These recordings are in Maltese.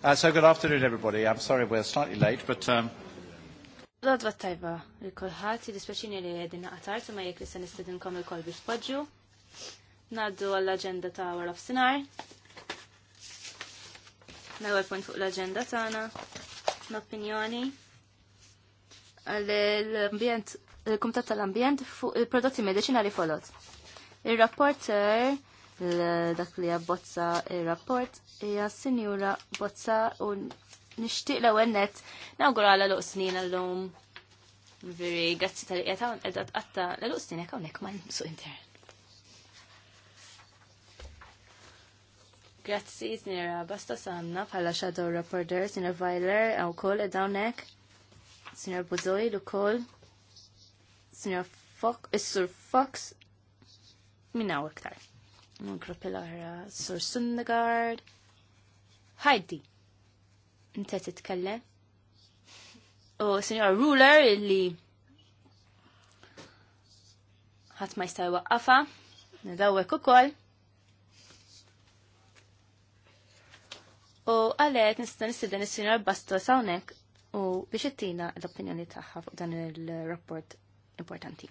Uh, so good afternoon everybody. I'm sorry we're slightly late, but um Lodwa tajba li kolħat, dispeċini li għedin għatar, ma jek li se kom il-kol biex podġu. Naddu għall-agenda ta' Hour of Sinar. L-ewel punt fuq l-agenda ta' għana, l-opinjoni l-ambjent, il-Kumitat tal-Ambjent fuq il-prodotti medicinali folot. Il-rapporter dak li abbozza il-rapport hija sinjura bozza u nixtieq l-ewwel nett għala l snin għallum veri grazzi tal-qiegħed hawn qiegħda għatta l snin hekk hawnhekk ma suq intern. Grazzi, s-nira, basta sanna bħala Shadow Reporter, s-nira Vajler, għaw kol, edawnek, Sinjera Buzoj, u kol, Sinjera Fox, Issur Fox, minna u iktar. Grupp oħra uh, Sur Sundegard. Ħajdi, inta titkellem. U Signor Ruler illi ħadd ma jista' jwaqqafha, nidawwek ukoll. U għalek nista nistiden il-sinjor Bastos hawnhekk u biex ittina l-opinjoni tagħha fuq dan il-rapport importanti.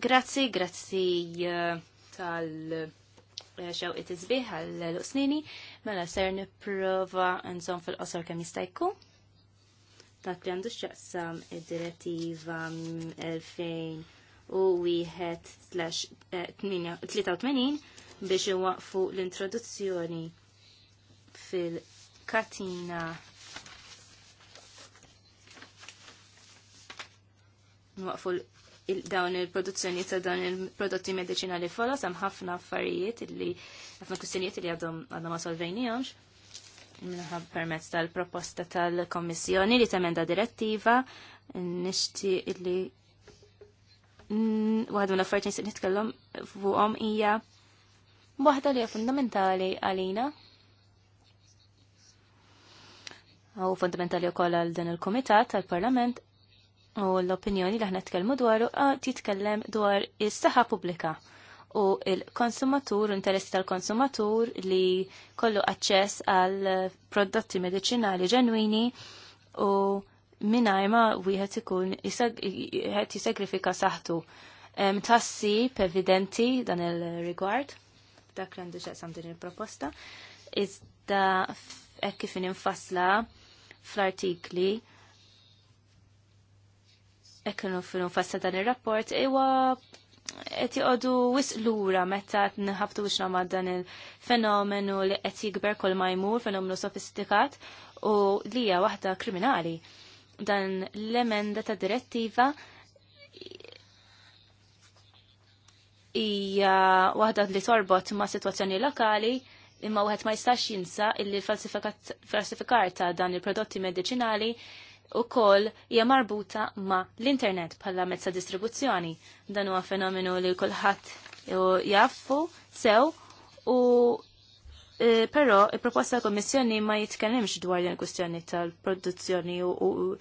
Grazzi, grazzi eh, tal- xew it izbih għal-luqsnini, mela ser niprofa nżom fil-qosor kemm jista' jkun. Dak li għandu x'jaqsam id-direttiva 2001/83 mm, eh, biex inwaqfu l-introduzzjoni fil-katina nwaqfu l dawn il-produzzjoni ta' dawn il-prodotti medicinali fola sam ħafna affarijiet illi ħafna kustinijiet illi għadhom għadhom ma solvejnijomx minħab permezz tal-proposta tal-Kommissjoni li temenda direttiva nishti illi waħda l affarijiet nisiq nitkellem fuqhom hija waħda li hija fundamentali għalina u fundamentali wkoll għal din il komitat tal-Parlament u l-opinjoni li aħna tkellmu dwaru titkellem dwar is-saħħa pubblika u il-konsumatur, interess tal-konsumatur li kollu aċċess għal prodotti medicinali ġenwini u minnajma wieħed ikun jisagrifika saħtu. Tassi evidenti dan il-rigward, dak li għandu xaqsam din il-proposta, iżda kif infassla fl-artikli ekkunu finu nfassa dan il-rapport, iwa qed joqogħdu wisqlura meta nħabtu biex namad dan il-fenomenu li qed jikber kol majmur, jmur, fenomenu sofistikat u li hija waħda kriminali. Dan l-emenda ta' direttiva hija waħda li torbot ma' sitwazzjoni lokali imma wieħed ma jistax jinsa illi falsifikar ta' dan il-prodotti medicinali u kol hija marbuta ma l-internet bħala mezza distribuzzjoni. Dan huwa fenomenu li kulħadd jaffu sew u e, però il-proposta kommissjoni ma jitkellimx dwar din kwistjoni tal-produzzjoni u,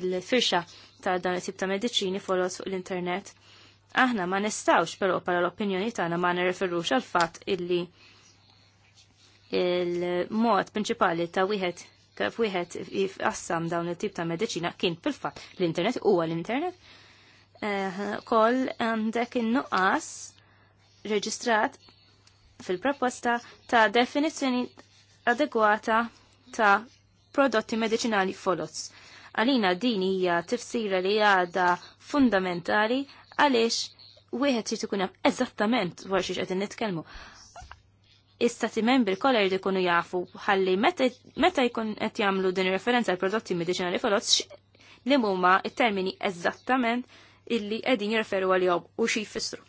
l firxa ta' dan it-tip ta' mediċini folos fuq l-internet. Aħna ma nistawx però para l-opinjoni tagħna ma nirriferux għal fatt illi il-mod prinċipali ta' wieħed kif wieħed jifqassam dawn it-tip ta' mediċina kien fil-fatt l-internet huwa l-internet. Eh, Koll għandek in-nuqqas reġistrat fil-proposta ta' definizzjoni adegwata ta' prodotti medicinali folots. Għalina din hija tifsira li għadha fundamentali għaliex wieħed trid ikun hemm eżattament dwar xi qegħdin nitkellmu istati membri kollha jridu jkunu jafu ħalli meta jkun qed jagħmlu din ir-referenza għal prodotti medicinali folots li huma t-termini eżattament illi qegħdin jirreferu għalihom u xi jfissru.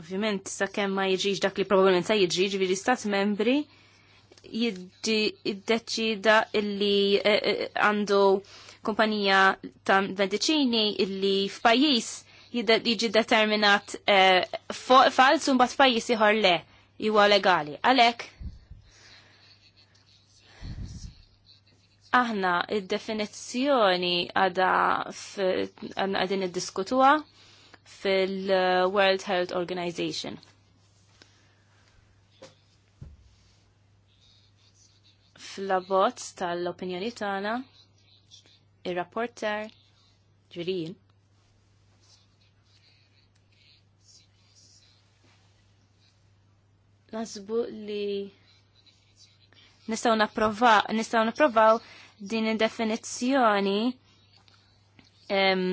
Ovvjament, sakemm ma jiġix dak li probabbilment se jiġi, ġifieri stat membri jiddeċida illi eh, eh, għandu kumpanija ta' mediċini illi f'pajjiż jiġi determinat eh, fals falsu mbagħad f'pajjiż ieħor le huwa legali. Għalhekk aħna id-definizzjoni għada għadin id diskutua fil-World Health Organization. Fl-abbozz tal-opinjoni tagħna il-rapporter ġurijin. Nasbu li nistaw napprovaw, nistaw din il-definizjoni um,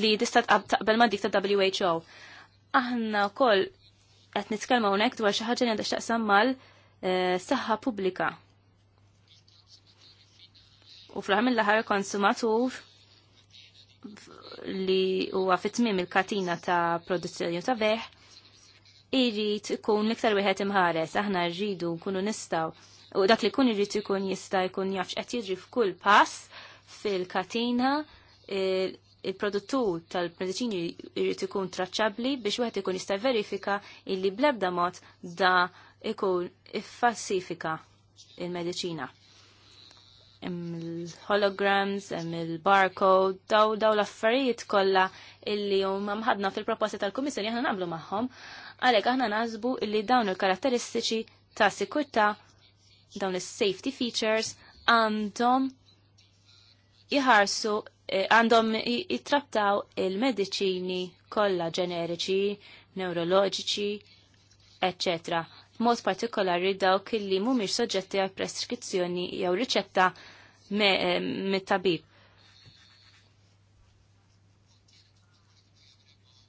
li tista' taqbel ma dik ta' WHO. Aħna wkoll qed nitkellmu hawnhekk dwar xi ħaġa li għandha x'taqsam mal-saħħa eh, pubblika u fl ħamil mill-ħar konsumatur li huwa fit-tmim il-katina ta' produzzjoni ta' veħ irrid ikun l-iktar wieħed imħares aħna rridu nkunu nistgħu u dak li kun irrid ikun jista' jkun jafx qed jiġri f'kull pass fil-katina il-produttur tal-medicini irrid ikun traċċabbli biex wieħed ikun jista' verifika illi bl-ebda mod da ikun iffassifika il-medicina hemm il-holograms, hemm il-barcode, daw daw l-affarijiet kollha illi huma mħadna fil-proposti tal-Kummissjoni aħna nagħmlu magħhom, għalhekk aħna nażbu illi dawn il-karatteristiċi ta' sikurtà dawn is-safety features għandhom jħarsu eh, għandhom jittrattaw il-mediċini kollha ġeneriċi, neuroloġiċi, eccetera mod partikolari dawk li mhumiex soġġetti għal preskrizzjoni jew riċetta Eh, mit-tabib.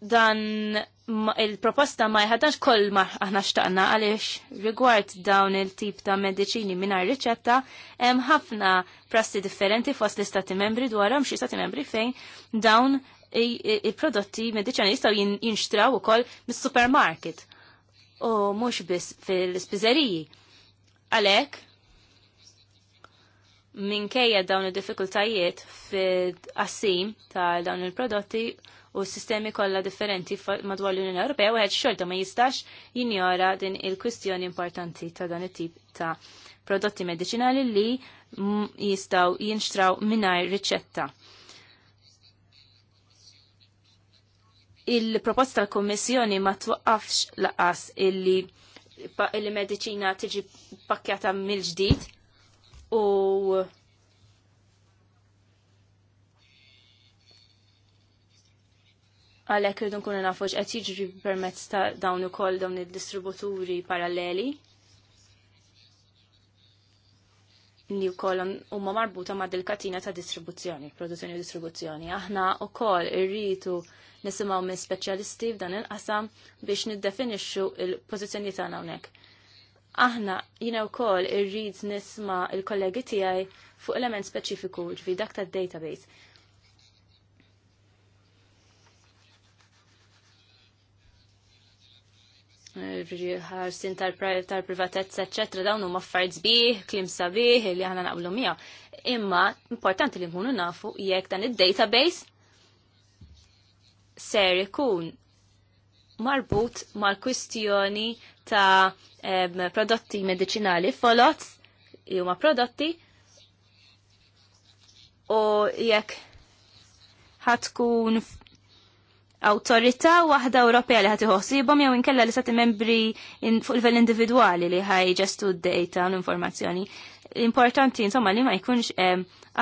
Dan il-proposta ma jħadanx koll ma aħna xtaqna għalix rigward dawn il-tip ta' medicini r riċetta hemm ħafna prassi differenti fost l-istati membri dwarhom xi stati membri fejn dawn il-prodotti medicini jistaw jinxtraw ukoll mis-supermarket u mhux biss fil spizzeriji Għalhekk minkejja dawn il diffikultajiet fil-qassim ta' dawn il-prodotti u sistemi kollha differenti madwar l-Unjoni Ewropea wieħed xorta ma jistax jinjora din il-kwistjoni importanti ta' dan it-tip ta' prodotti medicinali li jistaw jinxtraw mingħajr riċetta. Il-proposta tal-Kommissjoni ma twaqqafx laqas illi il-medicina tiġi pakkjata mill-ġdid u għalek rridu nkunu nafu qed jiġri permezz ta' dawn ukoll dawn id-distributuri paralleli li wkoll huma marbuta ma' delkatina ta' distribuzzjoni, produzzjoni u distribuzzjoni. Aħna wkoll irridu nisimgħu minn speċjalisti f'dan il-qasam biex niddefinixxu il-pożizzjoni tagħna hawnhekk aħna jina u kol irrid nisma il-kollegi tijaj fuq element specifiku ġvi dak ta' database. sin tal-privatezza, eccetera, dawn huma affarijiet sbieħ, klim sabiħ li aħna naqblu miegħu. Imma importanti li nkunu nafu jekk dan id-database ser ikun marbut mal-kwistjoni ta' prodotti medicinali folot huma prodotti u jekk ħatkun awtorità waħda Ewropea li ħatiħu ħsibhom jew inkella li sati membri fuq livell individwali li ġestu d-data u l-informazzjoni. Importanti insomma li ma jkunx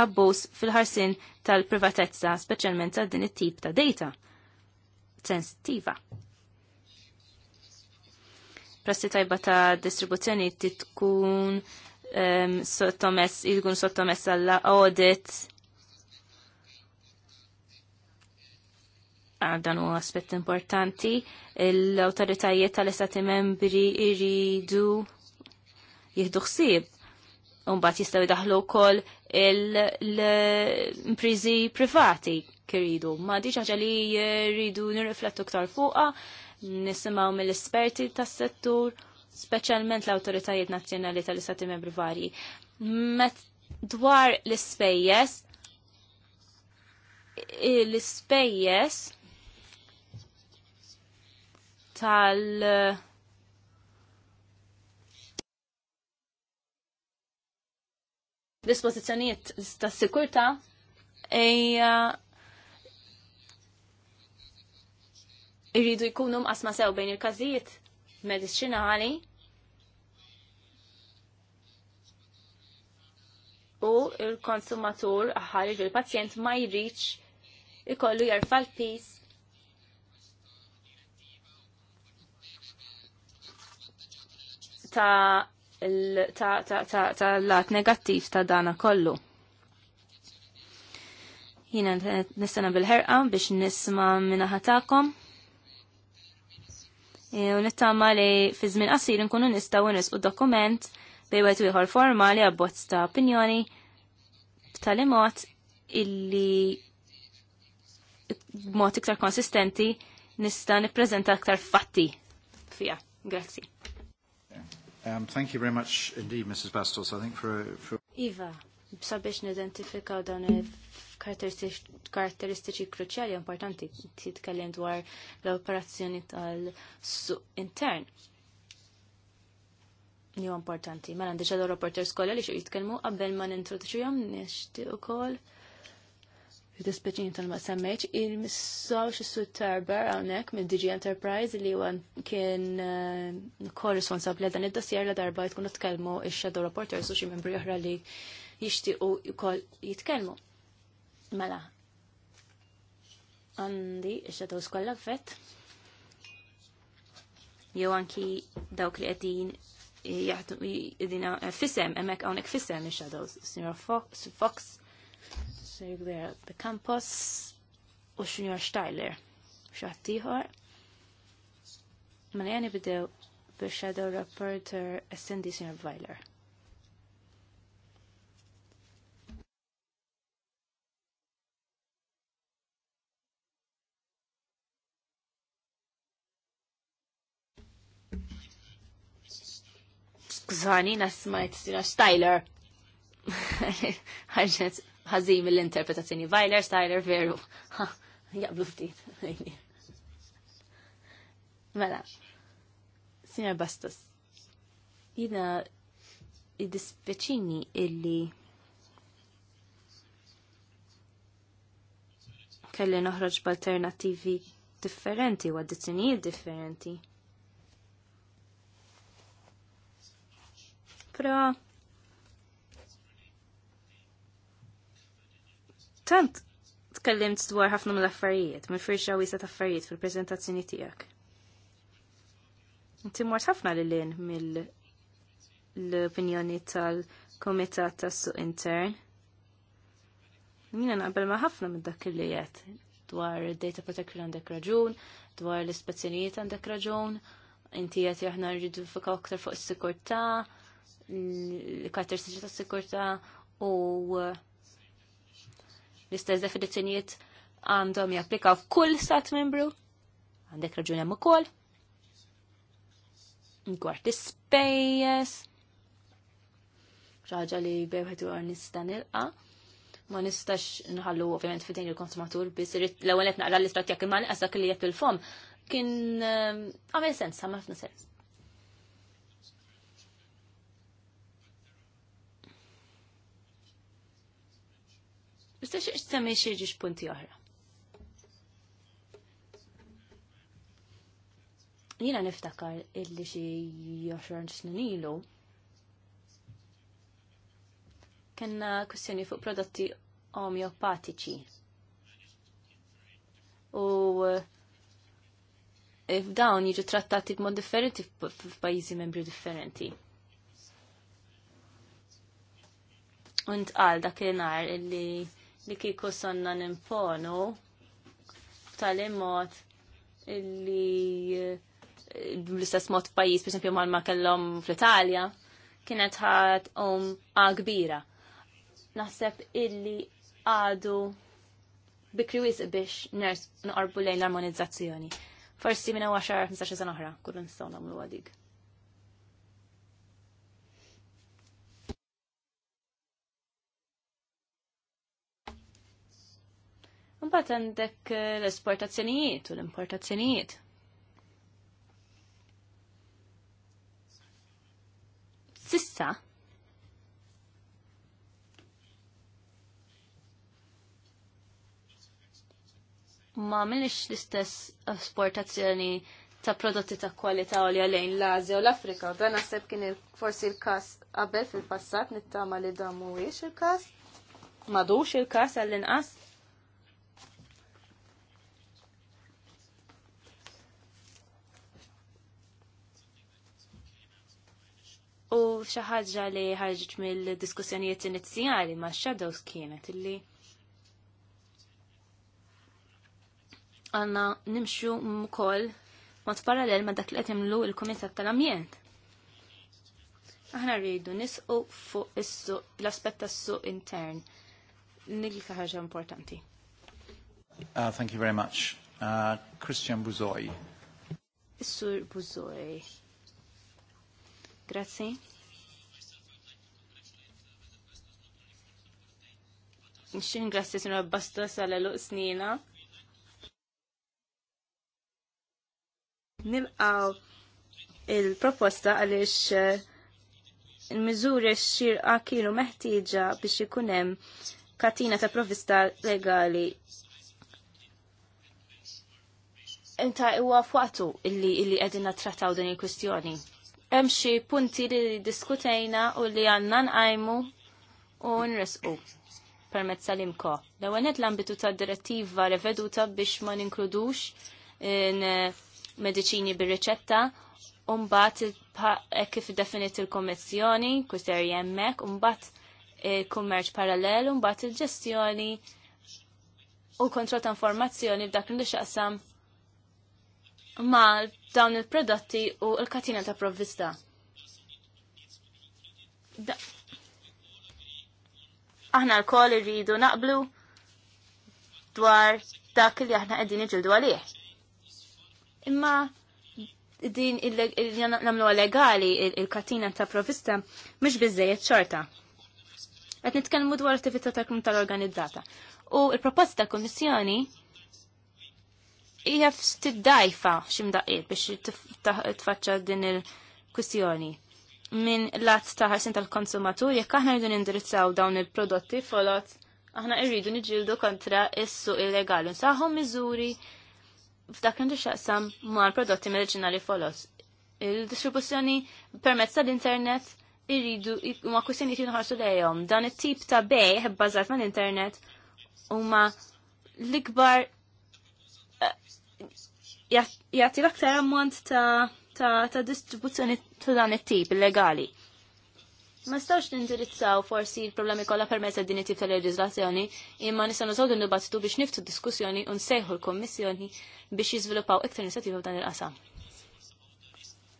abbuż fil-ħarsin tal-privatezza, speċjalment għal din it-tip ta' data sensittiva prassi tajba ta' distribuzzjoni titkun um, sottomess, jkun sottomess alla audit. Ah, dan u aspett importanti, l-autoritajiet tal-istati membri iridu jihdu xsib. Umbat jistaw daħlu kol l-imprizi privati kiridu. Ma diċ li jridu nirriflettu ktar fuqa, nisimaw mill-esperti tas-settur, speċjalment l-awtoritajiet nazzjonali tal-istati membri varji. Met dwar l-ispejjeż, l-ispejjeż tal- dispożizzjonijiet tas-sikurta hija irridu jkunu mqasma sew bejn il-każijiet mediċinali u il-konsumatur aħħar il-pazjent ma jriċ ikollu jarfa l-pis ta' l-lat negattiv ta' dana kollu. Jina nistana bil-ħerqa biex nisma minna ħatakom. Eh, u nittama li fi żmien qasir nkunu nistgħu nisqu dokument bej wet ieħor formali abbozz ta' opinjoni b'tali mod illi b'mod iktar konsistenti nista' nippreżenta aktar fatti fija. Grazzi. Um, thank you very much indeed, Mrs. Bastos, I think, for... for... Iva, sabiex nidentifikaw dawn karatteristiċi kruċjali importanti titkellem dwar l-operazzjoni tal-suq intern. Ni importanti. Mela għandi l rapporter skola li xo jitkellmu qabel ma nintroduċu jom nishti u kol. Dispeċin tal-ma semmejċ, il-missaw xissu tarbar għonek minn DG Enterprise li għan kien eh, kol responsabli għadan id-dossier la darba jtkunu tkellmu il-shadow reporters u xi membri oħra li jishtiqu jkoll jitkellmu. Mela, għandi xetaw skolla fett jew anki dawk li jgħatum jaħdina eh, fissem, emmek għonek fissem il-shadows, Sr. Fox, Sr. Guerra de u Sr. Steiler. xaħtiħor. Mela jani bidew shadow reporter ascendi Sr. Weiler. Gżani, nasmajt Stina Styler. Ħarġet ħażin mill-interpretazzjoni. Vajler, Styler, veru. Jaqblu ftit. Mela. Signor Bastos, jina id-dispeċini illi kelli noħroġ b'alternativi differenti u addizzjonijiet differenti. Però tant tkellimt dwar ħafna mill-affarijiet, mill firxa wisa ta' affarijiet fil-prezentazzjoni tiegħek. Inti mort ħafna lil lin mill-opinjoni tal-Komitat tas-Suq Intern. Mina naqbel ma' ħafna minn dak li qed dwar data protection għandek raġun, dwar l-ispezzjonijiet għandek raġun, inti qed aħna rridu fika aktar fuq is-sikurtà, L-Kwarter karakteristiċi ta' sikurta u l-istess definizzjonijiet għandhom japplikaw f'kull stat membru. Għandek raġuni hemm ukoll. Gwart ispejjeż. Ħaġa li bewħed u nista' nilqa' ma nistax nħallu ovvjament fidejn il-konsumatur biss irid l-ewwel qed naqra l-istrat jekk imma nqas dak li il-fom kien um, għamil sens, għamil ħafna sens. Issa xie xtemmi xie ġiġ punti oħra. Jina niftakar illi xie joħran snin ilu kena kwestjoni fuq prodotti omeopatiċi. U eh, f'dawn jiġu trattati b'mod differenti f'pajjiżi membri differenti. Und għal dak li nar illi li kieku sonna nimponu tal immot li l-istess mod eh, pajis, per esempio, mal-ma kellom fl-Italja, kienet ħat um a kbira. Naħseb illi għadu bikri wisq biex ners nqarbu lejn l-armonizzazzjoni. Forsi minna 10-15 sena oħra, kullu nistgħu mlu għadik. Mbagħad għandek eh, l-esportazzjonijiet u l-importazzjonijiet. Sissa, ma minix l-istess esportazzjoni ta' prodotti ta' kwalità u li għalejn l-Azja u l-Afrika. Dan naħseb kien forsi l-kas qabel fil-passat nittama li damu mhuwiex il-kas. Madux il-kas għall-inqas. U xi ħaġa li ħarġet mill-diskussjonijiet inizjali ma' shadows kienet illi għanna nimxu mkoll mod parallel ma' dak li qed il l-Kumitat tal-Ambjent. Aħna rridu nisqu fuq is-suq l aspet tas-suq intern. Nilka ħaġa importanti. Uh, thank you very much. Uh, Christian Buzoi. Is-sur Buzoi. Grazzi. Xin grazie sinu għabbasta sal-eluq snina. Nilqaw il-proposta għalix eh, il-mizuri xirqa kienu meħtieġa biex ikunem katina ta' provista legali inta huwa f'waqtu illi illi qegħdin nattrattaw din il-kwistjoni hemm xi punti li diskutejna u li għandna nqajmu u nresqu permezz tal-imko. L-ewwel l-ambitu tad-direttiva reveduta biex ma ninkludux in eh, mediċini bir-riċetta u mbagħad eh, kif definit il-kommissjoni, kuster jemmek, u mbagħad il-kummerċ parallel, u mbagħad il-ġestjoni u kontroll ta' informazzjoni f'dak li xaqsam ma' dawn il-prodotti u l-katina ta' provvista. Aħna l-koll irridu naqblu dwar dak li aħna qegħdin iġildu għalih. Imma din namlu legali il-katina ta' provvista mhux biżejjed xorta. Qed nitkellmu dwar attività ta' tal organizzata. U l proposta tal-Kummissjoni hija ftit dajfa x'imdaqqiet biex tfaċċa din il-kwistjoni. Minn lat ta' ħarsin tal-konsumatur jekk aħna rridu nindirizzaw dawn il-prodotti folot aħna irridu nġildu kontra is-suq illegali. Nsaħħu miżuri f'dak li xaqsam mal prodotti medicinali folot. Il-distribuzzjoni permezz tal-internet irridu ma kwistjoni jridu ħarsu lejhom. Dan it-tip ta' bej bbażat mal-internet huma l-ikbar jgħati l-aktar ammont ta' ta', ta distribuzzjoni ta' dan it-tip illegali. Ma stawx nindirizzaw forsi il-problemi kollha permezz din it-tip ta' leġislazzjoni imma nista' nużodu nibattitu biex niftu diskussjoni u nsejħu l-Kommissjoni biex jiżviluppaw iktar inizjattiva f'dan il-qasam.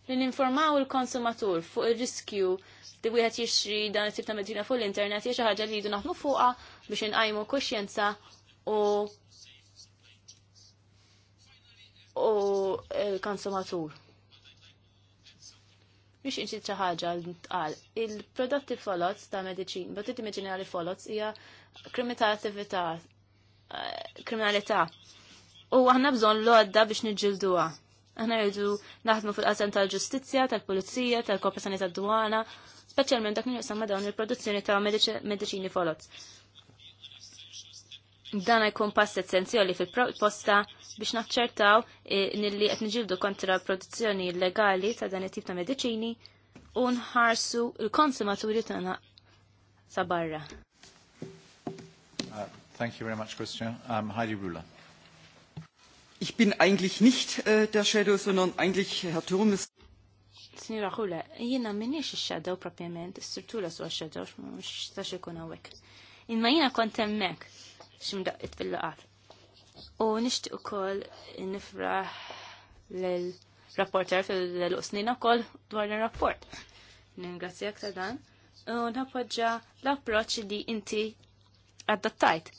Li ninformaw il-konsumatur fuq ir-riskju li wieħed jixtri dan it-tip ta' medina fuq l-internet hija xi ħaġa li jridu naħdmu fuqha biex inqajmu kuxjenza u u l-konsumatur. Eh, biex inċi ħaġa l-tqal, il-prodotti folots ta' medicin, prodotti medicinali folots hija kriminalità, eh, kriminalità. U aħna bżon l-għadda biex nġilduha. Aħna rridu naħdmu fil-qasem tal-ġustizzja, tal-pulizija, tal sanita d dwana specialment dak nirqsam ma' dawn il-produzzjoni ta' mediċini folots dan jkun pass essenzjali fil-proposta biex naċċertaw eh, nilli qed niġildu kontra produzzjoni illegali ta' dan it-tip ta' mediċini u nħarsu l-konsumaturi tagħna sa barra. Uh, thank you very much, Christian. Um, Heidi Rula. Ich bin eigentlich nicht uh, der Shadow, sondern eigentlich Herr Turmes. Signora Rula, jiena minniex il-shadow propjament, struttura su għal shadow mux tax ikun għawek. Inma jiena kont hemmhekk ximdaqqit fil-laqat. U u ukoll nifraħ l-rapporter fil-luqsnina ukoll dwar l rapport Ningrazzjak ta' dan. U napoġġa l-approċ li inti adattajt.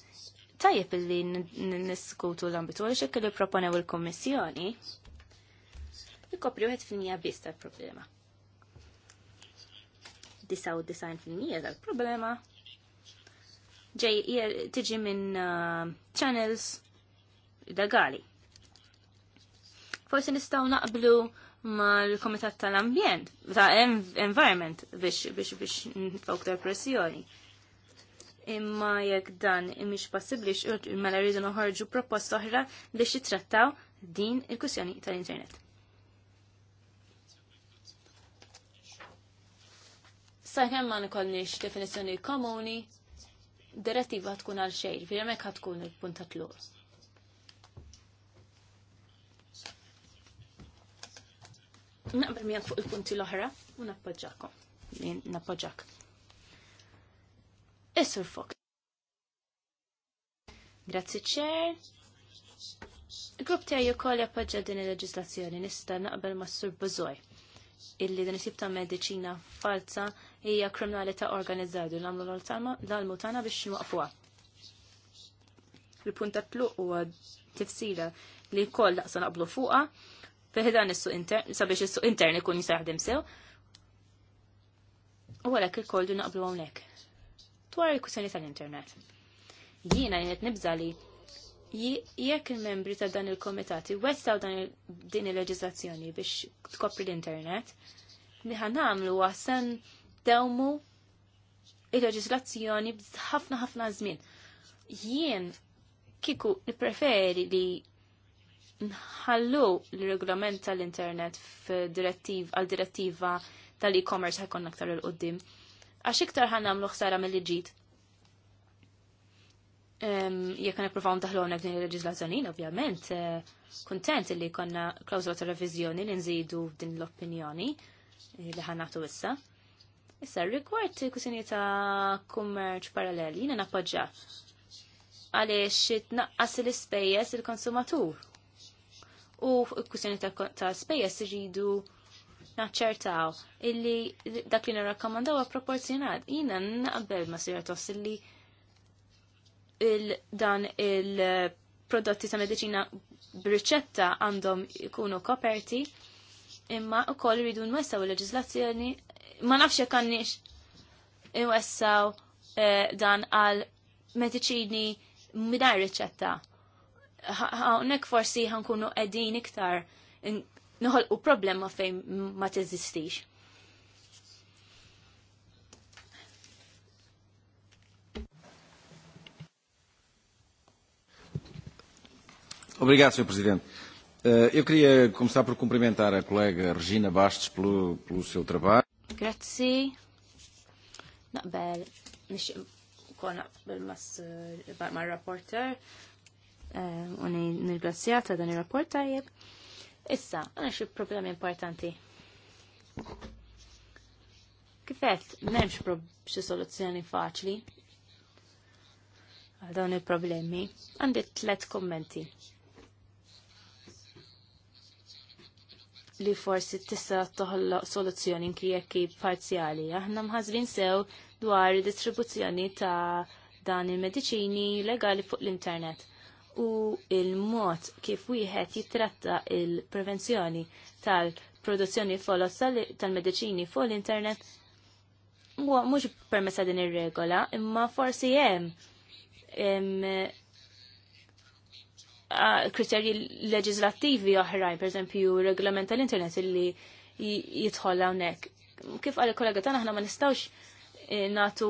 Tajjeb li niskutu l-ambitu għal xekk li proponew il-kommissjoni. Ikopri wieħed fil-mija biss tal-problema. d'isajn 99% tal-problema ġej tiġi minn uh, channels dagali. Forsi nistaw naqblu mal-Komitat tal-Ambjent, ta' Environment biex biex biex nfawk pressjoni. Imma jekk dan imiex possibbli xqut mela rridu noħorġu proposta oħra biex jitrattaw din il kwissjoni tal-internet. Sa' kemm ma' nkollniex definizjoni komuni direttiva tkun għal xejn, fil-mek tkun il punta tluq. Naqbel mjad fuq il-punti l-oħra u nappoġġakom. Nappoġġak. Is-Sur Grazzi ċer. Il-grupp tiegħi wkoll jappoġġa din il-leġislazzjoni nista' naqbel s sur Bozoj illi din isib ta' medicina falsa hija kriminalità organizzata nagħmlu l-almu tagħna biex nwaqfuha. il punta tluq huwa tifsira li koll daqsa naqblu fuqha fiħdan is-suq intern sabiex is-suq intern ikun jisaħdem sew. U għalhekk il-koll du naqblu hawnhekk. Dwar il-kwistjoni tal-internet. Jiena qed nibżali jekk il-membri ta' dan il-komitati wessaw dan din il-leġislazzjoni biex tkopri l-internet, niħan għamlu għasan dawmu il-leġislazzjoni b'ħafna ħafna żmien. Jien kiku nipreferi li nħallu l-regolament tal-internet għal-direttiva tal-e-commerce ħakon aktar il-qoddim. Għax iktar ħan għamlu ħsara mill-ġit jekk nippruvaw ndaħlu hawnhekk din il-leġiżlazzjonin, ovvjament, eh, kuntent li konna klawżola ta' reviżjoni li nżidu din l-opinjoni eh, li ħanatu issa. Issa rigward kusini ta' kummerċ paralleli, jiena nappoġġa għaliex naqqas l-ispejjeż il-konsumatur. U kusini ta' spejjeż rridu naċċertaw illi dak li nirrakkomandaw proporzjonat. Jiena naqbel ma' sir tossilli li il-dan il-prodotti ta' medicina b'riċetta għandhom ikunu koperti imma u koll rridu nwessaw il-leġizlazzjoni ma nafx jekk għandniex nwessaw eh, dan għal mediċini midar riċetta. Hawnhekk forsi għankunu qegħdin iktar noħolqu problema fejn ma teżistix. Obrigado, Sr. Presidente. Eh, eu queria começar por cumprimentar a colega Regina Bastos pelo, pelo seu trabalho. Grazie. Grazzi. Naqbel, nix kona bil-mas rapporter eh, u nirgrazzjata dan il-rapport tajjeb. Issa, għana xie problemi importanti. Kifet, memx xie soluzzjoni faċli għal dawn il-problemi. Għandi tlet kommenti. li forsi tista' toħloq soluzzjoni krijekki parzjali. Aħna mħazrin sew dwar distribuzzjoni ta' dan il-mediċini legali fuq l-internet u il-mod kif wieħed jitratta il-prevenzjoni tal-produzzjoni folos tal-mediċini fuq l-internet huwa mhux permessa din ir-regola, imma forsi hemm Eh, kriterji leġislattivi oħrajn, per esempio, regolament tal-internet li jitħol hawnhekk. Kif għal kollega tagħna aħna ma nistawx eh, natu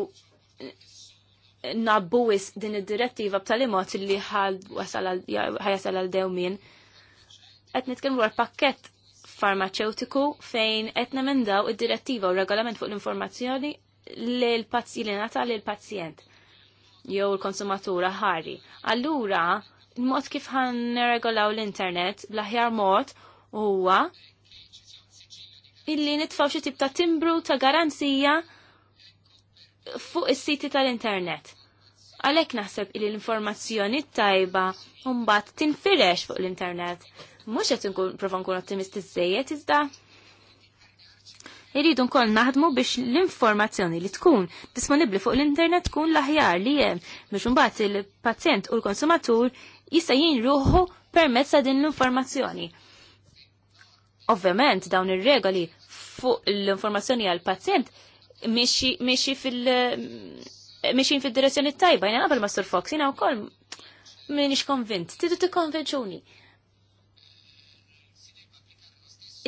eh, nabbu din id-direttiva b'tali mod li ħajasal għal dewmin. Qed nitkellmu dwar pakket farmaceutiku fejn qed nemendaw id-direttiva u regolament fuq l-informazzjoni li l-pazzi li l-pazjent jew l-konsumatura ħari. Allura, il-mod kif ħan neregolaw l-internet bl-aħjar mod huwa illi nitfaw xi tip ta' timbru ta' garanzija fuq is-siti tal-internet. Għalhekk naħseb illi l-informazzjoni tajba mbagħad tinfirex fuq l-internet. Mhux qed nipprova nkun ottimisti żejjed iżda irridu nkoll naħdmu biex l-informazzjoni li tkun disponibli fuq l-internet tkun l-aħjar li hemm biex imbagħad il-pazjent u l-konsumatur jista' jinruħu permezz ta' din l-informazzjoni. Ovvjament dawn ir-regoli fuq l-informazzjoni għal pazjent miexi fil- miexin fil-direzzjoni tajba, jena għabel Master Fox, jena u koll minix konvint, tidu t-konvenċuni.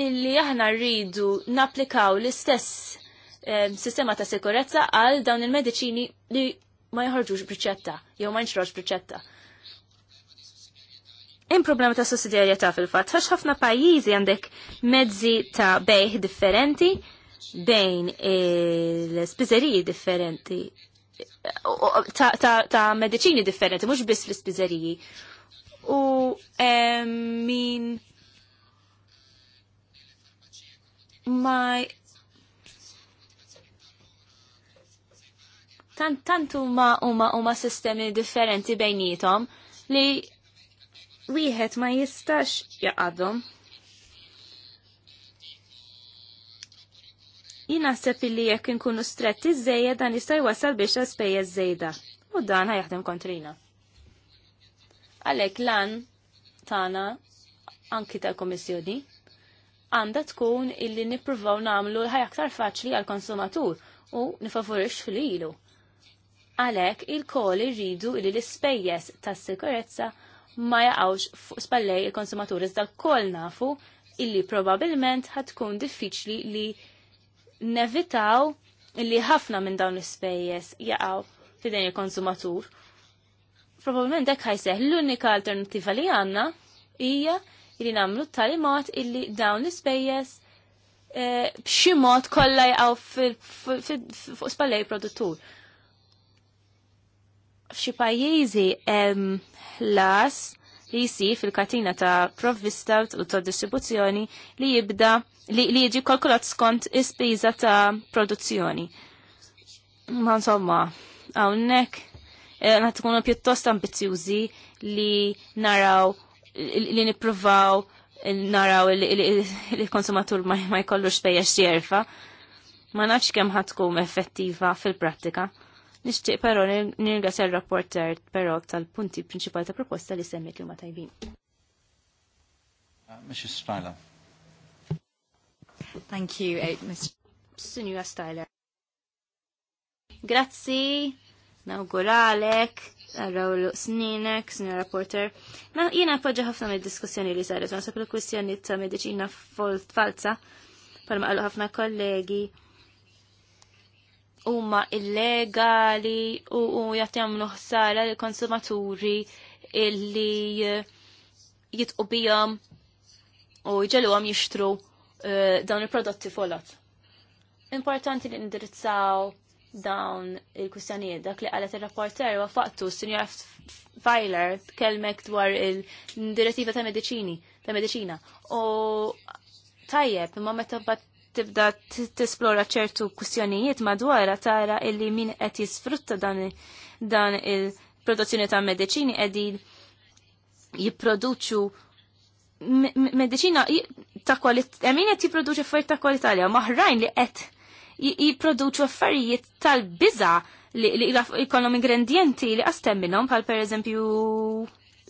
Illi aħna rridu naplikaw l-istess eh, sistema ta' sikurezza għal dawn il-medicini li ma jħorġux briċetta, jew ma jħorġux briċetta. Hemm problema ta' sussidjarjetà fil-fatt għax ħafna pajjiżi għandek mezzi ta' bejħ differenti bejn l spizzeriji differenti ta', mediċini differenti, mhux biss fl-ispiżeriji. U min ma tant tantu ma huma huma sistemi differenti bejnietom li wieħed ma jistax jaqadhom. Jinaħseb illi jekk inkunu stretti żejjed dan jista' jwassal biex spejjeż żejda. U dan ħajħdem kontrina. Għalhekk lan tagħna anki tal-Komissjoni għandha tkun illi nippruvaw nagħmlu ħaj aktar faċli għall-konsumatur u nifavorix fil-ilu. Għalhekk il-kol irridu illi l-ispejjeż tas-sikurezza ma jaqgħux fuq spallej il-konsumaturi iżda wkoll nafu illi probabilment ħatkun diffiċli li nevitaw illi ħafna minn dawn l-ispejjeż jaqgħu fidejn il-konsumatur. Probabilment hekk ħajseħ l-unika alternattiva li għandna hija li nagħmlu talimat illi dawn l-ispejjeż eh, b'xi mod kollha jaqgħu fuq spallej produttur f'xi pajjiżi hemm las li jsir fil-katina ta' provvista u ta' distribuzzjoni li jibda li, li jiġi kalkulat skont ispiża ta' produzzjoni. Ma insomma, hawnhekk eh, għandna tkunu pjuttost ambizzjużi li naraw li nippruvaw eh, naraw il-konsumatur ma jkollux pejjex xjerfa. Ma nafx kemm tkun effettiva fil-prattika. Nixtieq però nirgas il-rapporter però tal-punti principal ta' proposta li semmiet li tajbin. Uh, Mrs. Styler. Thank you, eh, Mr. Sinjura Styler. Grazzi, nawguralek, għarraw l-sninek, sinjura rapporter. Ma jina appoġġa ħafna mid diskussjoni li saret, ma sa' il-kwistjoni ta' medicina falsa, palma għallu ħafna kollegi huma illegali u jgħat jagħmlu ħsara l konsumaturi illi eh, jitqu bijom u jġelu għam jixtru eh, dawn il-prodotti folat. Importanti li indirizzaw dawn il-kustjanijiet dak li għalet il-rapporter u għafqtu s senjor Fajler kelmek dwar il-direttiva ta' medicini ta' medicina u tajjeb imma meta bat tibda tisplora ċertu kwistjonijiet madwar tara illi min qed jisfrutta dan, dan il-produzzjoni ta' mediċini qegħdin jipproduċu medicina ta' kwalità, e min qed jipproduċu affarijiet ta' kwalità li maħrajn li qed jipproduċu affarijiet tal-biża li jkollhom ingredienti li qastem minnhom bħal pereżempju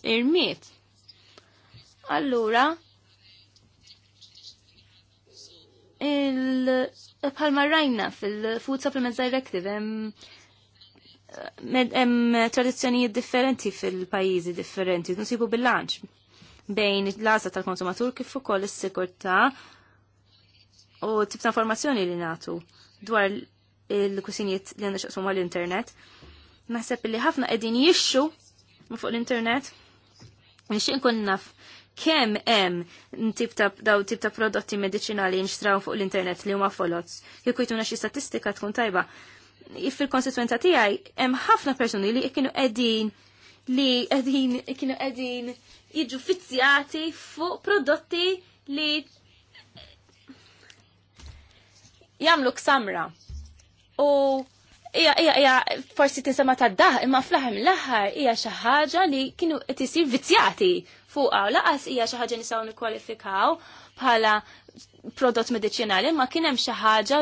irmiet. Allura, il-palma rajna fil-Food Supplements Directive hemm hemm tradizzjonijiet differenti fil-pajjiżi differenti, nsibu bil-lanċ bejn l-għażla tal-konsumatur kif ukoll is sigurtà u tip ta' informazzjoni li natu dwar il-kusinijiet li għandna xaqsum l-internet. Naħseb li ħafna qegħdin jixxu fuq l-internet. Nixtieq nkun naf kemm hemm daw tip ta' prodotti medicinali nxtraw fuq l-internet li huma folots. Jekujtuna xi statistika tkun tajba. Fil-konsekwenza tiegħi hemm ħafna persuni li kienu qegħdin li qegħdin kienu qegħdin jiġu fizzjati fuq prodotti li jagħmlu ksamra. U Ija, ija, ija, forsi tinsema ta' daħ, imma fl ħem l ħar ija xaħġa li kienu tisir vizzjati fuqa u laqas hija xi ħaġa nistgħu nikkwalifikaw bħala prodott mediċinali, ma kien hemm xi ħaġa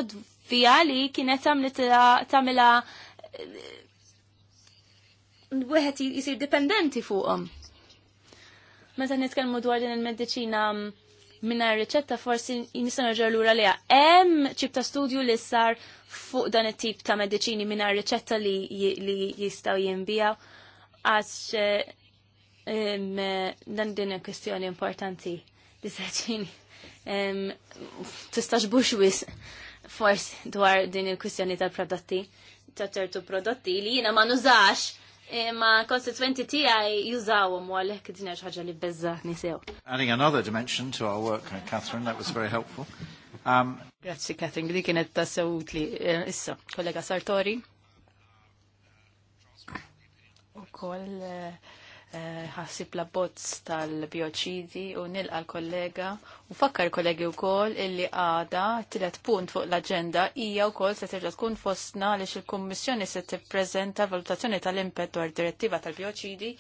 fija li kienet tagħmilha eh, wieħed jisir dipendenti fuqhom. Meta nitkellmu dwar din il-mediċina mm, minna riċetta forsi nisana lura li hemm ċib ta' studju li sar fuq dan it-tip ta' mediċini minna riċetta li, li jistaw jinbijaw għax eh, dan din e kwestjoni importanti li seċini. Tistax bux wis forsi dwar din il-kwestjoni tal-prodotti, ta' tertu prodotti li jina ma' nużax ma konsekwenti ti għaj jużawhom u għalhekk din hija li bezza nisew. Adding another dimension to our work, uh, Catherine, that was very helpful. Um, Grazzi Catherine, li kienet ta' sewt li eh, issa, kollega Sartori. U koll eh, Eh, ħassib la bozz tal-bioċidi u nilqa l-kollega u fakkar kollegi u koll illi għada tilet punt fuq l-agenda ija u koll se terġa tkun fostna li il-Kommissjoni se t-prezenta valutazzjoni tal-impet dwar direttiva tal-bioċidi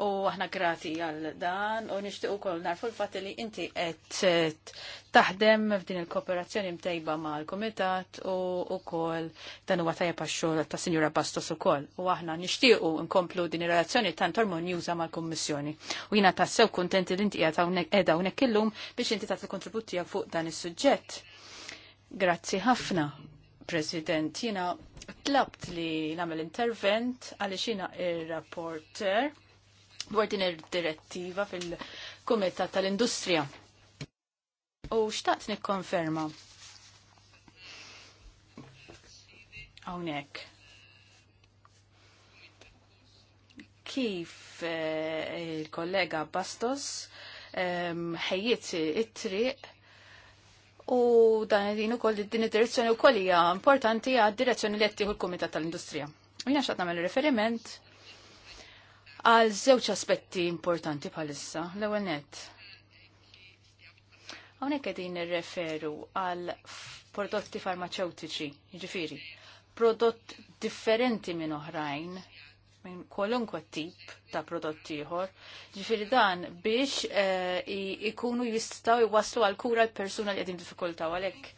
u aħna grati għal dan u nixtieq ukoll narfu l fat li inti qed taħdem f'din il-kooperazzjoni mtejba mal-kumitat u wkoll dan huwa tajjeb għax-xogħol ta' Sinjura Bastos ukoll u aħna nixtiequ nkomplu din ir-relazzjoni tant ma' mal-Kummissjoni. U jiena tassew kuntenti li inti għedha hawnhekk illum biex inti tagħti t-kontributi fuq dan is-suġġett. Grazzi ħafna. President, jina tlabt li namel intervent għaliex jiena il-rapporter dwar din id-direttiva fil-Kumitat tal-Industrija. U xtaqt nikkonferma. Hawnhekk. Kif eh, il-kollega Bastos ehm, ħejjiet it-triq U dan din ukoll din id-direzzjoni wkoll hija importanti għad direzzjoni li qed tieħu l-Kumitat tal-Industrija. Jina xaqt nagħmel riferiment għal żewġ aspetti importanti bħalissa. L-ewwel nett. Hawnhekk qegħdin nirreferu għal prodotti farmaceutiċi, jiġifieri, prodott differenti minn oħrajn minn kwalunkwe tip ta' prodotti ieħor. Ġifiri dan biex eh, ikunu jistaw jwaslu għal kura l-persuna li qegħdin diffikultà għalhekk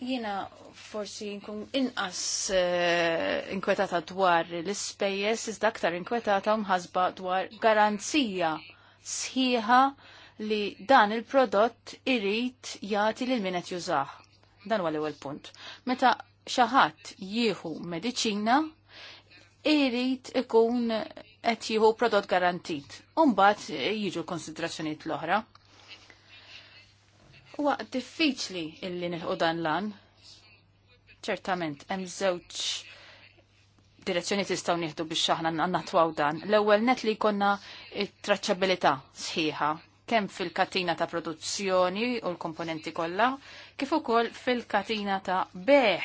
Jina forsi nkun inqas eh, inkwetata dwar l-ispejjeż iżda aktar inkwetata mħasba dwar garanzija sħiħa li dan il-prodott irid jagħti lil min qed jużah. Dan huwa l-ewwel punt. Meta xi ħadd jieħu mediċina irid ikun qed jieħu prodott garantit. mbagħad jiġu l-konsidrazzjonijiet l-oħra. Huwa diffiċli illi nilħu dan lan. Ċertament, hemm żewġ direzzjoni tistgħu nieħdu biex aħna natwaw dan. L-ewwel net li jkollna traċċabilità sħiħa kemm fil-katina ta' produzzjoni u l-komponenti kollha, kif ukoll fil-katina ta' beħ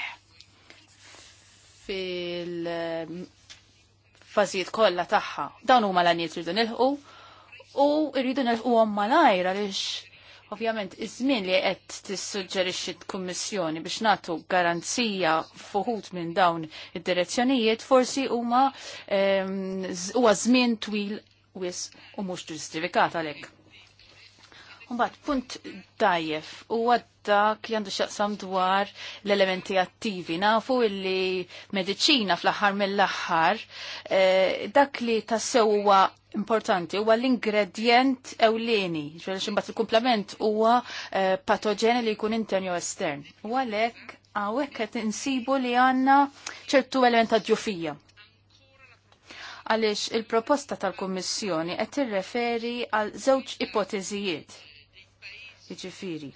fil-fażijiet kollha tagħha. Dawn huma l-għanijiet rridu nilħu u rridu nilħu għom malajra għaliex. Ovvjament, iż-żmien li qed tissuġġerixxi t-Kummissjoni biex nagħtu garanzija fuħut minn dawn id-direzzjonijiet forsi huma ehm, huwa żmien twil wis u mhux ġustifikat għalhekk. Mbagħad punt dajjef huwa dak li għandu xaqsam dwar l-elementi attivi. Nafu illi medicina fl ħar mill ħar eh, dak li tassewa importanti huwa l-ingredient ewleni, ġveri ximbat il-komplement huwa eh, patogeni li jkun intern jew estern. U għalhekk hawnhekk qed insibu li għandna ċertu element ta' ġufija għaliex il-proposta tal-Kommissjoni qed tirreferi għal żewġ ipotezijiet: Jiġifieri,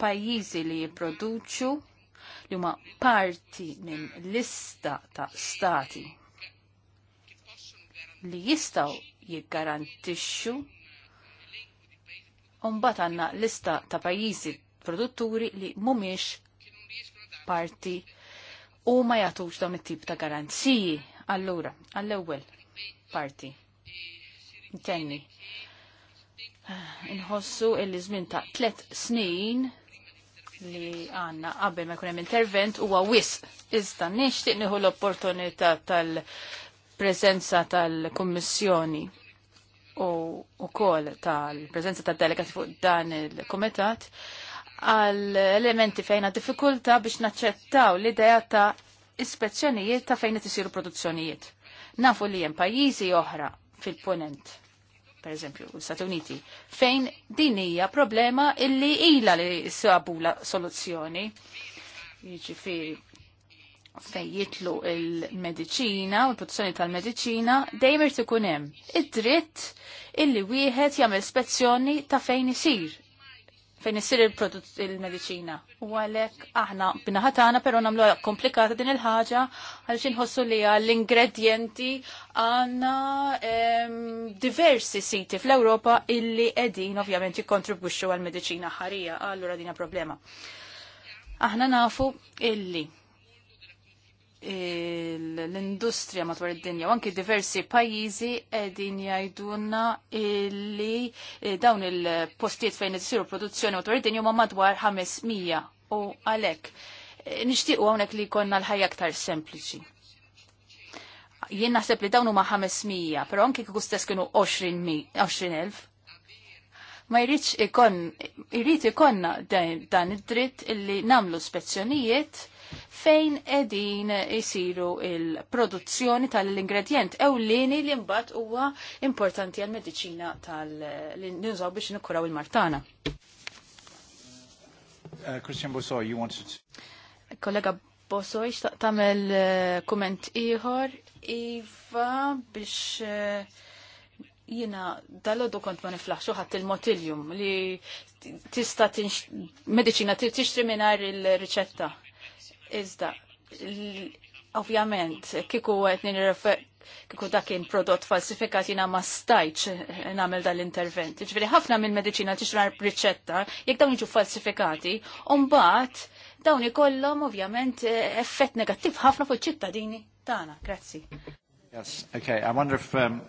pajjiżi li jipproduċu li huma parti minn lista ta' stati li jistaw jiggarantixxu mbagħad għandna lista ta' pajjiżi produtturi li mhumiex parti u ma jagħtux dawn it-tip ta' garanziji. Allura, għall-ewwel parti. Intenni, Inħossu illi żmien ta' tlet snin li għanna qabel ma jkun hemm intervent huwa wisq. Iżda nixtieq nieħu l-opportunità tal prezenza tal-Kummissjoni u wkoll tal prezenza tad-delegati fuq dan il-Kumitat għal elementi fejna diffikulta biex naċċettaw l-idea ta' ispezzjonijiet ta' fejn qed isiru produzzjonijiet. Nafu li hemm pajjiżi oħra fil-ponent per eżempju, l-Stati Uniti, fejn din hija problema illi ila li sabu la soluzzjoni. Jiġifieri fejn jitlu il-mediċina u l-produzzjoni tal-mediċina dejjem ikun hemm id-dritt illi wieħed jagħmel spezzjoni ta' fejn isir fejn issir il-prodott il-medicina. U għalek aħna binaħatana pero namlu komplikata din il-ħaġa għalix inħossu li l-ingredienti għanna ehm, diversi siti fl-Europa illi edin ovvjament jikontribuċu għal-medicina ħarija, għallura dina problema. Aħna nafu illi l-industrija matwar id-dinja u anki diversi pajjiżi qegħdin jgħidulna li eh, dawn il-postijiet fejn qed isiru produzzjoni matwar id-dinja huma madwar 500 u għalhekk eh, nixtiequ hawnhekk li jkollna l-ħajja aktar sempliċi. Jien naħseb li dawn huma 500, però anki kieku stess kienu 20,000 ma jridx ikon, jrid ikonna dan id-dritt illi namlu spezzjonijiet fejn edin jisiru il-produzzjoni tal-ingredient ewlieni li mbagħad huwa importanti għal mediċina tal-ninżaw biex nikkuraw il-martana. Uh, Christian Bosso, you wanted to... Kollega Bosso, jishtaq tamel uh, komment iħor, Iva, biex uh, jina dal-għodu kont ma niflax uħat il motilium li tista medicina tixtri minar il-riċetta. Iżda, ovvjament, kiku għet nirrefek kiku dakin prodott falsifikat jina ma stajċ namel dal-intervent. Ġveri, ħafna minn medicina tixrar riċetta, jek dawn iġu falsifikati, umbat dawn ikollhom ovvjament effett negattiv ħafna fuq ċittadini tagħna. Grazzi. Yes, okay. I wonder if um,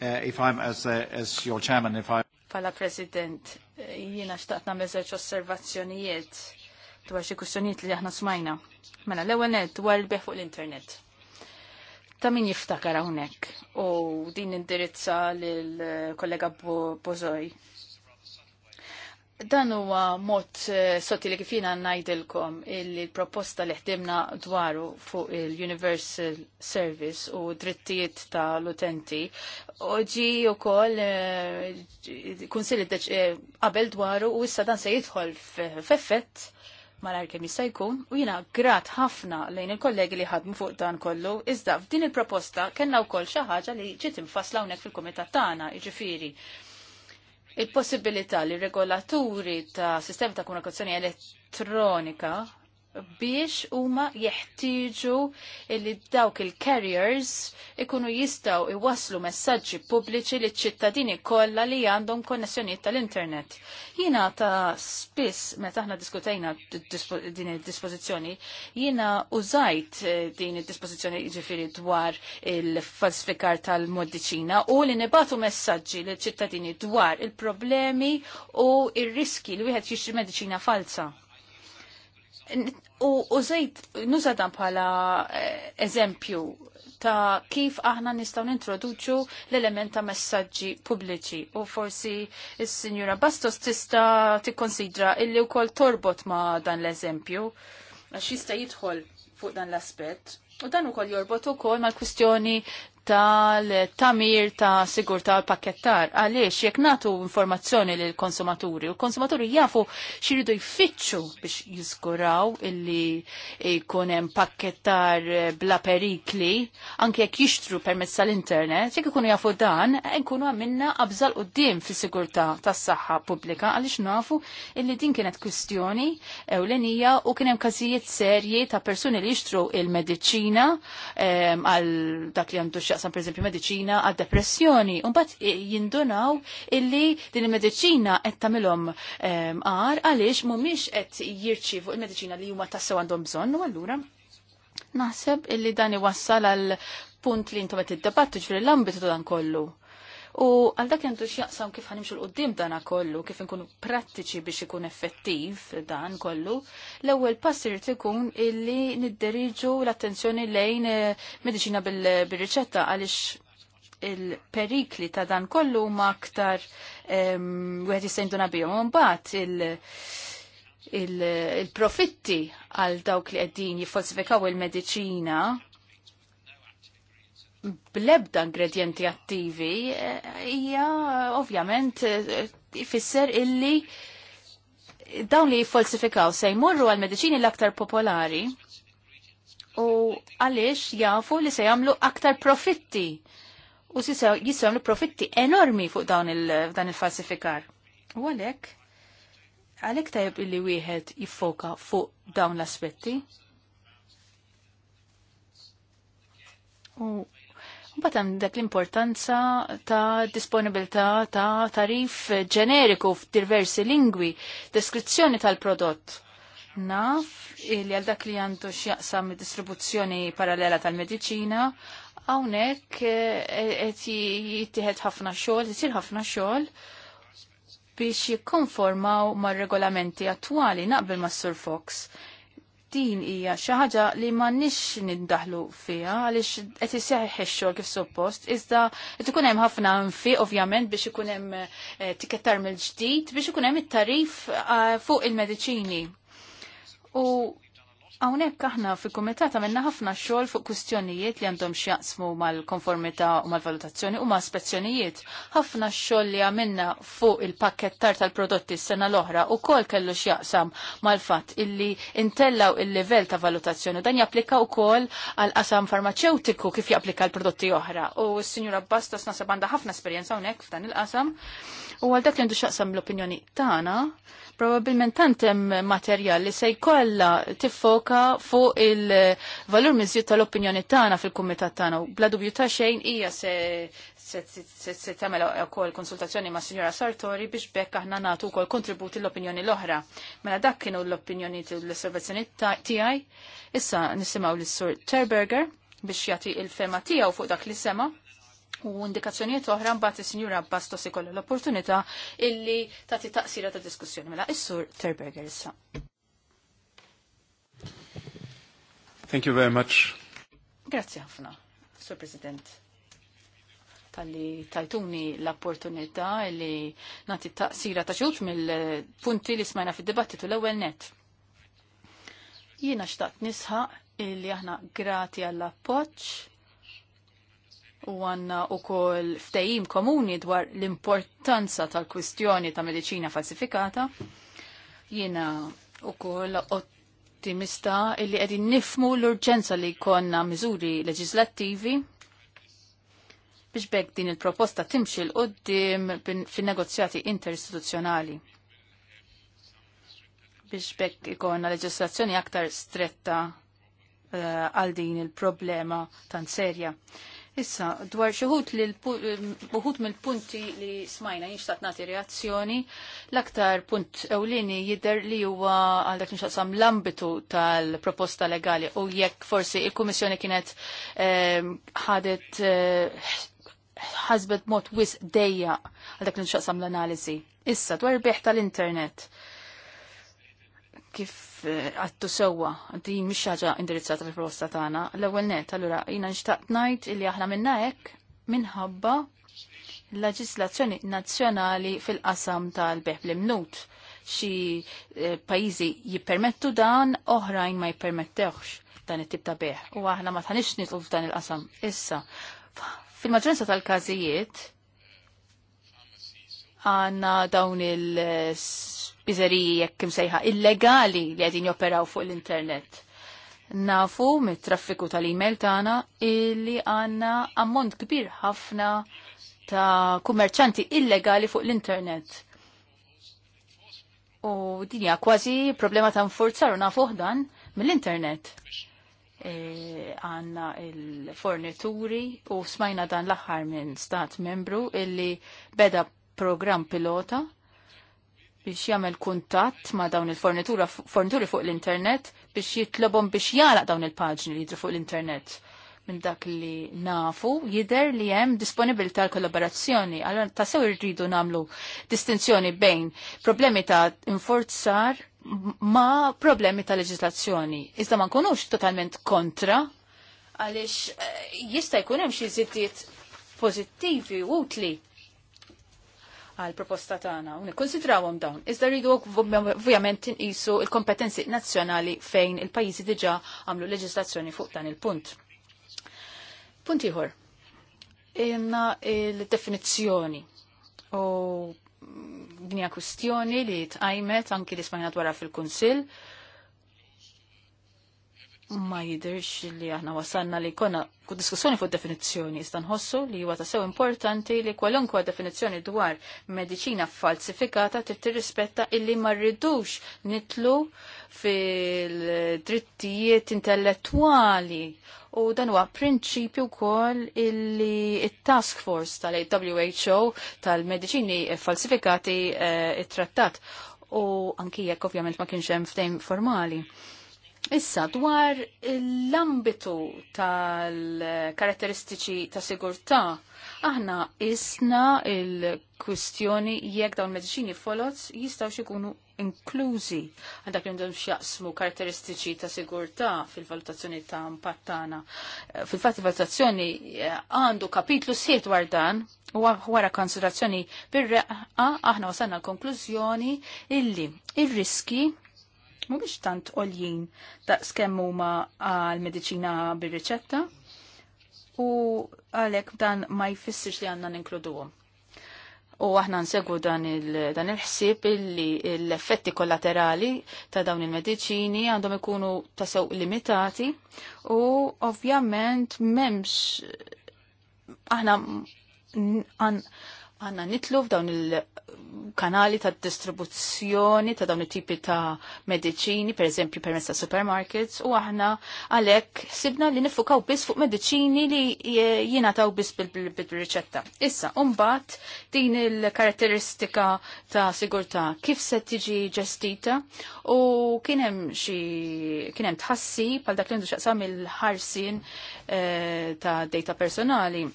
uh, if I'm as uh, as your chairman if I Pala President, jiena xtaqt nagħmel żewġ osservazzjonijiet dwar xi kustjoniet li aħna smajna. Mela l-ewwel net dwar l beħ fuq l-internet. Ta' min jiftakar hawnhekk u din indirizza lil kollega Bozoj. Dan huwa mod eh, sotti li kif jiena ngħidilkom il-proposta li ħdimna dwaru fuq il-Universal Service u drittijiet tal-utenti oġi u koll eh, kunsilli eh, qabel dwaru u issa dan se jidħol f'effett malar kemm jista' jkun u jiena grat ħafna lejn il-kollegi li ħadmu fuq dan kollu iżda f'din il-proposta kellna wkoll xi ħaġa li ġiet infassla hawnhekk fil-kumitat tagħna, jiġifieri il-possibilità li regolaturi ta' sistemi ta' komunikazzjoni elettronika biex huma jeħtieġu li dawk il-carriers ikunu jistaw iwaslu messaġġi pubbliċi li ċittadini kollha li għandhom konnessjonijiet tal-internet. Jiena ta' spiss meta aħna diskutejna din id-dispożizzjoni, jiena użajt eh, din id-dispożizzjoni ġifieri dwar il-falsifikar tal-modiċina u li nibatu messaġġi li ċittadini dwar il-problemi u ir-riski li wieħed jixtri mediċina falsa U zejt, nuża bħala eh, eżempju ta' kif aħna nistaw nintroduċu l-element ta' messaġġi pubbliċi. U forsi il-Sinjura Bastos tista' tikkonsidra illi wkoll torbot ma' dan l-eżempju. Għax jista' jidħol fuq dan l-aspett. U dan ukoll jorbot ukoll mal-kwistjoni tal-tamir ta' tal pakettar. Għaliex, jekk natu informazzjoni l konsumaturi u konsumaturi jafu xiridu jfittxu biex jiskuraw illi jkunem pakettar bla perikli, anke jekk jixtru permezz tal-internet, jekk ikunu jafu dan, nkunu għamilna qabżal fi fis ta' tas saħħa pubblika għaliex nafu illi din kienet kwistjoni ewlenija u kienem kazijiet serji ta' persuni li jixtru il-medicina ehm, għal dak li għandu per pereżempju mediċina għad-depressjoni, u mbagħad e, jindunaw illi din il-mediċina qed tagħmilhom għar għaliex mhumiex qed jirċievu il-mediċina li huma tassew għandhom bżonn u allura naħseb illi dan iwassal għal punt li intom qed debattu ġifieri l-ambitu dan kollu U għal dak jentu x'jaqsam kif ħanimxu l-qoddim dana kollu, kif nkunu prattiċi biex ikun effettiv dan kollu, l-ewwel pass irid ikun illi nidderiġu l-attenzjoni lejn eh, mediċina bil-riċetta għaliex il-perikli ta' dan kollu ma' aktar ehm, wieħed jistajnduna bihom. Mbagħad il- il-profitti għal dawk li għeddin jifalsifikaw il-medicina blebda ingredienti attivi eh, hija eh, ovvjament eh, ifisser illi dawn li jiffolsifikaw se jmorru għal mediċini l-aktar popolari u għaliex jafu li se jagħmlu aktar profitti u jagħmlu profitti enormi fuq dawn il-falsifikar. u għalek, għalek tajb li wieħed jiffoka fuq dawn l-aspetti. U Mbagħad hemm dak l-importanza ta' disponibilità ta' tarif ġeneriku f'diversi lingwi, deskrizzjoni tal-prodott. Naf li għal dak li għandu x'jaqsam distribuzzjoni parallela tal-mediċina, hawnhekk eh, qed jittieħed ħafna xogħol, isir ħafna xogħol biex jikkonformaw mar-regolamenti attwali naqbel mas-Sur Fox din hija xi ħaġa li m'għandniex niddaħlu fiha għaliex qed isjaħ ix-xogħol kif suppost, iżda qed ikun hemm ħafna nfi ovvjament biex ikun hemm eh, tikettar mill-ġdid biex ikun hemm it-tarif eh, fuq il-mediċini. U Hawnhekk aħna fi kumitat għamilna ħafna xogħol fuq kwistjonijiet li għandhom x'jaqsmu mal-konformità u mal-valutazzjoni u ma' spezzjonijiet. Ħafna xogħol li għamilna fuq il-pakkettar tal-prodotti s-sena l-oħra u kol kellu x'jaqsam mal-fatt illi intellaw il-livell ta' valutazzjoni dan japplika wkoll għal qasam farmaceutiku kif japplika l-prodotti oħra. U s-Sinjura Bastos nasab għandha ħafna esperjenza hawnhekk f'dan il-qasam u għal dak li għandu x'jaqsam l-opinjoni tagħna Probabilment tant hemm materjal li se jkollha tiffoka fuq il-valur miżjud tal-opinjoni tagħna fil-kumitat tagħna u bla dubju ta' xejn hija se se tagħmel ukoll konsultazzjoni ma' Sinjora Sartori biex bekk aħna nagħtu wkoll kontributi l-opinjoni l-oħra. Mela dak kienu l-opinjoni l-osservazzjoni tiegħi. Issa nisimgħu lis sur Terberger biex jagħti il-fema tiegħu fuq dak li sema' U indikazzjonijiet oħra mbagħad is Abbas Bastos ikollu l-opportunità illi tagħti taqsira ta' diskussjoni mela is-Sur Terberger issa. Thank you very much. Grazie ħafna, Sur President. Talli tajtuni l-opportunità li nagħti taqsira ta' xut mill-punti li smajna fid-dibattitu l-ewwel net. Jiena xtaqt nisħaq illi aħna grati għall-appoġġ u għanna u kol ftejim komuni dwar l-importanza tal-kwistjoni ta' medicina falsifikata, jina u kol ottimista illi għedin nifmu l-urġenza li konna miżuri leġislattivi biex bekk din il-proposta timxi l-qoddim fin-negozjati interistituzzjonali biex bekk ikonna leġislazzjoni aktar stretta eh, għal uh, din il-problema tan serja. Issa, dwar xuħut li buħut eh, mill-punti li smajna jinxtat nati reazzjoni, l-aktar punt ewlini jider li huwa għal dak nixtaqsam l-ambitu tal-proposta legali u jekk forsi il-Kummissjoni kienet eh, ħadet eh, ħasbet mod wis dejja għal dak nixtaqsam l-analizi. Issa, dwar biħ tal-internet kif eh, għattu sewa, di mhix ħaġa indirizzata fil-proposta tagħna. L-ewwel net, allura jiena nixtaqt ngħid illi aħna minna hekk minħabba l-leġislazzjoni nazzjonali fil-qasam tal-beħ bl-imnut. Xi eh, pajjiżi jippermettu dan, oħrajn ma jippermettewx dan it tib ta' beħ. U aħna ma tħanix nitluf f'dan il-qasam. Issa, fil-maġġoranza tal-każijiet għanna dawn il eh, biżeriji jekk sejħa illegali li għedin joperaw fuq l-internet. Nafu mit-traffiku tal-email tagħna illi għandna ammont kbir ħafna ta' kummerċanti illegali fuq l-internet. U dinja kważi problema ta' nfurzar u nafuh dan mill-internet. E, għanna e, il-fornituri u smajna dan l-aħħar minn stat membru illi beda program pilota biex jagħmel kuntatt ma' dawn il-fornitura fornituri fuq l-internet biex jitlobhom biex jagħlaq dawn il-paġni li jidru fuq l-internet. Minn dak li nafu jidher li hemm disponibil tal kollaborazzjoni. Allora ta' sew irridu nagħmlu distinzjoni bejn problemi ta' inforzar ma' problemi ta' leġislazzjoni. Iżda ma nkunux totalment kontra għaliex eh, jista' jkun hemm xi żittiet pożittivi u utli għal proposta tagħna u nikkonsidrawhom dawn. Iżda rridu ovvjament inqisu l-kompetenzi nazzjonali fejn il-pajjiżi diġà għamlu leġislazzjoni fuq dan il-punt. Punt ieħor. Inna il-definizzjoni u dinja kwistjoni li tqajmet anki li smajna dwarha fil-Kunsill ma jidirx li aħna wasanna li konna ku diskussjoni fuq definizzjoni iżda nħossu li huwa tasew importanti li kwalunkwa definizzjoni dwar medicina falsifikata trid tirrispetta illi ma rridux nitlu fil-drittijiet intellettwali u dan huwa prinċipju wkoll illi it-task force tal-WHO tal-mediċini falsifikati eh, it-trattat u anki jekk ovvjament ma kienx hemm ftehim formali. Issa, dwar l-ambitu tal-karatteristiċi ta' sigurtà, aħna isna il-kwistjoni jekk dawn mediċini folots jistaw xikunu inklużi għandak li għandhom xjaqsmu karakteristiċi ta' sigurtà fil-valutazzjoni ta' mpattana. Eh, fil-fatt valutazzjoni eh, għandu kapitlu sħiet dwar dan u wara konsiderazzjoni bir-reqqa aħna wasalna l-konklużjoni illi il riski il mhumiex tant għoljin daqs kemm huma għal-mediċina bir-riċetta u għalhekk dan ma jfissirx li għandna ninkluduhom. U aħna nsegwu dan il-ħsib il illi l-effetti kollaterali ta' dawn il-medicini għandhom ikunu tasew limitati u ovvjament memx aħna għanna nitlu f'dawn il-kanali ta' distribuzzjoni ta' dawn it-tipi ta' medicini, per eżempju permess ta' supermarkets, u aħna għalek sibna li nifukaw bis fuq medicini li jina taw bis bil-riċetta. Issa, umbat din il-karatteristika ta' sigurta kif se tiġi ġestita u kienem xi kienem tħassi pal dak li ndu xaqsam il-ħarsin eh, ta' data personali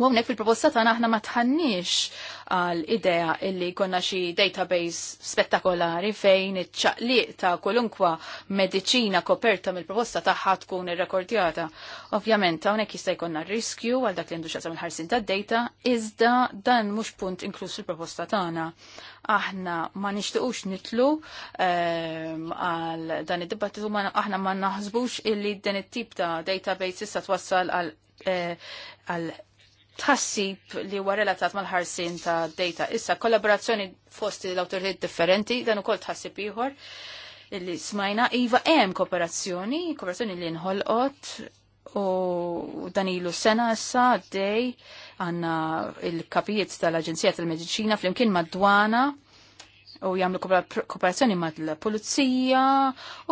Għonek fil-proposta tagħna aħna ma tħannix għal idea illi konna xi database spettakolari fejn iċ-ċaqliq ta' kolunkwa medicina koperta mill-proposta tagħha tkun irrekordjata. Ovvjament hawnhekk jista' konna riskju għal dak li għandu x'għasam il-ħarsin tad-data, iżda dan mhux punt inkluż fil-proposta tagħna. Aħna ma nixtiequx nitlu ehm, għal dan id-dibattitu aħna ma naħsbux illi dan it-tip ta' database issa twassal għal eh, tħassib li huwa relatat mal-ħarsin ta' data. Issa, kollaborazzjoni fosti l-autoritet differenti, dan ukoll tħassib ieħor li smajna, iva hemm kooperazzjoni, kooperazzjoni li nħolqot u dan ilu sena issa dej għanna il-kapijiet tal-Aġenzija tal-Mediċina fl-imkien mad-dwana u jagħmlu kooperazzjoni ma' l-pulizija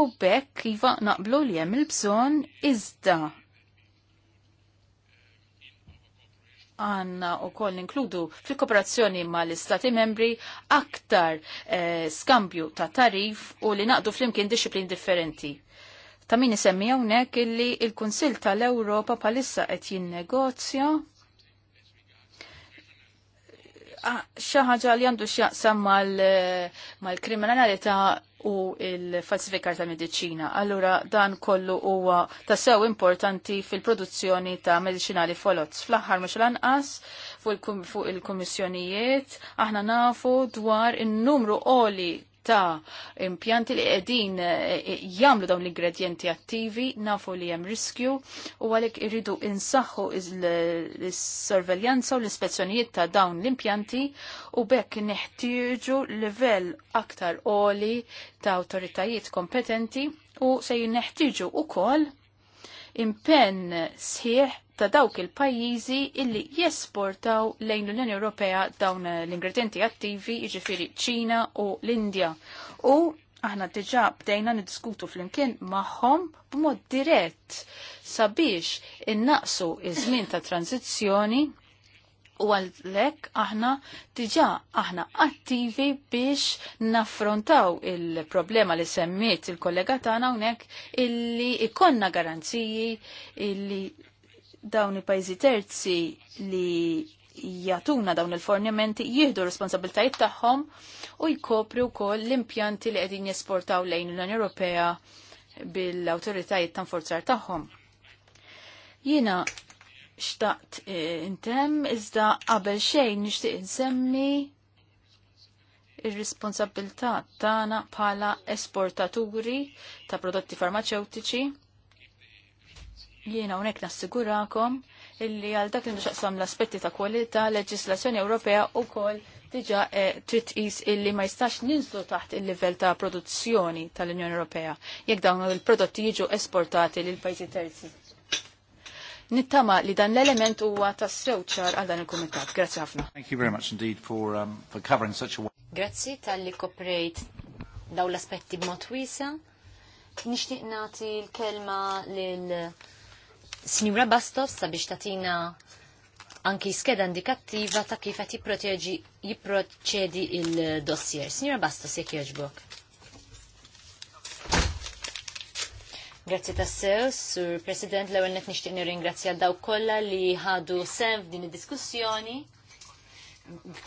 u bekk iva naqblu li hemm il-bżonn iżda għanna u koll inkludu fil-kooperazzjoni ma l-Istati membri aktar eh, skambju ta' tarif u li naqdu fl-imkien disciplin differenti. Ta' min isemmi hawnhekk illi il-Kunsill tal-Ewropa palissa qed jinnegozja ah, xi ħaġa li għandu x'jaqsam eh, mal-kriminalità mal u il-falsifikar ta' medicina. Allura dan kollu huwa ta' sew importanti fil-produzzjoni ta' medicinali folots. Fl-aħħar mhux lanqas fuq il-kummissjonijiet aħna nafu dwar in-numru oli ta' impjanti li qegħdin eh, jagħmlu dawn l-ingredjenti attivi nafu li hemm riskju u għalhekk irridu insaħħu l-sorveljanza u l-ispezzjonijiet ta' dawn l-impjanti u bekk neħtieġu livell aktar qoli ta' awtoritajiet kompetenti u se jinneħtieġu ukoll impenn sħiħ ta' dawk il-pajjiżi illi jesportaw lejn l-Unjoni Ewropea dawn l-ingredienti attivi, jiġifieri ċina u l-Indja. U aħna diġà bdejna niddiskutu flimkien magħhom b'mod dirett sabiex innaqsu iż-żmien ta' tranzizzjoni u għalhekk aħna diġà aħna attivi biex naffrontaw il-problema li semmiet il-kollega tagħna hawnhekk illi ikonna garanziji illi dawn il-pajzi terzi li jatuna dawn il-fornimenti jihdu responsabiltajiet tagħhom u jkopri wkoll l-impjanti li qegħdin jesportaw lejn l-Unjoni Ewropea bil-awtoritajiet ta' forzar tagħhom. Jiena xtaqt eh, intemm iżda qabel xejn nixtieq insemmi ir-responsabilità tagħna bħala esportaturi ta' prodotti farmaceutiċi Jiena unek nassigurakom illi għal dak li nxaqsam l-aspetti ta' kwalità leġislazzjoni Ewropea u kol diġa eh, trit is illi ma jistax ninżlu taħt il-livell ta' produzzjoni tal-Unjoni Ewropea jekk dawn il-prodotti jiġu esportati lil pajzi terzi. Nittama li dan l-element huwa ta' sewċar għal dan il-Kumitat. Grazzi ħafna. Thank you very much indeed for, um, for covering such a Grazzi tal-li koprejt daw l-aspetti b'mod wiesa. Nixtieq nagħti l-kelma lil Sinjura Bastos sabiex tatina anki skeda indikattiva ta' kif qed jipproċedi il-dossier. Sinjura Bastos jekk jogħġbok. Grazzi sew, Sur President, l-ewwel qed nixtieq nirringrazzja daw kollha li ħadu sem f'din id-diskussjoni.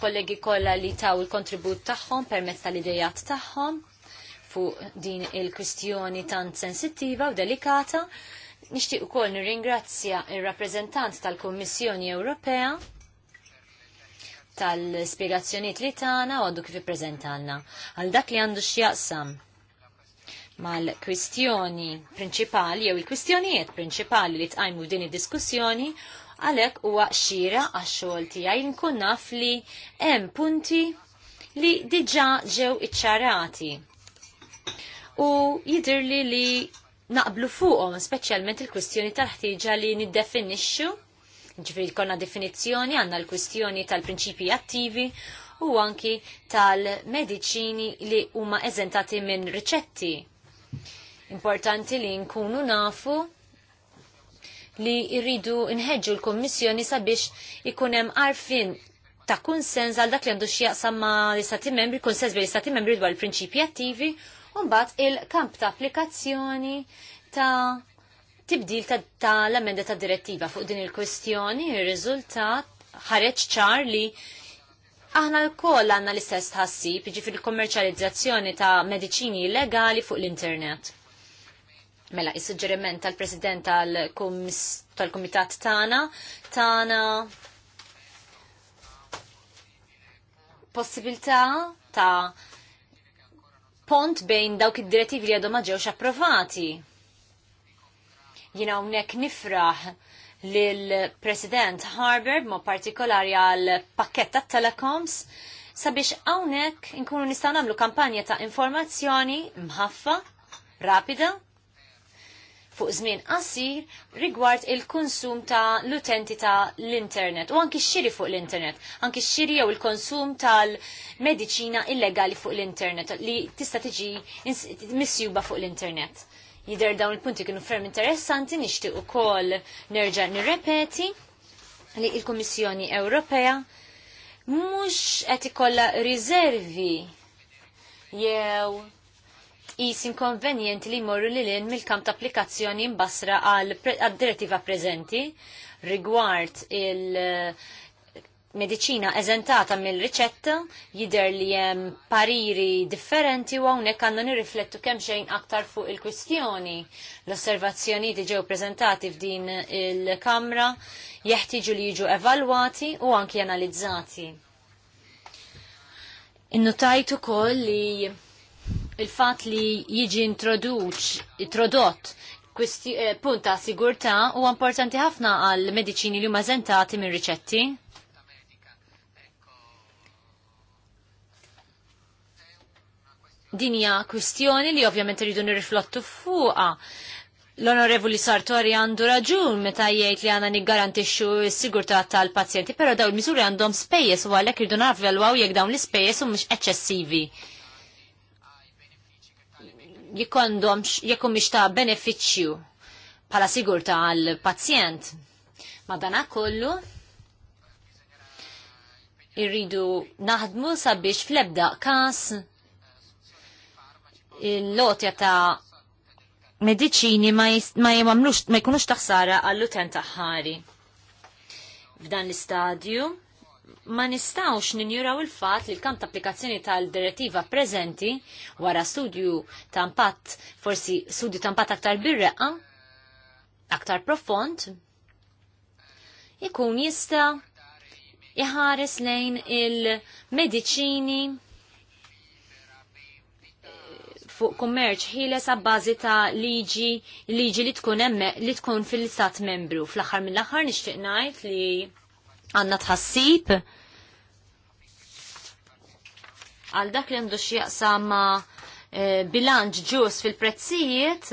Kollegi kollha li taw il-kontribut tagħhom permezz tal-idejat tagħhom fuq din il-kwistjoni tant sensittiva u delikata. Nixtieq ukoll nirringrazzja ir-rappreżentant tal-Kummissjoni Ewropea tal-spiegazzjoniet li tagħna u għaddu kif ippreżentalna għal dak li għandu x'jaqsam mal-kwistjoni prinċipali jew il-kwistjonijiet prinċipali li tqajmu din id-diskussjoni għalhekk huwa xira għax-xogħol tiegħi nkun naf li hemm punti li diġà ġew iċċarati. U jidirli li naqblu fuqhom, speċjalment il-kwistjoni tal-ħtieġa li niddefinixxu, ġifri konna definizzjoni għandna l-kwistjoni tal prinċipi attivi u anki tal-mediċini li huma eżentati minn riċetti. Importanti li nkunu nafu li irridu nħedġu l-Kommissjoni sabiex ikunem arfin ta' kunsens għal dak li għandu xieqsam ma' l-istati membri, kunsens bil-istati membri dwar l-prinċipi attivi Unbat il-kamp ta' applikazzjoni ta' tibdil ta', ta l-amenda ta' direttiva fuq din il-kwestjoni, il-rizultat ħareċ ċar li aħna l-koll għanna l-istess tħassi piġi fil kommerċalizzazzjoni ta' medicini illegali fuq l-internet. Mela, il-sugġeriment tal-President tal-Komitat tana, tana possibilità ta' pont bejn dawk id-direttivi li għadhom ma ġewx approvati. Jina hawnhekk nifraħ lill-President Harbour ma partikolari għal pakket telecoms sabiex hawnhekk inkunu nistgħu nagħmlu kampanja ta' informazzjoni mħaffa, rapida, fuq żmien qasir rigward il-konsum ta' l-utenti ta' l-internet u anki xiri fuq l-internet, anki xiri jew il-konsum tal-medicina illegali fuq l-internet li tista' tiġi misjuba fuq l-internet. Jider dawn il-punti kienu ferm interessanti, nixtieq ukoll nerġa' nirrepeti li il-Kummissjoni Ewropea mhux qed ikollha riservi jew is inkonvenjenti li jmorru li l-in mill-kamp ta' applikazzjoni mbasra għal direttiva preżenti rigward il- eh, medicina eżentata mill-riċetta jider li jem pariri differenti u għawnek għandna nirriflettu kemm xejn aktar fuq il-kwistjoni. L-osservazzjoni ġew prezentati f'din il-kamra jeħtiġu li jiġu evalwati u anki analizzati. Innotajtu ukoll li il-fat li jiġi introduċ introdott eh, punta sigurta u importanti ħafna għal mediċini li huma żentati minn riċetti. Dinja kwistjoni li ovvjament rridu nirriflottu fuqa. L-onorevoli Sartori għandu raġun meta jgħid li għandna niggarantixxu s-sigurtà tal-pazjenti, però dawn il-miżuri għandhom spejjeż u għalhekk irridu nafvelwaw jekk dawn l-ispejjeż u mhux eċċessivi jikondom jekku miex ta' beneficju pala sigurta għal pazjent. Ma dana kollu irridu naħdmu sabiex flebda kas il-lotja ta' medicini ma, ma, jkunux taħsara għall-utent taħħari. F'dan l-istadju, ma nistawx ninjuraw il-fat li l-kamp ta' applikazzjoni tal-direttiva preżenti wara studju ta' impatt, forsi studju ta' impatt aktar birreqa, aktar profond, ikun jista jħares lejn il-medicini fuq kummerċ ħieles għabbażi ta' liġi, liġi li tkun emme, li tkun fil-istat membru. Fl-aħħar mill-aħħar nixtieq ngħid li għanna tħassib għal dak li għandu xieqsam ma eh, bilanċ ġus fil-prezzijiet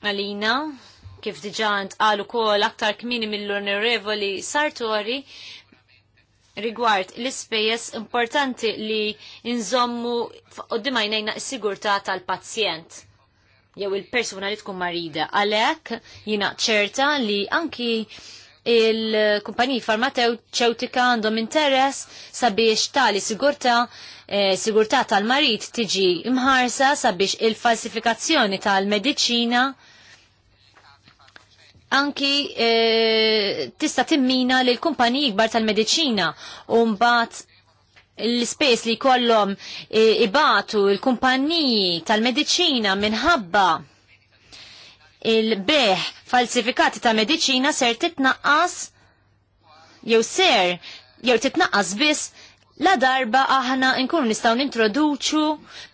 għalina kif diġant għalu kol aktar kmini mill-onorevoli Sartori rigward l-ispejjeż importanti li nżommu u dimajnejna s-sigurta tal-pazjent jew il-persuna li tkun marida. Għalhekk jina ċerta li anki il-kumpaniji farmaceutika għandhom interess sabiex tali sigurta eh, sigurta tal-marit tiġi imħarsa sabiex il-falsifikazzjoni tal-medicina anki e, tista timmina li l-kumpaniji gbar tal-medicina un bat l-ispejs li kollom ibatu il-kumpanniji tal-medicina minħabba il-beħ falsifikati ta' medicina ser titnaqqas jew ser jew titnaqqas biss la darba aħna nkunu nistgħu nintroduċu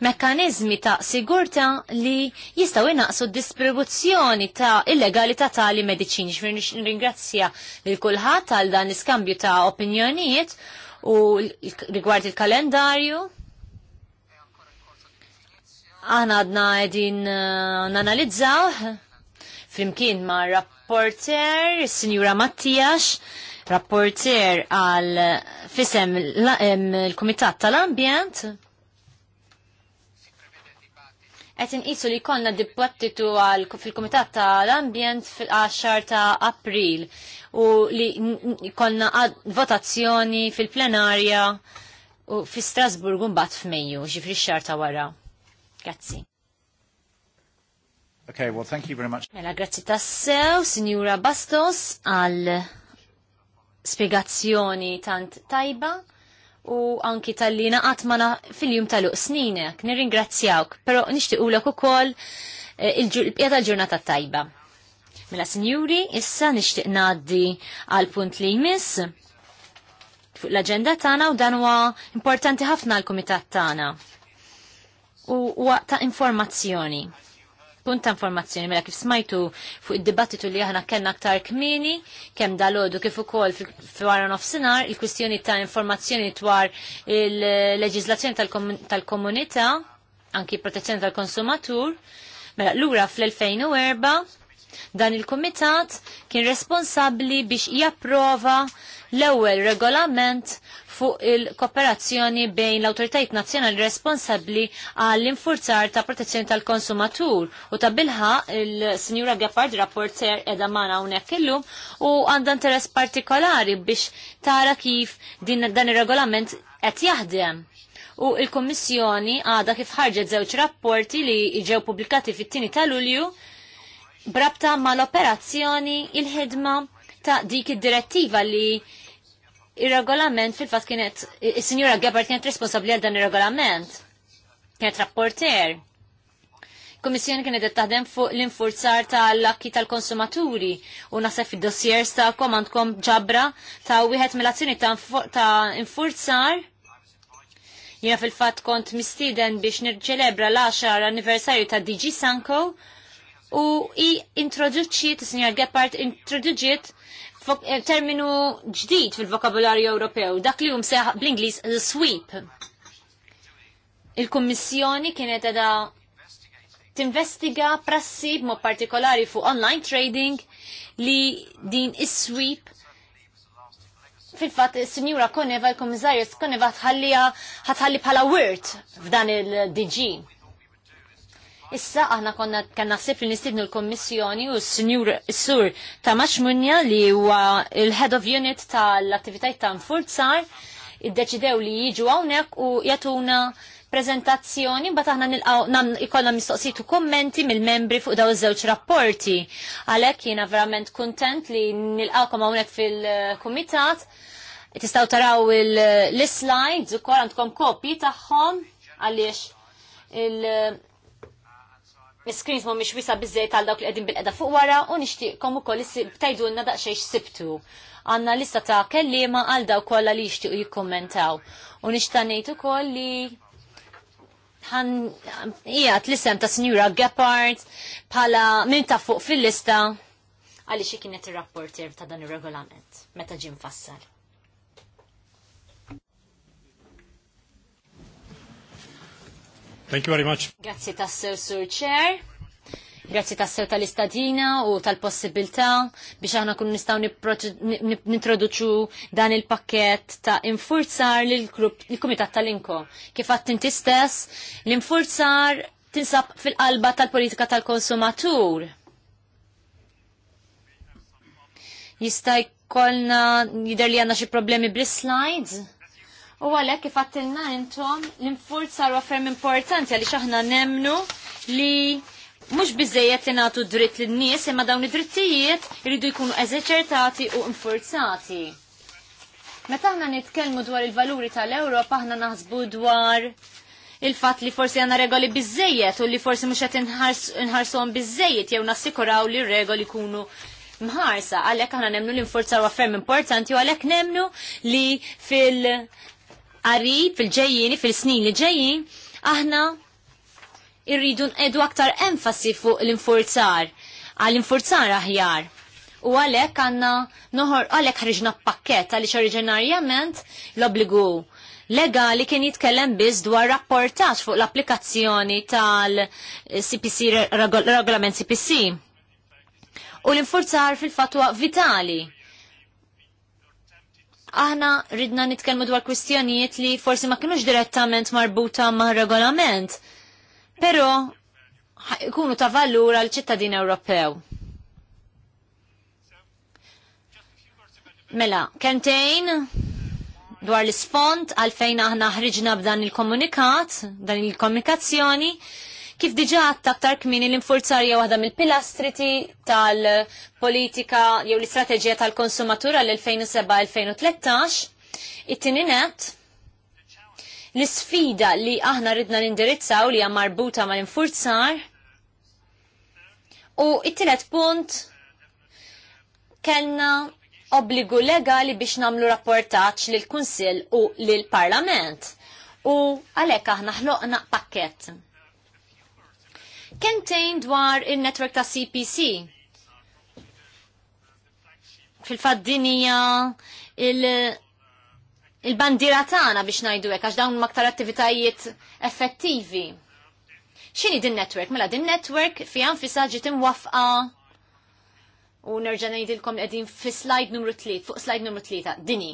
mekkaniżmi ta' sigurta li jistgħu d distribuzzjoni ta' illegalità tali mediċini. Ringrazzja lil kulħadd għal dan l-iskambju ta' opinjonijiet U rigward il-kalendarju, aħna għadna għedin uh, nanalizzaw flimkien ma' rapporter, signora Mattijax, rapporter għal fisem il-Komitat tal-Ambjent, qed inqisu li konna dibattitu għal fil-Kumitat tal-Ambjent fil-10 ta' April u li konna votazzjoni fil-plenarja u fi Strasburgu mbagħad f'Mejju, ġifri x-xar ta' wara. Grazzi. Okay, well, thank you very much. Mela, grazzi tassew, Signora Bastos, għal spiegazzjoni tant tajba u anki tal-li naqatmana fil-jum tal-uq sninek. Nirringrazzjawk, pero nishtiqulok u kol eh, il-bqija tal-ġurnata tajba. Mela sinjuri, issa nishtiq naddi għal-punt li jmiss fuq l-agenda tana u dan huwa importanti ħafna l-komitat tana. U waqta informazzjoni punta ta' informazzjoni mela kif smajtu fuq id-dibattitu li aħna kellna aktar kmini, kemm dalodu kif ukoll fil nofsinhar, il-kwistjoni ta' informazzjoni dwar il-leġiżlazzjoni tal-komunità, anki protezzjoni tal-konsumatur, mela lura fl-2004 dan il-kumitat kien responsabbli biex japprova l-ewwel regolament fuq il-kooperazzjoni bejn l autoritajt nazzjonali responsabbli għall-infurzar ta' protezzjoni tal-konsumatur u ta' bilħa il-Sinjura Gaffard rapporter edha mana unek illum u għandha interess partikolari biex tara kif din dan ir-regolament qed jaħdem. U il-Kommissjoni għada kif ħarġet żewġ rapporti li ġew pubblikati fit tieni ta' Lulju brabta mal-operazzjoni il-ħidma ta' dik id-direttiva li Ir-regolament fil-fat kienet, il signora Gebhardt kienet responsabli għal dan ir-regolament. Kienet rapporter. Komissjoni kienet taħdem fuq l-infurzar tal-akki tal-konsumaturi u nasef id-dossiers ta' komandkom ġabra ta' wieħed mill-azzjoni ta' infurzar. Jena fil-fat kont mistiden biex nirċelebra l-10 anniversarju ta' DG Sanko u i introduċi, t sinjor Gepard introduċiet Eh, terminu ġdid fil-vokabularju Ewropew, dak li jumseħ bl-Inglis sweep. Il-Kummissjoni kienet edha tinvestiga prassi b'mod partikolari fuq online trading li din is-sweep fil-fat sinjura Koneva, il-Komissarju Koneva tħallija ħatħalli bħala word f'dan il-DG Issa aħna konna kan naħseb li nistidnu l-Kommissjoni u s-Sinjur Sur Tamax Munja li huwa il-Head of Unit tal-attivitajt ta' nfurzar iddeċidew li jiġu hawnhekk u jagħtuna prezentazzjoni, bat aħna nilqaw ikollna mistoqsitu kommenti mill-membri fuq daw iż-żewġ rapporti. Għalhekk jiena verament kuntent li nilqawkom hawnhekk fil-kumitat. Tistgħu taraw l-slides ukoll għandkom kopji tagħhom għaliex il- screens ma mhix wisa bizzej tal dawk li qegħdin bil-qeda fuq wara u nixtieqkom ukoll tajdulna daqsxejn sibtu. Għanna lista ta' kellima għal daw kolla li jixtiequ jikkummentaw. U nixta' ngħid ukoll li ħan ijat l-isem ta' Sinjura Gepard bħala min ta' fuq fil-lista għaliex kienet ir-rapporter ta' dan ir-regolament meta ġim fassal. Thank you very much. Grazzi tassew, Sur Chair. Grazie tassew tal-istadina u tal-possibilità biex aħna kun nistaw nintroduċu dan il-pakket ta' infurzar l-Kumitat tal-Inko. Kif għattin tistess, stess, l-infurzar tinsab fil-qalba tal-politika tal-konsumatur. Jista' jkollna jidher li għandna xi problemi bl-slides? U għalek kif għattilna intom l-infurza ferm importanti għaliex aħna nemnu li mhux biżejjed li nagħtu dritt lin nies imma dawn id-drittijiet iridu jkunu eżeċertati u infurzati. Meta aħna nitkellmu dwar il-valuri tal europa aħna naħsbu dwar il-fatt li forsi għandna regoli biżejjed u li forsi mhux qed inħarsuhom biżejjed jew nassikuraw li regoli jkunu mħarsa, għalek għana nemnu l-infurza ferm importanti u għalek nemnu li fil- qarib fil-ġejjini, fil-snin li ġejjin, aħna irridu nqedu aktar enfasi fuq l-infurzar, għall-infurzar aħjar. U għalek għanna noħor għalek ħriġna pakket għalix oriġinarjament l-obligu legali kien jitkellem biss dwar rapportaġġ fuq l-applikazzjoni tal-CPC, regolament CPC. U l-infurzar fil-fatwa vitali aħna ridna nitkellmu dwar kwistjonijiet li forsi ma kinux direttament marbuta ma' regolament, però ikunu ta' valur għal ċittadin Ewropew. Mela, kentejn dwar l isfond għalfejn aħna ħriġna b'dan il-komunikat, dan il-komunikazzjoni, il komunikazzjoni Kif diġa aktar kmini l-infurzarja waħda mill-pilastri tal-politika jew l-istrateġija tal-konsumatura l-2007-2013, it tininet l-sfida li aħna ridna nindirizzaw li hija marbuta mal-infurzar u it-tielet punt kellna obbligu legali biex namlu rapportaċ lil kunsill u lil parlament U għalek aħna ħloqna pakket Kentejn dwar il-network ta' CPC? Fil-faddinija il- il-bandira tagħna biex ngħidu hekk għax dawn maktar attivitajiet effettivi. X'inhi din network? Mela din network fi nfisha ġiet imwafqa u nerġa' ngħidilkom qegħdin fi slide numru tliet, fuq slide numru tlieta, dini.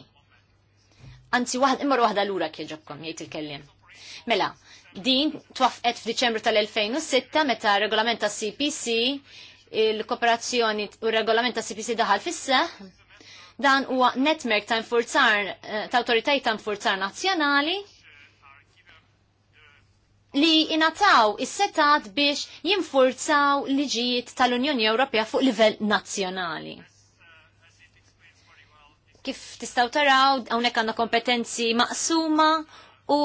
Anzi waħd imma waħda lura kieġobkom jgħid il-kellim. Mela, Din twafqet f'Diċembru tal-2006 meta regolament ta' CPC il-kooperazzjoni u regolament ta' CPC daħal fis dan huwa netwerk ta' infurzar eh, ta' autoritajiet ta' infurzar nazzjonali li inataw is-setat biex jinfurzaw liġijiet tal-Unjoni Ewropea fuq livell nazzjonali. Kif tistaw taraw, hawnhekk għandna kompetenzi maqsuma u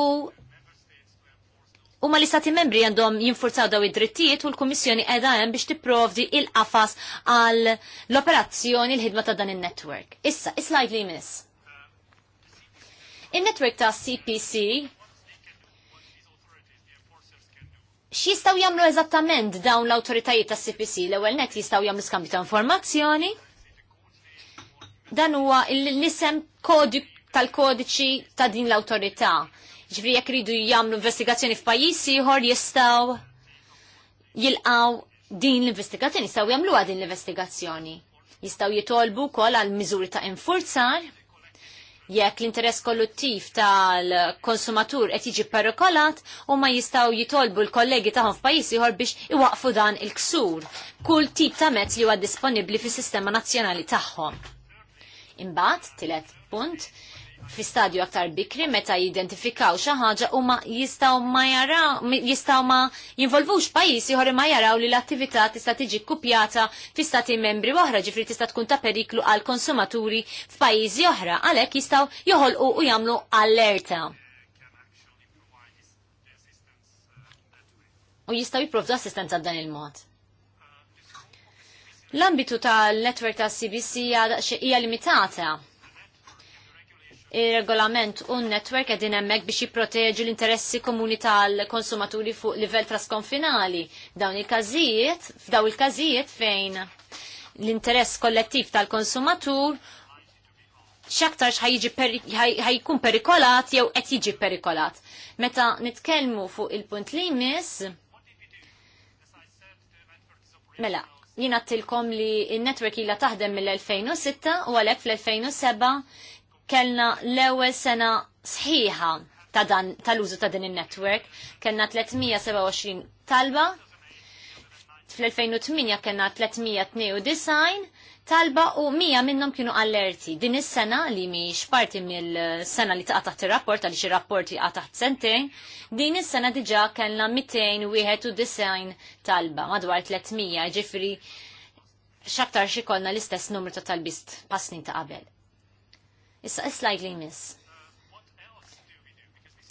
u ma l-istati membri għandhom jinfurzaw daw id-drittijiet u l-Kummissjoni edha hemm biex tipprovdi il-qafas għal l-operazzjoni l-ħidma ta' dan il-network. Issa, is-slide li jmiss. Il-network ta' CPC x'jistgħu jagħmlu eżattament dawn l-awtoritajiet ta' CPC l-ewwel net jistgħu jagħmlu skambju ta' informazzjoni. Dan huwa l-isem tal-kodiċi ta' din l-awtorità Ġifri jek ridu jagħmlu investigazzjoni f'pajjiż ieħor jistgħu jilqaw din l-investigazzjoni, jistgħu jagħmluha din l-investigazzjoni. Jistgħu jitolbu wkoll għal miżuri ta' infurzar jekk l-interess kolluttiv tal-konsumatur qed jiġi perikolat u ma jistgħu jitolbu l-kollegi tagħhom f'pajjiż ieħor biex iwaqfu dan il-ksur. Kull tip ta' mezz li huwa disponibbli fis-sistema nazzjonali tagħhom. Imbagħad, tielet punt, fi stadju aktar bikri meta jidentifikaw xi ħaġa u ma jistgħu ma jaraw jistgħu ma jinvolvux pajjiż ieħor ma jaraw li l-attività tista' tiġi kkupjata fi stati membri oħra ġifri tista' tkun ta' periklu għal konsumaturi f'pajjiżi oħra għalhekk jistgħu joħolqu u jagħmlu allerta. U jistgħu jipprovdu assistenza b'dan il-mod. L-ambitu tal-netwerk tas CBC hija limitata il-regolament u n-netwerk għedin emmek biex jiproteġu l-interessi komuni tal-konsumaturi fuq livell trasconfinali. Dawn il-kazijiet, f'daw il-kazijiet fejn l-interess kollettiv tal-konsumatur xaktar ħajkun perikolat jew qed jiġi perikolat. Meta nitkellmu fuq il-punt li jmiss, mela, jina tilkom li il-network ila taħdem mill-2006 u għalek fl-2007 kellna l-ewwel sena sħiħa ta' dan tal-użu ta' din in-network, kellna 327 talba, fl-2008 kellna 392 talba u 100 minnhom kienu allerti. Din is-sena li mhix parti mill-sena li taqa' taħt ir-rapport għaliex ir rapporti qa' taħt sentejn, din is-sena diġà kellna 291 talba madwar 300, ġifri xaktar xi konna l-istess numru ta' talbist snin ta' qabel. Issa is-slajd li jmiss.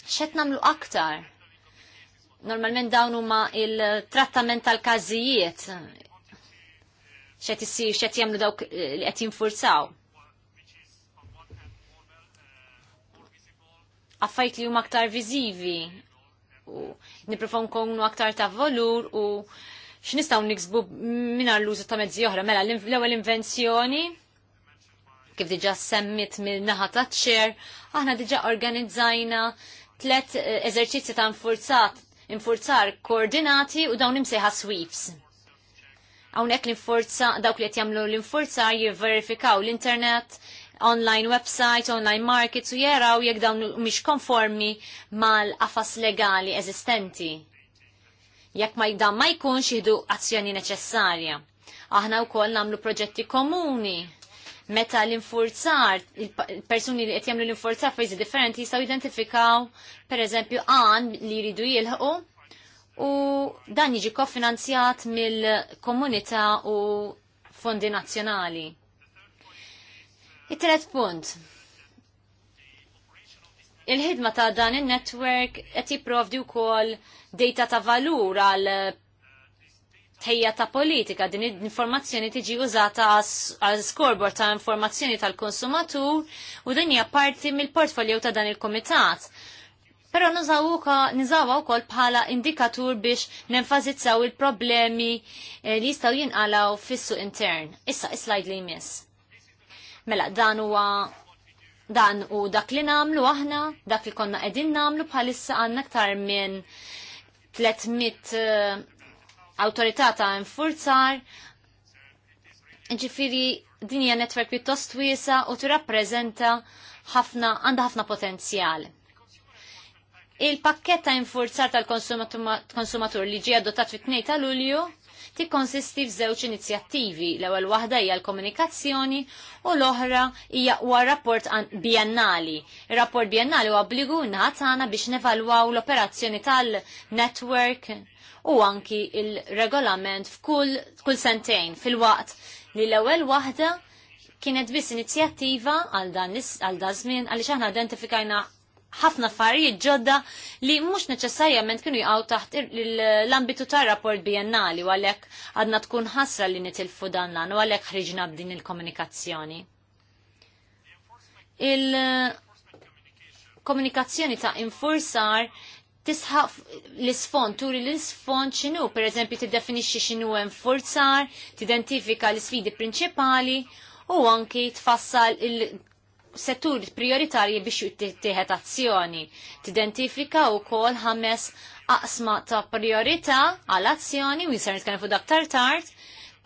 X'qed nagħmlu aktar? Normalment dawn huma il-trattament tal-każijiet. X'qed jissi, x'qed jagħmlu dawk eh, li qed jinfurzaw. Affajt li huma aktar viżivi Niprofon konnu aktar ta' volur u x'nistgħu niksbu mingħajr l-użu ta' mezzi oħra mela l-ewwel invenzjoni kif diġa semmit mill-naħa ta' ċer, aħna diġa organizzajna tlet eh, eżerċizzi ta' nfurzat, infurzar koordinati u dawn imsejħa sweeps. Hawnhekk l-infurza dawk li jtjamlu jagħmlu l-infurzar jivverifikaw l-internet, online website, online markets u jeraw jekk dawn mhix konformi mal afas legali eżistenti. Jekk ma dan ma jkunx jieħdu azzjoni neċessarja. Aħna wkoll nagħmlu proġetti komuni meta l-infurzar, il-persuni li qed jagħmlu l-infurzar fejzi differenti jistgħu identifikaw pereżempju għan li jridu jilħqu u dan jiġi kofinanzjat mill-komunità u fondi nazzjonali. It-tret punt. Il-ħidma ta' dan il-network qed jipprovdi wkoll data ta' valur għal ħejja ta' politika din informazzjoni tiġi użata għal scoreboard ta' informazzjoni tal-konsumatur u din hija parti mill-portfolio ta' dan il-komitat. Però nizawa wkoll bħala indikatur biex nenfazizzaw il-problemi eh, li jistgħu jinqalaw fis-suq intern. Issa is-slide li jmiss. Mela dan huwa dan u dak li namlu aħna, dak li konna qegħdin namlu bħalissa għandna aktar minn 300 autorità ta' infurzar, ġifiri dinja netwerk pjuttost wiesa u tirrappreżenta ħafna għandha ħafna potenzjal. Il-pakket ta' infurzar tal-konsumatur li ġie adottat fit-2 ta' Lulju tikkonsisti f'żewġ inizjattivi. L-ewwel waħda hija l-komunikazzjoni u l-oħra hija huwa rapport biennali. Ir-rapport biennali huwa obbligu tagħna biex nevalwaw l-operazzjoni tal-network u anki il-regolament f'kull kull sentejn fil-waqt li l-ewwel waħda kienet biss inizjattiva għal dan għal dażmin għaliex aħna identifikajna ħafna affarijiet ġodda li mhux neċessarjament kienu jqgħu taħt l-ambitu tar-rapport biennali u għalhekk għadna tkun ħasra li nitilfu dan l u għalhekk ħriġna b'din il-komunikazzjoni. Il-komunikazzjoni ta' infursar tisħaf l-isfond, turi l-isfond xinu, per eżempju tiddefinixxi xinu hemm forzar, tidentifika l-sfidi prinċipali u anki tfassal il-settur prioritarji biex jittieħed azzjoni. Tidentifika wkoll ħames aqsma ta' priorità għal azzjoni u jinsar nitkellem fuq daktar tart,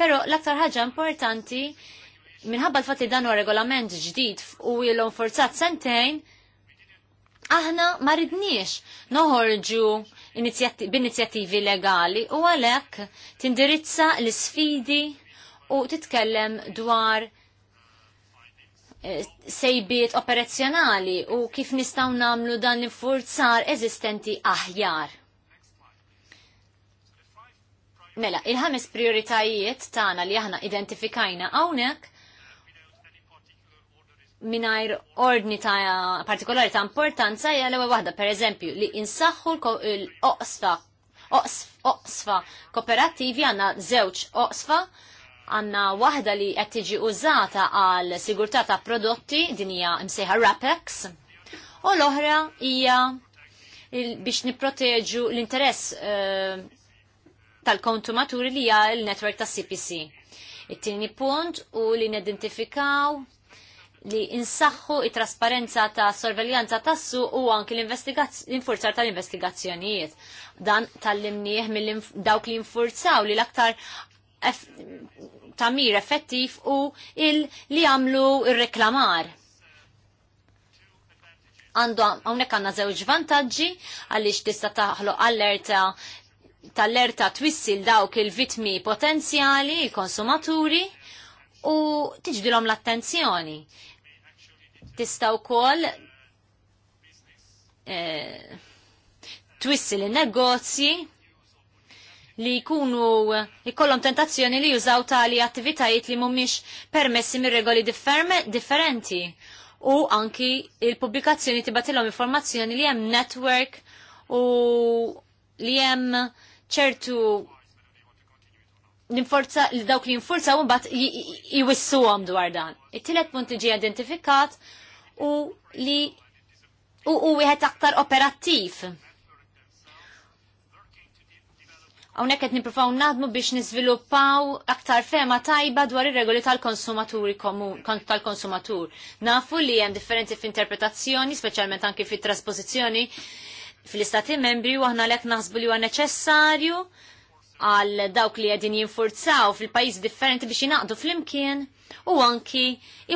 però l-aktar ħaġa importanti minħabba l-fatti dan regolament ġdid u ilhom forzat sentejn, aħna ma ridniex noħorġu b'inizjattivi legali u għalhekk tindirizza l-sfidi u titkellem dwar eh, sejbiet operazzjonali u kif nistgħu nagħmlu dan l-infurzar eżistenti aħjar. Mela, il-ħames prioritajiet tagħna li aħna identifikajna hawnhekk minajr ordni ta' partikolari ta' importanza hija l-ewwel waħda, pereżempju, li insaħħu l-oqsfa oqsfa kooperattivi għandna żewġ oqsfa għandna waħda li qed tiġi użata għal sigurtà ta' prodotti din hija msejħa Rapex u l-oħra hija biex nipproteġu l-interess eh, tal-kontumaturi li hija l netwerk ta' CPC. It-tieni punt u li nidentifikaw li insaħħu it-trasparenza ta' sorveljanza tassu u anki l-infurzar tal-investigazzjonijiet. Dan tal-limnieħ mill-dawk li infurzaw li l-aktar tamir effettiv u il li għamlu il-reklamar. Għandu għawnek għanna zewġ vantagġi għalix tista taħloq allerta tal-erta twissil dawk il-vitmi potenzjali, il-konsumaturi, u tiġdilom l-attenzjoni. Tista' wkoll eh, twissi li negozji li jkunu jkollhom tentazzjoni li jużaw tali attivitajiet li mhumiex permessi mir regoli differenti u anki il-pubblikazzjoni tibatilom informazzjoni li hemm network u li hemm ċertu ninforza li dawk li jinforza un bat jwissu għom dwar dan. It-tilet punt iġi identifikat u li u u wieħed aktar operattiv. Hawnhekk qed nippruvaw nadmu biex niżviluppaw aktar fema tajba dwar ir-regoli tal-konsumaturi komun tal-konsumatur. Nafu li hemm differenti f'interpretazzjoni, speċjalment anki fit-trasposizzjoni fl-istati membri u aħna lek naħsbu li huwa neċessarju għal dawk li għedin jinfurzaw fil-pajis differenti biex jinaqdu fl-imkien u anki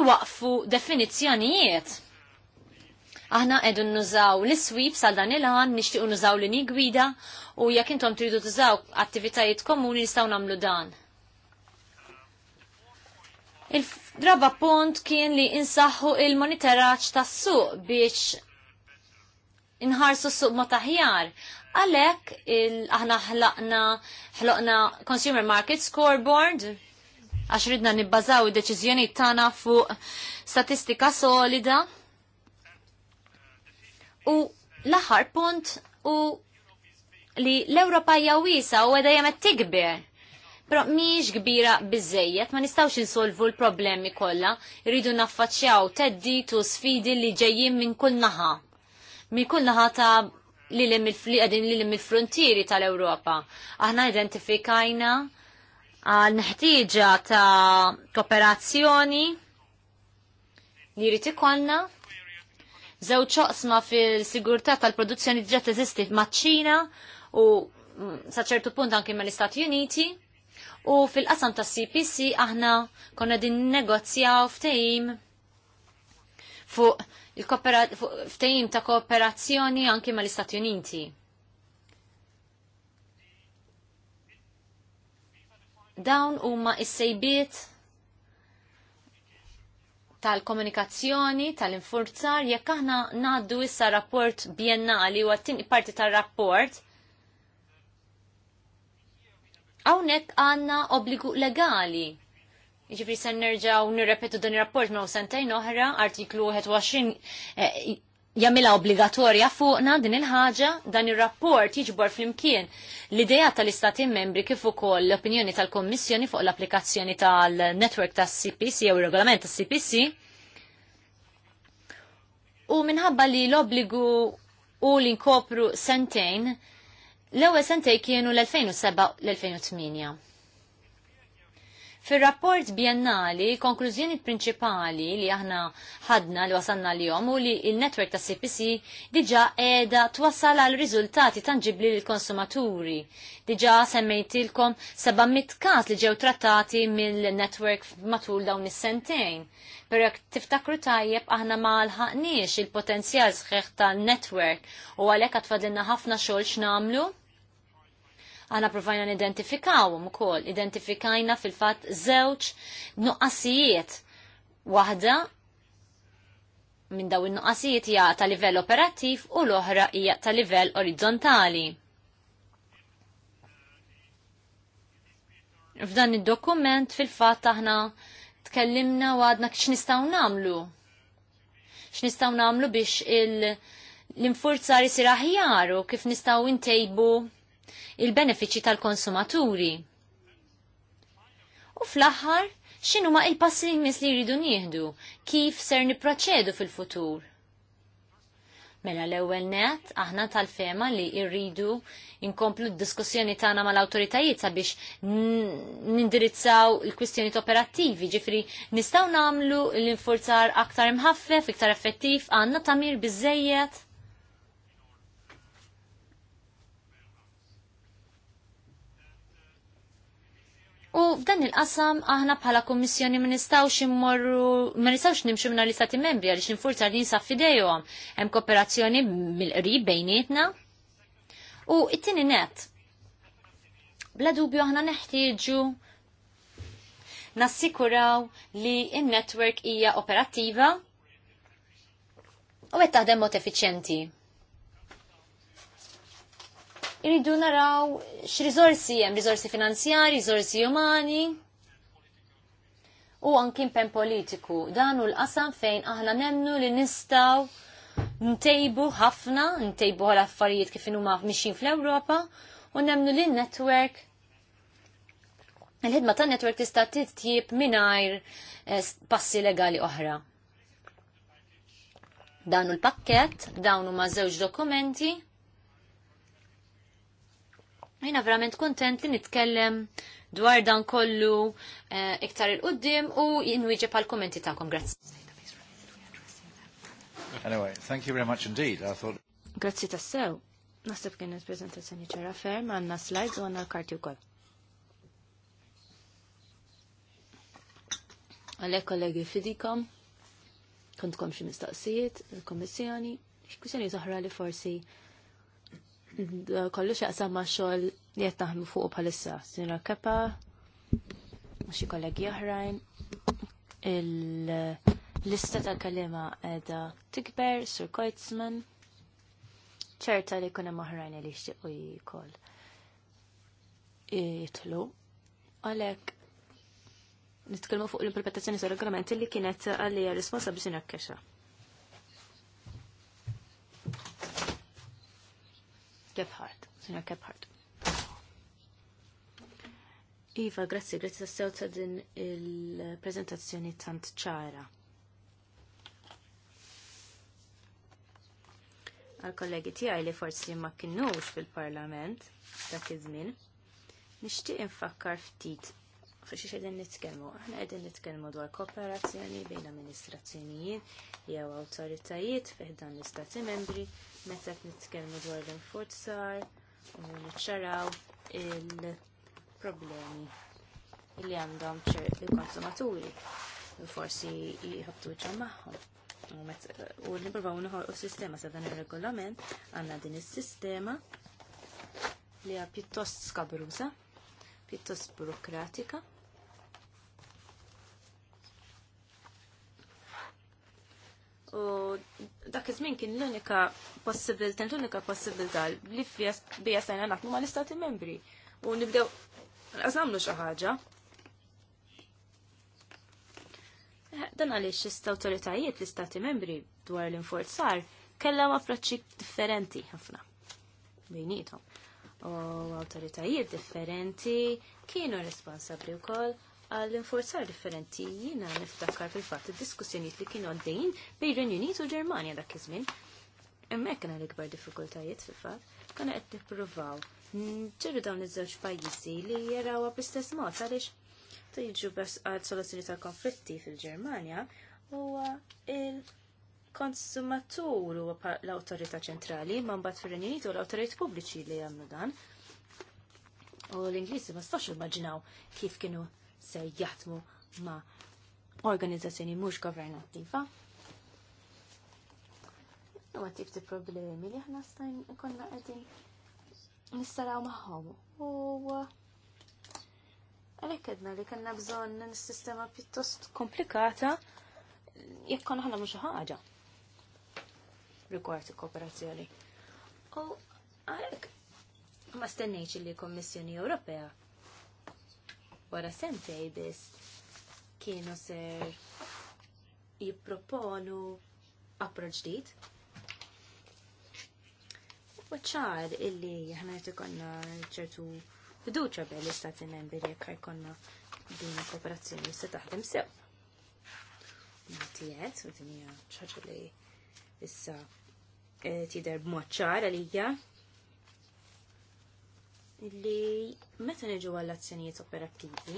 iwaqfu definizjonijiet. Aħna edun nużaw l-sweep sal dan il-għan, nishtiqu nużaw l-ni gwida u jekk intom tridu tużaw attivitajiet komuni nistaw namlu dan. Il-draba punt kien li insaħħu il-monitoraċ tas-suq biex inħarsu s-suq motaħjar taħjar Għalek, aħna ħlaqna, ħloqna Consumer Market Scoreboard, għax ridna nibbażaw id-deċizjoni tagħna fuq statistika solida. U l-aħħar punt u li l-Ewropa hija wiesa u għedha jemet tikber. Però miex kbira biżejjed, ma nistawx insolvu l-problemi kollha, irridu naffaċċjaw teddit u sfidi li ġejjin minn kull naħa. Minn kull naħa ta' li għedin li l frontieri tal-Europa. Aħna identifikajna għal ah, neħtieġa ta' kooperazzjoni li jrid ikollna żewġ ċoqsma fil-sigurtà tal-produzzjoni diġà teżisti maċ-Ċina u mm, sa ċertu punt anki mal-Istati Uniti u fil-qasam tas-CPC aħna konna din negozjaw ftehim fuq ftehim ta' kooperazzjoni anki mal-Istati Uniti. Dawn huma s-sejbiet tal-komunikazzjoni, tal-infurzar, jekk aħna naddu issa rapport biennali u għattin parti tal-rapport, għawnek għanna obbligu legali Ġifri sen nerġaw nirrepetu dan il-rapport ma' sentajn oħra, artiklu 21 eh, jamila obbligatorja fuqna din il-ħaġa, dan il-rapport jiġbor fl-imkien l-ideja tal-istati membri kif ukoll l-opinjoni tal-Kommissjoni fuq l-applikazzjoni tal-network tas-CPC jew il-regolament tas-CPC. U minħabba li l-obbligu u li inkopru sentejn, l-ewwel sentejn kienu l-2007 l-2008. Fil-rapport biennali, konklużjoni prinċipali li aħna ħadna li wasanna li jom u li il-network ta' CPC diġa edha twassal għal riżultati tangibli l konsumaturi Diġa semmejtilkom 700 kas li ġew trattati mill-network matul dawn is-sentejn. Pero jekk tiftakru tajjeb aħna ma lħaqniex il-potenzjal sħiħ tal-network u għalhekk għatfadilna ħafna xol x'namlu Għana provajna nidentifikawhom ukoll, identifikajna fil-fatt żewġ nuqqasijiet. Waħda minn daw il nuqqasijiet hija ta' livell operattiv u l-oħra hija ta' livell orizzontali. F'dan id-dokument fil-fatt aħna tkellimna u għadna x'nistgħu nagħmlu. X'nistgħu nagħmlu biex il- l-infurzar isir aħjar u kif nistaw intejbu il-benefiċi tal-konsumaturi. U fl-aħħar, xinu ma il-passi nis li jridu nieħdu, kif ser niproċedu fil-futur. Mela l-ewwel net, aħna tal-fema li irridu inkomplu d-diskussjoni tagħna mal-awtoritajiet sabiex nindirizzaw il-kwistjoni operattivi, ġifri nistgħu nagħmlu l-infurzar aktar imħaffef, iktar effettiv, għandna tamir bizzejiet. U f'dan il-qasam aħna bħala kommissjoni ma nistgħux immorru ma nimxu minn l-istati membri għaliex infurza li nsaf fidejhom hemm kooperazzjoni mill-qrib bejnietna. U it-tieni net. Bla dubju aħna neħtieġu nassikuraw li in-network hija operattiva u qed taħdem mod effiċjenti. Iridu naraw x-rizorsi, hemm, rizorsi finanzjari, rizorsi umani u anki pen politiku. Dan l-qasam fejn aħna nemnu li nistaw ntejbu ħafna, ntejbu għal affarijiet kif huma mixin fl-Ewropa u nemnu li network il-ħidma ta' network tista' titjib mingħajr eh, passi legali oħra. Dan l-pakket, dawn huma żewġ dokumenti Jina verament kontent li nitkellem dwar dan kollu eh, iktar il-qoddim u jinwiġi pal kommenti ta'kom. Grazzi. Anyway, thank you very much indeed. I thought... Grazzi tassew. Nasib kienet prezentazzjoni ċara ferm, għanna slides u għanna l-karti u koll. Għalek kollegi fidikom, kontkom xie mistaqsijiet, il komissjoni xie kusjoni zaħra li forsi kollu xaqsam ma' xogħol li qed naħdmu fuq bħalissa. Sinra Kepa, xi kollegi oħrajn, il-lista ta' kalima edha tikber, Sur Koitzman, ċerta li kuna maħrajn li xtiqu jikoll jitlu. Għalek, nitkelmu fuq l-implementazzjoni tal regolamenti li kienet għalija responsabli Kesha. Gebhardt, signor Gebhardt. Iva, grazzi, grazzi tassew ta' din il-prezentazzjoni tant ċara. Għal-kollegi tiegħi li forsi ma kienux fil-parlament dak iż-żmien, nixtieq infakkar ftit fuq xi qegħdin nitkellmu. Aħna qegħdin nitkellmu dwar kooperazzjoni bejn amministrazzjonijiet jew awtoritajiet fih dan l-istati membri meta qed nitkellmu dwar l-infurzar u niċċaraw il-problemi li għandhom il-konsumaturi u forsi jħabtu ċan maħħom. U niprofaw nħolqu sistema sa' dan il-regolament għanna din is-sistema li hija pjuttost skabruża, pjuttost burokratika. U dak iż-żmien kien l-unika possibilità, l-unika possibilità li bija stajna naħdmu mal-Istati Membri. U nibdew nagħmlu xi ħaġa. Dan għaliex l istawtoritajiet l-Istati Membri dwar l-inforzar kellaw approċċi differenti ħafna bejnietom. U autoritajiet differenti kienu responsabli wkoll għal inforzar differenti jiena niftakar fil-fatt id-diskussjonijiet li kienu għaddejjin bejn Renju Unit u Ġermanja dak iż-żmien. Hemmhekk kien l-ikbar diffikultajiet fil-fatt konna qed nippruvaw ġerru dawn iż-żewġ pajjiżi li jarawha bl-istess mod għaliex tiġu bes għal soluzzjoni tal-konflitti fil-Ġermanja huwa il konsumatur huwa l awtorità ċentrali, ma mbagħad fir-Renju Unit u l awtorijiet pubbliċi li jagħmlu dan. U l-Ingliżi ma stax immaġinaw kif kienu se jaħdmu ma' organizzazzjoni mhux governattiva. U għat ti problemi li ħna stajn konna għedin nistaraw maħħom. U għalek li kanna bżon n-sistema piuttost komplikata jekk konna ħana mux ħaġa rigward kooperazzjoni. U għalek ma stennejċi li Kommissjoni Ewropea wara sentej biss kienu ser jipproponu approċ ġdid. U ċar illi jahna konna ċertu fiduċa bel istati membri jekk konna din kooperazzjoni se taħdem sew. Tijet, u din hija li issa eh, tider b'mod ċar għalija li meta neġu għall-azzjonijiet operattivi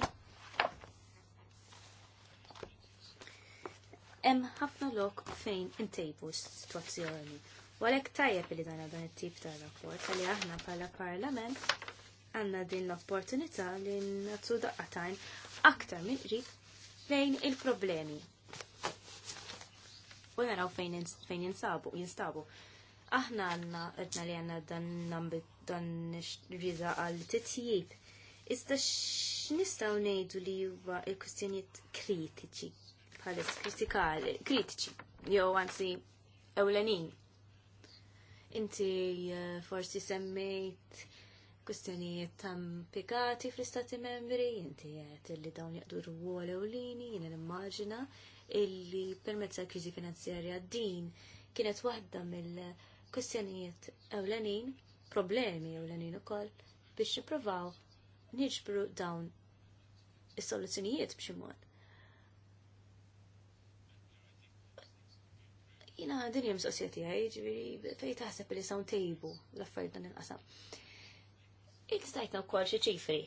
hemm ħafna lok fejn intejbu s-sitwazzjoni. għalhekk tajjeb li dan dan it-tip ta' rapport li aħna bħala parlament għandna din l-opportunità li nagħtu daqqatajn aktar minn qrib lejn il-problemi. U naraw fejn jinsabu, jinstabu. Aħna għanna għedna li għanna dan dan riza għal titjib. Iżda x'nistgħu ngħidu li huwa l-kwistjonijiet kritiċi bħalis kritikali, kritiċi, jew anzi ewlenin. Inti eh, forsi semmejt kwistjonijiet tam tampikati fl-istati membri, inti għet li dawn jaqduru għol ewlini, jina l-immaġina illi permezz tal kriżi finanzjarja din kienet waħda mill- kwistjonijiet ewlenin, problemi ewlenin ukoll biex nippruvaw nġbru dawn is-soluzzjonijiet b'xi mod. Jina din jem sosjeti għaj, ġviri, fej taħseb li sawn tejbu l-affarijiet dan il-qasam. Iktajtna wkoll xi ċifri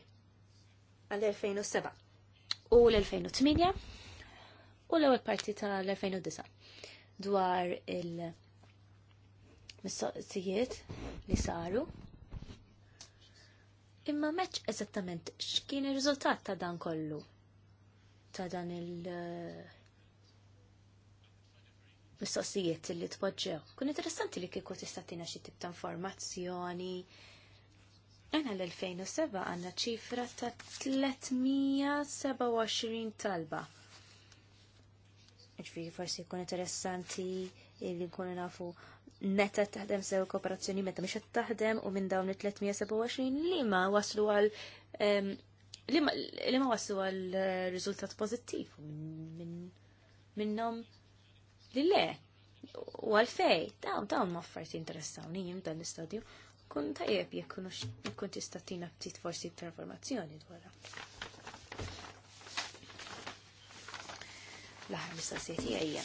għall-2007 u l-2008 u l-ewwel parti tal-2009 dwar il- mistoqsijiet li saru. Imma meċ eżattament x'kien ir-riżultat ta' dan kollu? Ta' dan il- eh, mistoqsijiet li tpoġġew. Kun interessanti li kieku tista' tina xi tip ta' informazzjoni. Ena l-2007 għanna ċifra ta' 327 talba. Ġviri forsi kun interessanti li nkunu nafu meta taħdem sew kooperazzjoni meta mhux qed taħdem u minn dawn it-327 li ma waslu għal li ma waslu għal eh, riżultat pożittiv minnhom li le. U fej dawn dawn ma affarijiet interessawni jim dan l-istadju, kun tajjeb jekk kun tista' tina ftit forsi informazzjoni dwarha. L-aħħar mistoqsijiet hija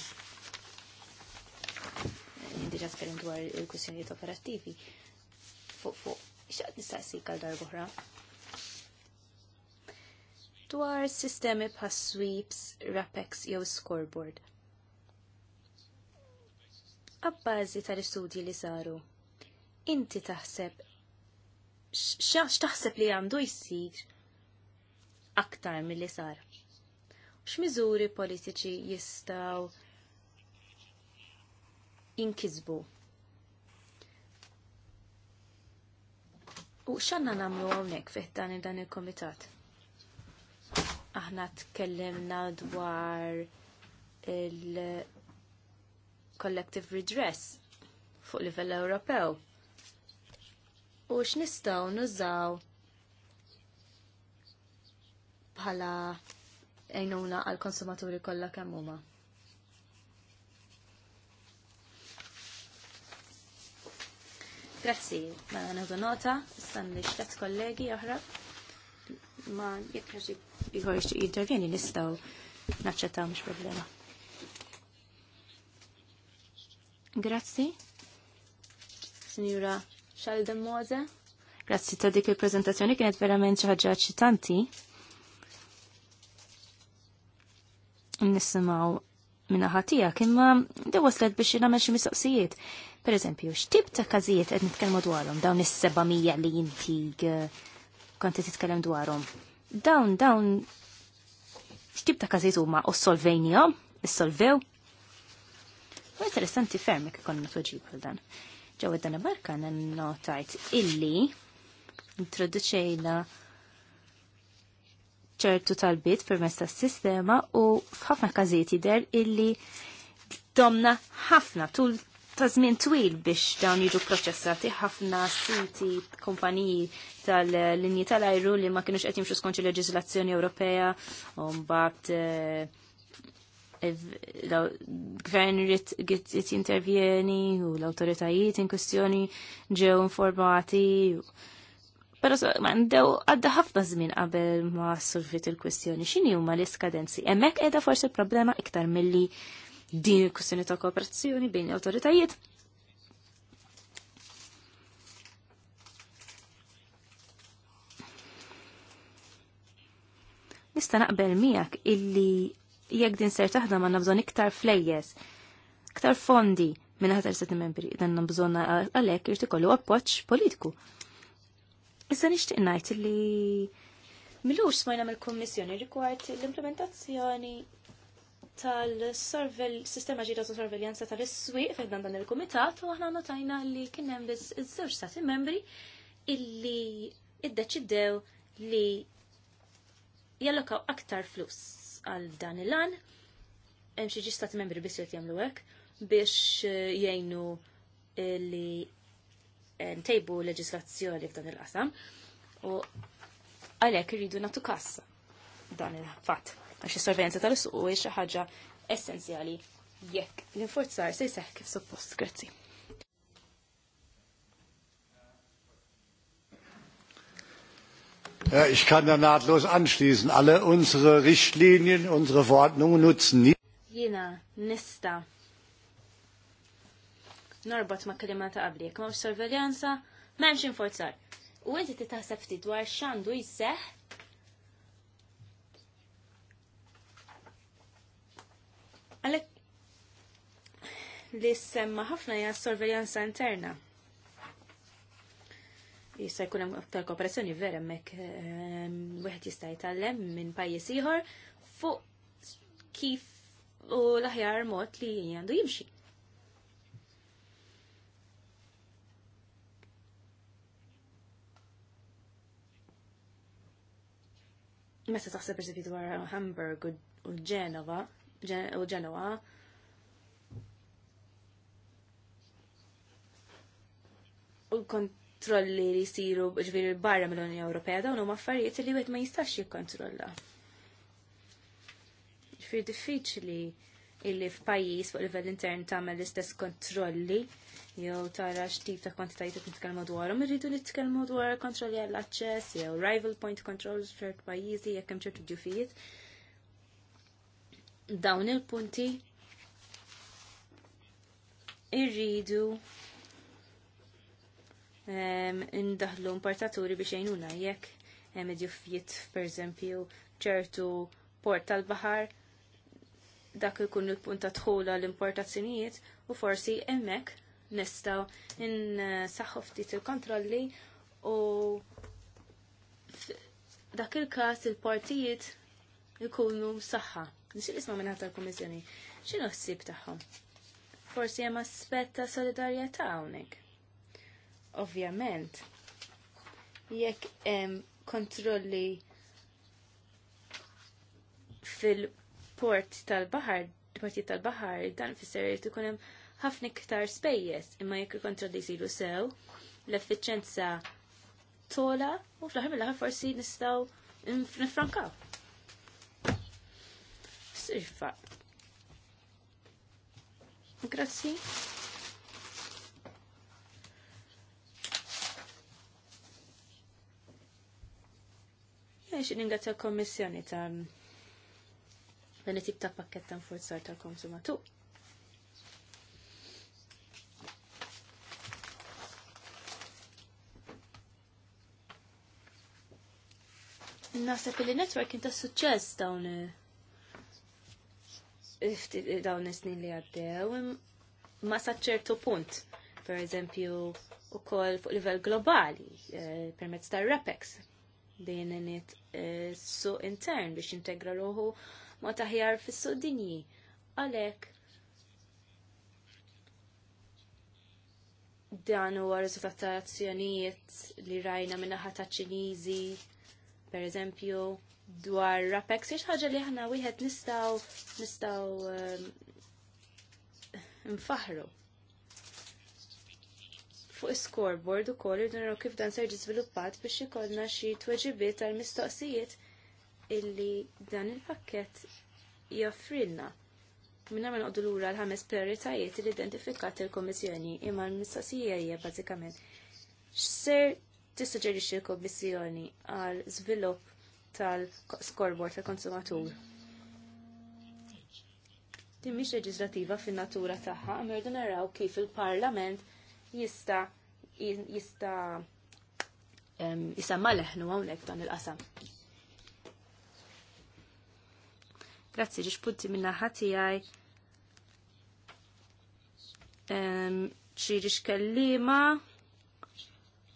kien diġa tkellim dwar il-kwistjonijiet operattivi fuq fuq xaqt nistaqsik għal darbohra. Dwar sistemi bħas sweeps, rapex jew scoreboard. Abbażi tal-istudji li saru, inti taħseb x'ax taħseb li għandu jsir aktar mill-li sar. X'miżuri politiċi jistgħu inkisbu. U xanna namlu għonek fih dan dan il-komitat? Aħna tkellimna dwar il-collective redress fuq livell Ewropew. U x'nistgħu nużaw bħala għajnuna għal konsumaturi kollha kemm huma. Grazzi, ma mela nħadu nota, san li xtet kollegi oħra. Ma jekk ħaxi jgħor intervjeni nistaw naċċettaw mhux problema. Grazzi, Signora Sheldon Mose. Grazzi ta' dik il-prezentazzjoni kienet verament xi ħaġa ċitanti. Nisimgħu minna ħatija kimma de waslet biex jina xi mistoqsijiet. Per eżempju, x'tib ta' każijiet qed nitkellmu dwarhom dawn is-700 li inti eh, konti titkellem dwarhom. Dawn dawn x'tib ta' każijiet huma u solvenjhom, issolvew. U interessanti ferm jekk ikollna tweġib għal dan. Ġewwa Danimarka notajt illi introduċejna ċertu talbiet permezz tas-sistema u f'ħafna każijiet jidher illi domna ħafna tul ta' żmien twil biex dawn jiġu proċessati ħafna siti kumpaniji tal-linji tal-ajru li ma kienux qed jimxu skont il leġislazzjoni Ewropea u mbagħad eh, gvern jitt intervjeni u l-autoritajiet in kustjoni ġew informati Pero għandew għadda ħafna żmien qabel ma solvit il-kwestjoni. X'inhi huma l-iskadenzi? Hemmhekk qiegħda forsi problema iktar milli din il-kwestjoni ta' kooperazzjoni bejn l-awtoritajiet. Nista' naqbel miegħek illi jekk din ser taħdem għandna bżonn iktar flejjes, iktar fondi minn ħatar seti membri, dan bżonna għalhekk irid ikollu appoġġ politiku. Issa nixtieq ngħid li milux smajna mill-Kummissjoni rigward l-implementazzjoni tal-sistema ġira ta' sorveljanza tal-iswiq fejn dan il-kumitat u aħna notajna li kien hemm biss iż-żewġ stati membri illi iddeċidew li jallokaw aktar flus għal dan il-an hemm xi stati membri biss li jagħmlu hekk biex jgħinu li Eh, ntejbu leġislazzjoni f'dan il-qasam u għalek rridu natu kassa dan il fat għax il sorvenza tal-suq u xi ħaġa essenzjali jekk l-infurzar se jseħ kif suppost. Grazzi. Ja, ich kann da nahtlos anschließen. Alle unsere Richtlinien, unsere Verordnungen nutzen nie. Jena, nista norbot ma' kelima ta' qabli, jekk m'hemmx sorveljanza, m'hemmx inforzar. U inti titaħseb ftit dwar x'għandu jseħħ Għalek li semma ħafna hija sorveljanza interna. Jista' jkun hemm aktar kooperazzjoni vera hemmhekk ehm, wieħed jista' jitgħallem minn pajjiż ieħor fuq kif u l-aħjar mod li għandu jimxi. meta taħseb eżempju dwar Hamburg u Genova u Genova. u kontrolli li jsiru ġviri barra mill-Unjoni Ewropea dawn huma affarijiet li wieħed ma jistax jikkontrolla. Ġifier diffiċli illi f'pajjiż fuq livell intern tagħmel l-istess kontrolli jew tara x'tip ta' kwantitajiet qed nitkellmu dwarhom, irridu nitkellmu dwar kontrolli għall aċċess jew rival point controls f'ċert pajjiżi jekk hemm ċertu ġufijiet. Dawn il-punti irridu ehm, indaħlu importaturi biex jgħinuna jekk hemm ġufijiet pereżempju ċertu port tal-baħar dak ikun il-punt ta' dħula l-importazzjonijiet u forsi hemmhekk nistaw in ftit il-kontrolli u dak il-kas il-partijiet ikunu saħħa. l isma minn ħata l-Komissjoni. ċinu ħsib taħħom? Forsi jem aspetta solidarieta għawnek. Ovvjament, jekk hemm kontrolli fil-port tal-bahar, partijiet tal-bahar, dan fisser jrid ikun hemm ħafna iktar spejjeż imma jekk il jsiru sew, l-effiċenza tola u fl-aħħar mill-aħħar forsi nistgħu nifrankaw. Sirfa. Grazzi. Għax ningrazzja l-Kommissjoni ta' dan it-tip ta' pakket ta' forzar tal-konsumatur. Naħseb li network ta' suċċess dawn dawn is-snin li għaddew ma sa ċertu punt. Per eżempju, u koll fuq livell globali eh, permezz ta' Repex din nit eh, su intern biex integra ruħu ma taħjar fis su dinji. Għalhekk dan huwa riżultat ta' azzjonijiet li rajna minnaħa ta' Ċiniżi per eżempju dwar Rapex, jiex ħaġa li ħna wieħed nistaw nistaw eh, nfaħru. Fuq is-scoreboard ukoll irdu naraw kif dan ser żviluppat biex ikollna xi tweġibiet għal mistoqsijiet illi dan il-pakkett joffrilna. Minna ma noqdu lura l-ħames prioritajiet li identifikat il-Komissjoni imma l-mistoqsija hija bażikament x'ser tissuġġerixxi l-Kommissjoni għal żvilupp tal-scoreboard tal-konsumatur. Din mhix leġislativa fin-natura tagħha, merdu naraw kif il-Parlament jista' jista' jisamma leħnu hawnhekk dan il-qasam. Grazzi ġiġ punti minna ħati għaj ċirix kellima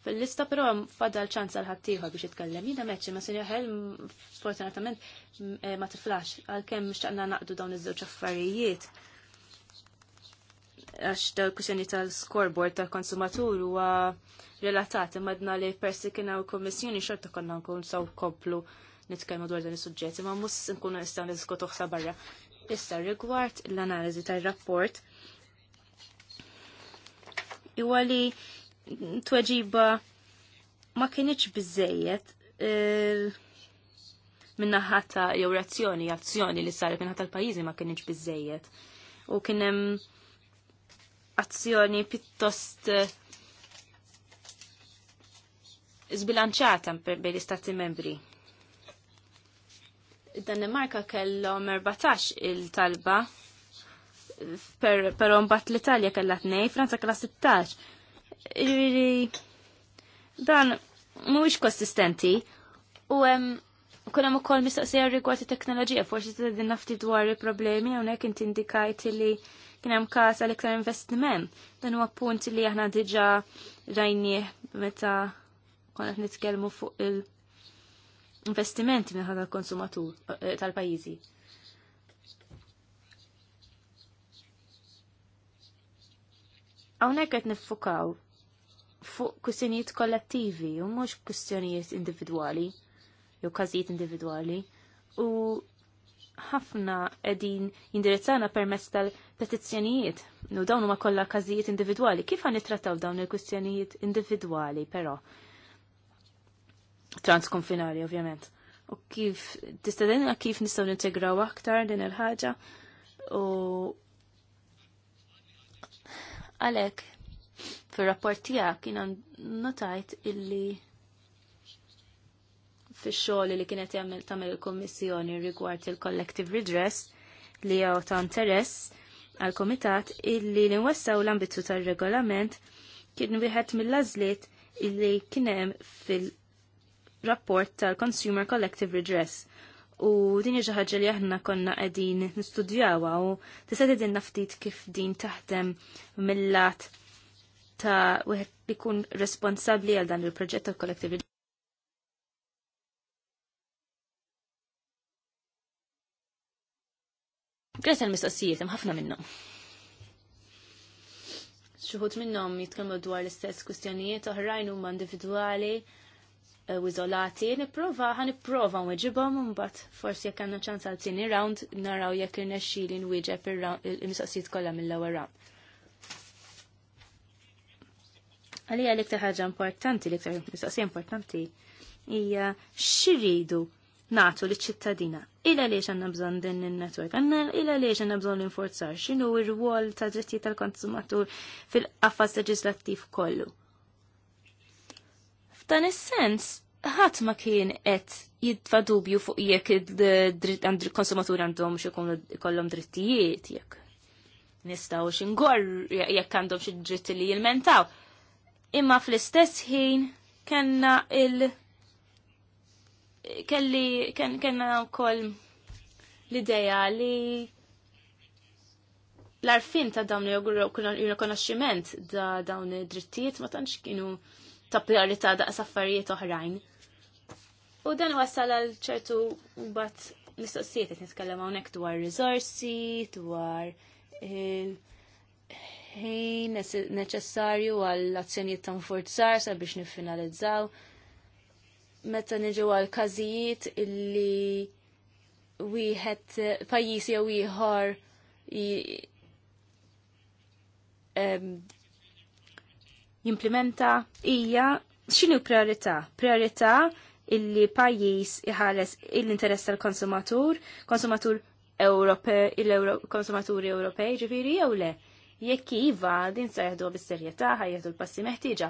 fil-lista, pero fadal ċans għal ħaddieħor biex jitkellem. Jina meċċi, ma sinja ħel, fortunatament eh, ma tiflax, għal-kem xtaqna naqdu dawn iż-żewġ affarijiet. Għax dal-kusjoni tal-scoreboard tal-konsumatur u relatat madna li persi kiena u kommissjoni xorta konna nkun saw koplu nitkellmu dwar dan is-suġġett, ma mus nkunu nistgħu niskutu ħsa barra. Issa rigward l-analiżi tar-rapport. Iwali tweġiba ma kienieċ bizzejiet eh, minnaħħa ħata jew reazzjoni, azzjoni li saret minnaħħa l pajjiżi ma kienieċ bizzejiet. U kien hemm azzjoni pittost eh, zbilanċata bejn l-istati membri. Id-Danimarka kellhom 14 il-talba, però mbagħad l-Italja kellha tnej, Franza kellha 16 Iri, dan mhuwiex konsistenti u hemm Kun hemm ukoll mistaqsija rigward it teknologija forsi tidin nafti dwar il-problemi hawnhekk inti indikajt li kien hemm każ għal iktar investiment. Dan huwa punt li aħna diġà rajnieh meta konna qed nitkellmu fuq il-investimenti minn tal-konsumatur eh, tal-pajjiżi. Hawnhekk qed niffukaw fuq kwistjonijiet kollettivi u mhux kwistjonijiet individwali jew każijiet individwali u ħafna qegħdin jindirizzana permezz tal-petizzjonijiet u dawn huma kollha każijiet individwali. Kif għan nittrattaw dawn il-kwistjonijiet individwali però? Transkonfinari ovvjament. U kif tistedinna kif nistgħu nintegraw aktar din il-ħaġa u Alek, Fir-rapport tiegħek jiena notajt illi fix-xogħol li kienet jagħmel tagħmel il-Kummissjoni rigward il-collective redress li jew ta' interess għal komitat illi li nwessaw l-ambitu tar-regolament kien wieħed mill-għażliet illi kien hemm fil-rapport tal-Consumer Collective Redress. U din hija ħaġa li aħna konna qegħdin nistudjawha u tista' tidilna ftit kif din taħdem mill-lat ta' wieħed ikun responsabbli għal dan il-proġett tal kollettivi Greta l-mistoqsijiet, hemm ħafna minnhom. Xuħut minnhom jitkellmu dwar l-istess kwistjonijiet oħrajn huma individwali eh, u izolati, niprofa, ħan nipprova nweġibom, mbat forsi jek għanna ċans għal tini round, naraw jek irnexxili nwieġeb il-mistoqsijiet kollha mill-ewwel round. Għalija għalli iktar ħaġa importanti, li iktar mistoqsija importanti, hija xirridu natu li ċittadina. Ila li għanna bżon din il-network, għanna ila li għanna bżon l-inforzar, xinu il rwol ta' dritti tal-konsumatur fil-qaffas leġislattiv kollu. F'dan is-sens, ħadd ma kien qed jitfa dubju fuq jekk il-konsumatur għandhom xi kollhom drittijiet jekk nistgħu xingorr jekk għandhom xi dritti li jilmentaw imma fl-istess ħin kena il- kelli ken, kena wkoll l-ideja li l-arfin ta' dawn il-rikonoxximent da' dawn id-drittijiet ma tantx kienu ta' priorità da' saffarijiet oħrajn. U dan wasal għal ċertu bat mistoqsijiet qed nitkellem hawnhekk dwar riżorsi, dwar il- ħin neċessarju għall azzjonijiet ta' nfurzar sabiex niffinalizzaw. Meta niġu għal każijiet illi wieħed pajjiż jew ieħor jimplementa hija x'inhu priorità? Priorità illi pajjiż iħares l-interess tal-konsumatur, konsumatur Ewrope, il-konsumaturi Ewropej ġifiri jew le jekk iva din sa jieħdu bis-serjetà ħajjeħdu l-passi meħtieġa.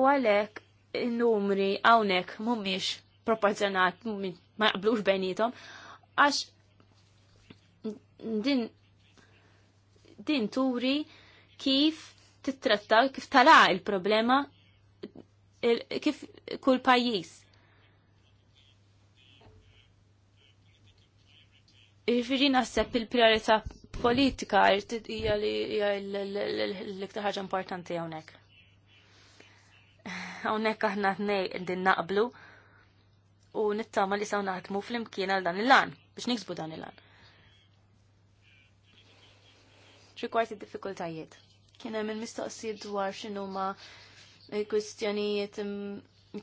U għalhekk in-numri hawnhekk mhumiex proporzjonat ma jaqblux bejnietom għax din din turi kif titrattaw, kif tala il-problema kif kull pajjiż Ġifiri naħseb il-priorità politika hija li l-iktar ħaġa importanti hawnhekk. Hawnhekk aħna tnej din naqblu u nittama li saw naħdmu fl-imkien għal dan il-lan biex niksbu dan il-lan. Rikward id-diffikultajiet. Kien hemm il-mistoqsijiet dwar x'inhuma kwistjonijiet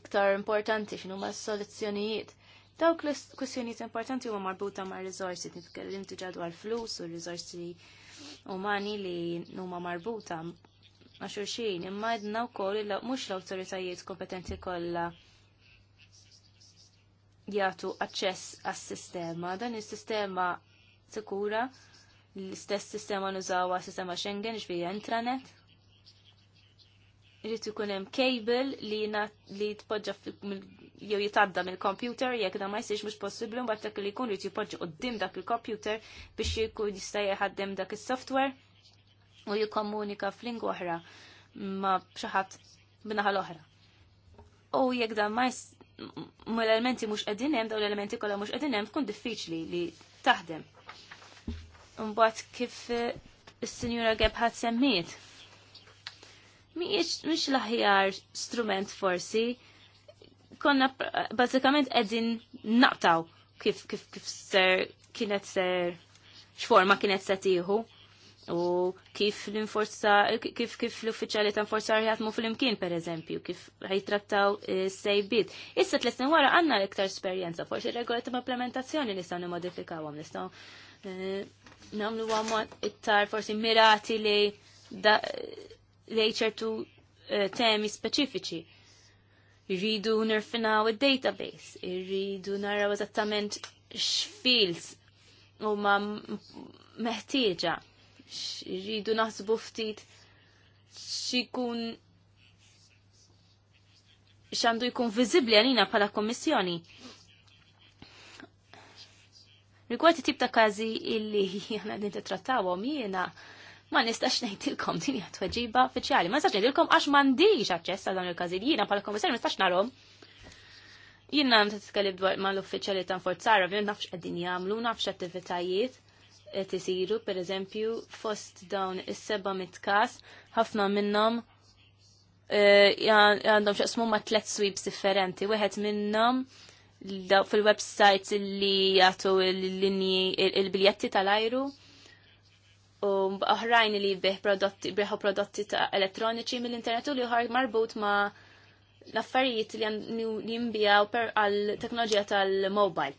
iktar importanti, x'inhuma s-soluzzjonijiet Dawk l-kwestjonijiet importanti huma marbuta ma' riżorsi, nitkellem diġà dwar flus u rizorsi umani li huma marbuta ma' xulxin, imma għedna wkoll li mhux l-awtoritajiet kompetenti kollha jagħtu aċċess għas-sistema. Dan is-sistema sikura l-istess sistema nużawa sistema Schengen ġvija intranet. Irrid ikun hemm cable li li tpoġġa jew jitadda mill-computer jekk da ma jsirx mhux possibbli mbagħad dak li jkun jrid jipoġġi qudiem dak il-computer biex jkun jista' jħaddem dak is-software u jikkomunika f'lingwa oħra ma xi ħadd b'naħa l-oħra. U jekk dan ma l-elementi mhux qegħdin hemm daw l-elementi kollha mhux qegħdin hemm tkun diffiċli li taħdem. Mbagħad kif eh, is-Sinjura Gebħat semmiet. Mhix l-aħjar strument forsi konna basikament edin naqtaw kif, kif, kif ser kienet ser xforma kienet se tieħu u kif l-inforza kif kif l-uffiċjali ta' forza jaħdmu fl-imkien pereżempju kif ħajtrattaw eh, sejbit Issa t snin wara għandna l-iktar esperjenza forsi regoli ta' implementazzjoni nistgħu nimmodifikawhom nistgħu eh, nagħmlu għam iktar forsi mirati li ċertu eh, temi speċifiċi Irridu nirfinaw il-database, irridu naraw eżattament u huma meħtieġa, irridu naħsbu ftit x'ikun x'għandu jkun viżibbli għalina bħala kommissjoni. Rigward tip ta' każi illi jana din trattawom jiena ma nistax ngħidilkom din hija tweġiba uffiċjali. Ma nistax ngħidilkom għax m'għandix aċċess għal dawn il-każijiet jiena bħala komissar ma nistax narhom. Jiena nitkellem dwar mal-uffiċjali ta' nforzar, ovvjament nafx qegħdin jagħmlu, nafx attivitajiet qed isiru, pereżempju fost dawn is-seba' mitkas, ħafna minnhom e, għandhom xaqsmu ma' tlet sweeps differenti. Wieħed minnhom fil-websites li jagħtu l-linji il-biljetti tal-ajru u oħrajn li bih prodotti, biħu prodotti ta' elettroniċi mill-internet u li ħar marbut ma' l-affarijiet li jimbijaw per għal teknoloġija tal-mobile.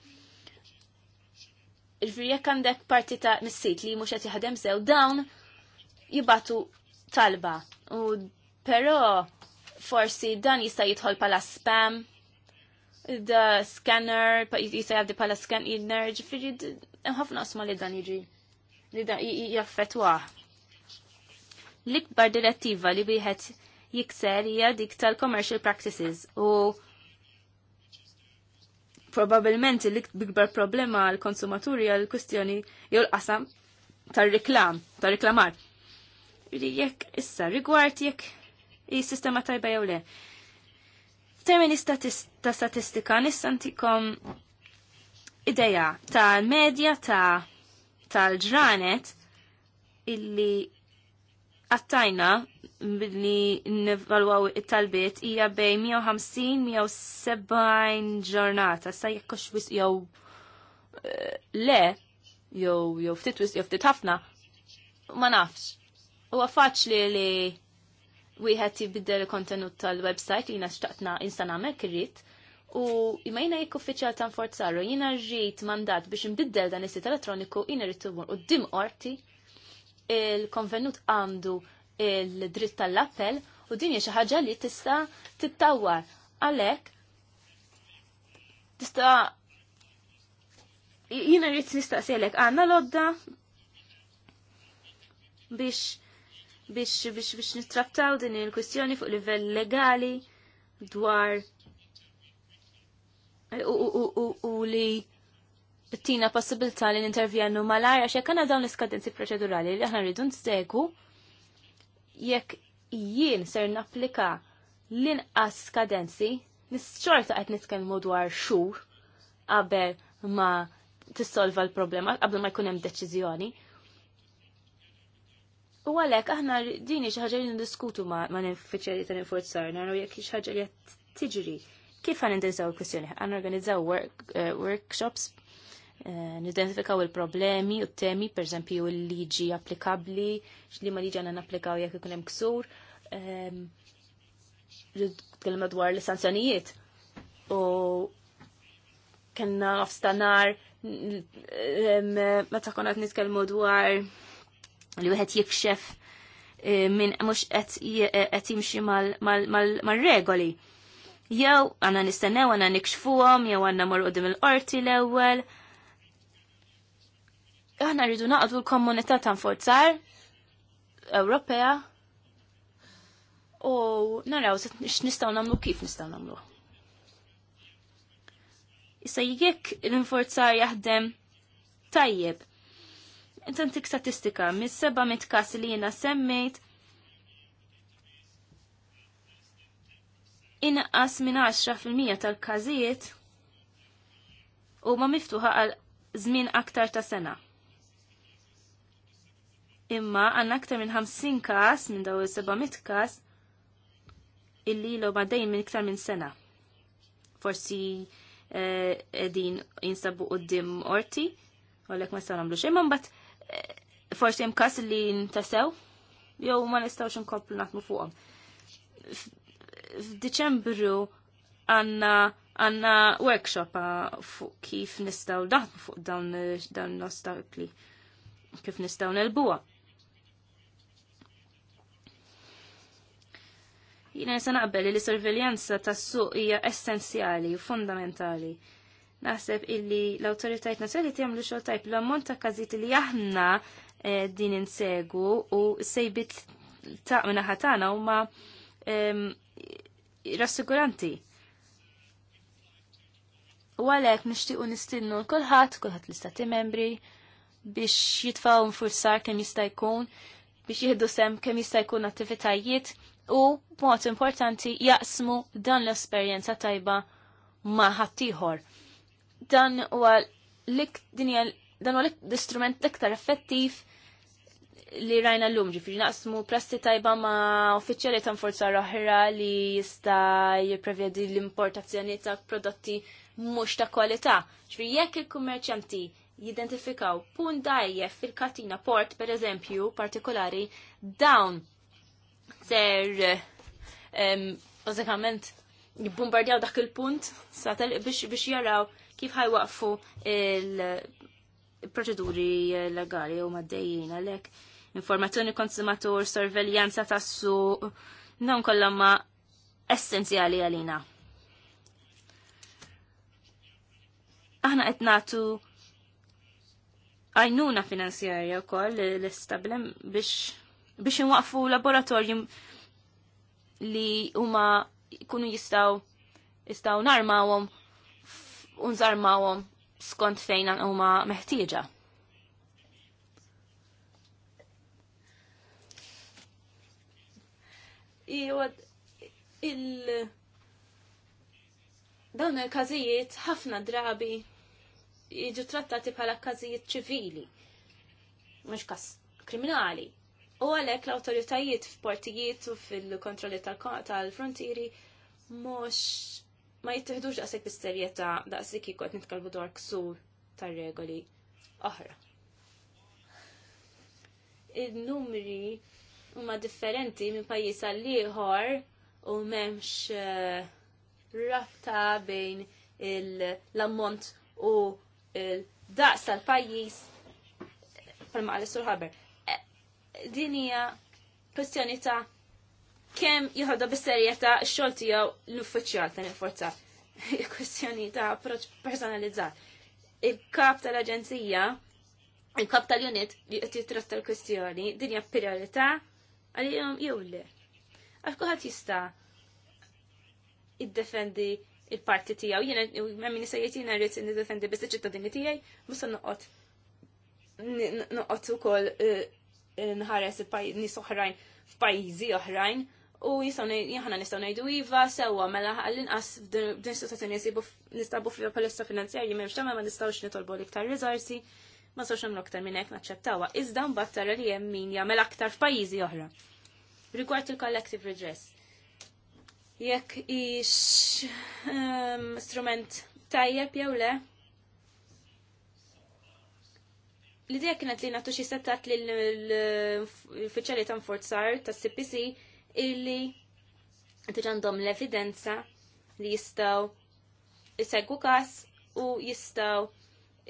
Ġifri jekk għandek parti ta' mis-sit li mhux qed jaħdem sew dawn jibatu talba. U però forsi dan jista' jidħol bħala spam, the scanner, jista' jgħaddi bħala scanner, ġifri ħafna osma li dan jiġi li jaffetwa. L-ikbar direttiva li wieħed jikser hija dik tal-commercial practices u probabilment l-ikbar problema l konsumaturi għal kustjoni jew l-qasam tar-reklam, tar-reklamar. Jekk issa rigward jekk is-sistema tajba jew le. Termini ta' statistika nistantikom ideja ta' medja ta' tal-ġranet illi għattajna billi nivalwaw it-talbiet hija bej 150-170 ġurnata, sa jekkux wis jew eh, le, jew ftit wis jew ftit ħafna, ma nafx. Huwa faċli li wieħed jibdel il-kontenut tal-website li jina xtaqtna insan u imajna jekk uffiċjal ta' nforzaru jina rġit mandat biex imbiddel dan is-sit elettroniku jina rrid u dim qorti il-konvenut għandu il-dritt tal-appell u din xi ħaġa li tista' tittawar għalhekk tista' jina rrid nistaqsilek għandna lodda biex biex biex biex nittrattaw din il-kwistjoni fuq livell legali dwar u li tina possibilità li n intervjennu mal-għar għax jekk għandna dawn l-iskadenzi proċedurali li aħna rridu n-segu, jekk jien ser napplika l-inqas skadenzi nisċorta qed nitkellmu dwar xhur qabel ma tissolva l-problema qabel ma jkun hemm deċiżjoni. U għalhekk aħna dini xi ħaġa li ndiskutu ma' ma' niffiċċeri ta' ninforzar, naraw jekk jek ħaġa li qed tiġri Kif għan indirizzaw il-kwestjoni? Għan organizzaw work, uh, workshops, uh, nidentifikaw il-problemi u temi, per esempio il-liġi applikabli, x'li ma liġi għan applikaw jekk ikun hemm ksur, ehm, tkellem dwar l-sanzjonijiet u kena nafstanar ehm, meta konna qed nitkellmu dwar li wieħed jikxef eh, minn mhux qed jimxi mal-regoli jew għanna nistennew għanna nikxfuhom jew għanna morru il-qorti l-ewwel. Aħna rridu naqdu l-komunità ta' nforzar Ewropea u naraw x'nistgħu nagħmlu kif nistgħu nagħmlu. Issa jekk l-inforzar jaħdem tajjeb. tik statistika, mis-seba' mit-kas li jiena semmejt, inqas minn 10% tal-każijiet huma miftuħa għal żmien aktar ta' sena. Imma għandna aktar minn 50 każ minn daw il-700 każ illi l għaddejn minn iktar minn sena. Forsi eh, din jinsabu qoddim orti, għalek ma nistaw namlu xejn, mbagħad eh, forsi hemm każ li ntasew jew ma nistgħux nkomplu naħdmu fuqhom f'Diċembru għanna għanna workshop uh, fuq kif nistaw daħmu fuq dawn dawn l-ostakli kif nistaw nelbuwa. Jina nisa naqbel li sorveljanza tas suq hija essenzjali u fundamentali. Naħseb illi l-autoritajt nazjonali jagħmlu xogħol tajb l-ammont ta' każijiet li aħna eh, din insegu u sejbit ta' minna ħatana huma rassiguranti. U għalek u nistinnu l-kolħat, kolħat l-istati membri, biex jitfaw nfursar kem jista' jkun, biex jihdu sem kem jista' jkun attivitajiet u mod importanti jaqsmu dan l-esperjenza tajba ma' ħaddieħor. Dan huwa dan huwa l-istrument l-iktar effettiv li rajna l-lum ġifiri naqsmu prassi tajba ma uffiċjali ta' forza oħra li jista jiprevedi l-importazzjoni ta' prodotti mhux ta' kwalità. Ġifiri jekk il-kummerċanti jidentifikaw pun dajje fil-katina port per eżempju partikolari dawn ser bazzikament jibbombardjaw dak il-punt biex jaraw kif ħajwaqfu il-proċeduri legali u maddejjin għalek informazzjoni konsumatur, sorveljanza tas-suq, non kollha ma essenzjali għalina. Aħna qed nagħtu għajnuna finanzjarja wkoll l-istablem biex biex inwaqfu laboratorjum li huma jkunu jistaw jistaw narmawhom unżarmawhom skont fejn huma meħtieġa. il- dawn il-każijiet ħafna drabi jiġu trattati bħala każijiet ċivili, mhux kas kriminali. U għalhekk l-awtoritajiet f'portijiet u fil-kontrolli tal-frontieri mhux ma jittieħdux daqshekk bis-serjetà daqshekk ikot dwar ksur tar-regoli oħra. Il-numri huma differenti minn pajjiż għal ieħor u m'hemmx eh, rabta bejn l-ammont u l-daqs tal-pajjiż palma għal sur ħaber. Eh, din hija kwestjoni ta' kemm jieħodha bis-serjetà x-xogħol tiegħu l-uffiċjal ta' forza. Kwestjoni ta' approċċ personalizzat. Il-kap tal-aġenzija il-kap tal-unit li qed jitratta l-kwestjoni din hija priorità jom jew le. Għax kulħadd jista' iddefendi il-parti tiegħu, jiena għammi nisajieti jena jiena id niddefendi bis ċittadini tiegħi, mhux nuqot. Nuqot noqgħod ukoll eh, nħares nies oħrajn f'pajjiżi oħrajn u jisawna jħana nistaw najdu iva, sewa, mela għall-inqas b'din situazzjoni jisibu nistabu fi finanzjarji memx tamma ma nistawx nitolbu liktar rizorsi ma sox hemm aktar minn hekk naċċettawha, iżda mbagħad tara li hemm min jagħmel aktar f'pajjiżi oħra. Rigward il-collective redress. Jekk ix um, strument tajjeb jew le, L-idea kienet li nagħtu xi settat lill uffiċjali ta' forzar tas CPC illi għandhom l-evidenza li jistgħu jsegwu każ u jistgħu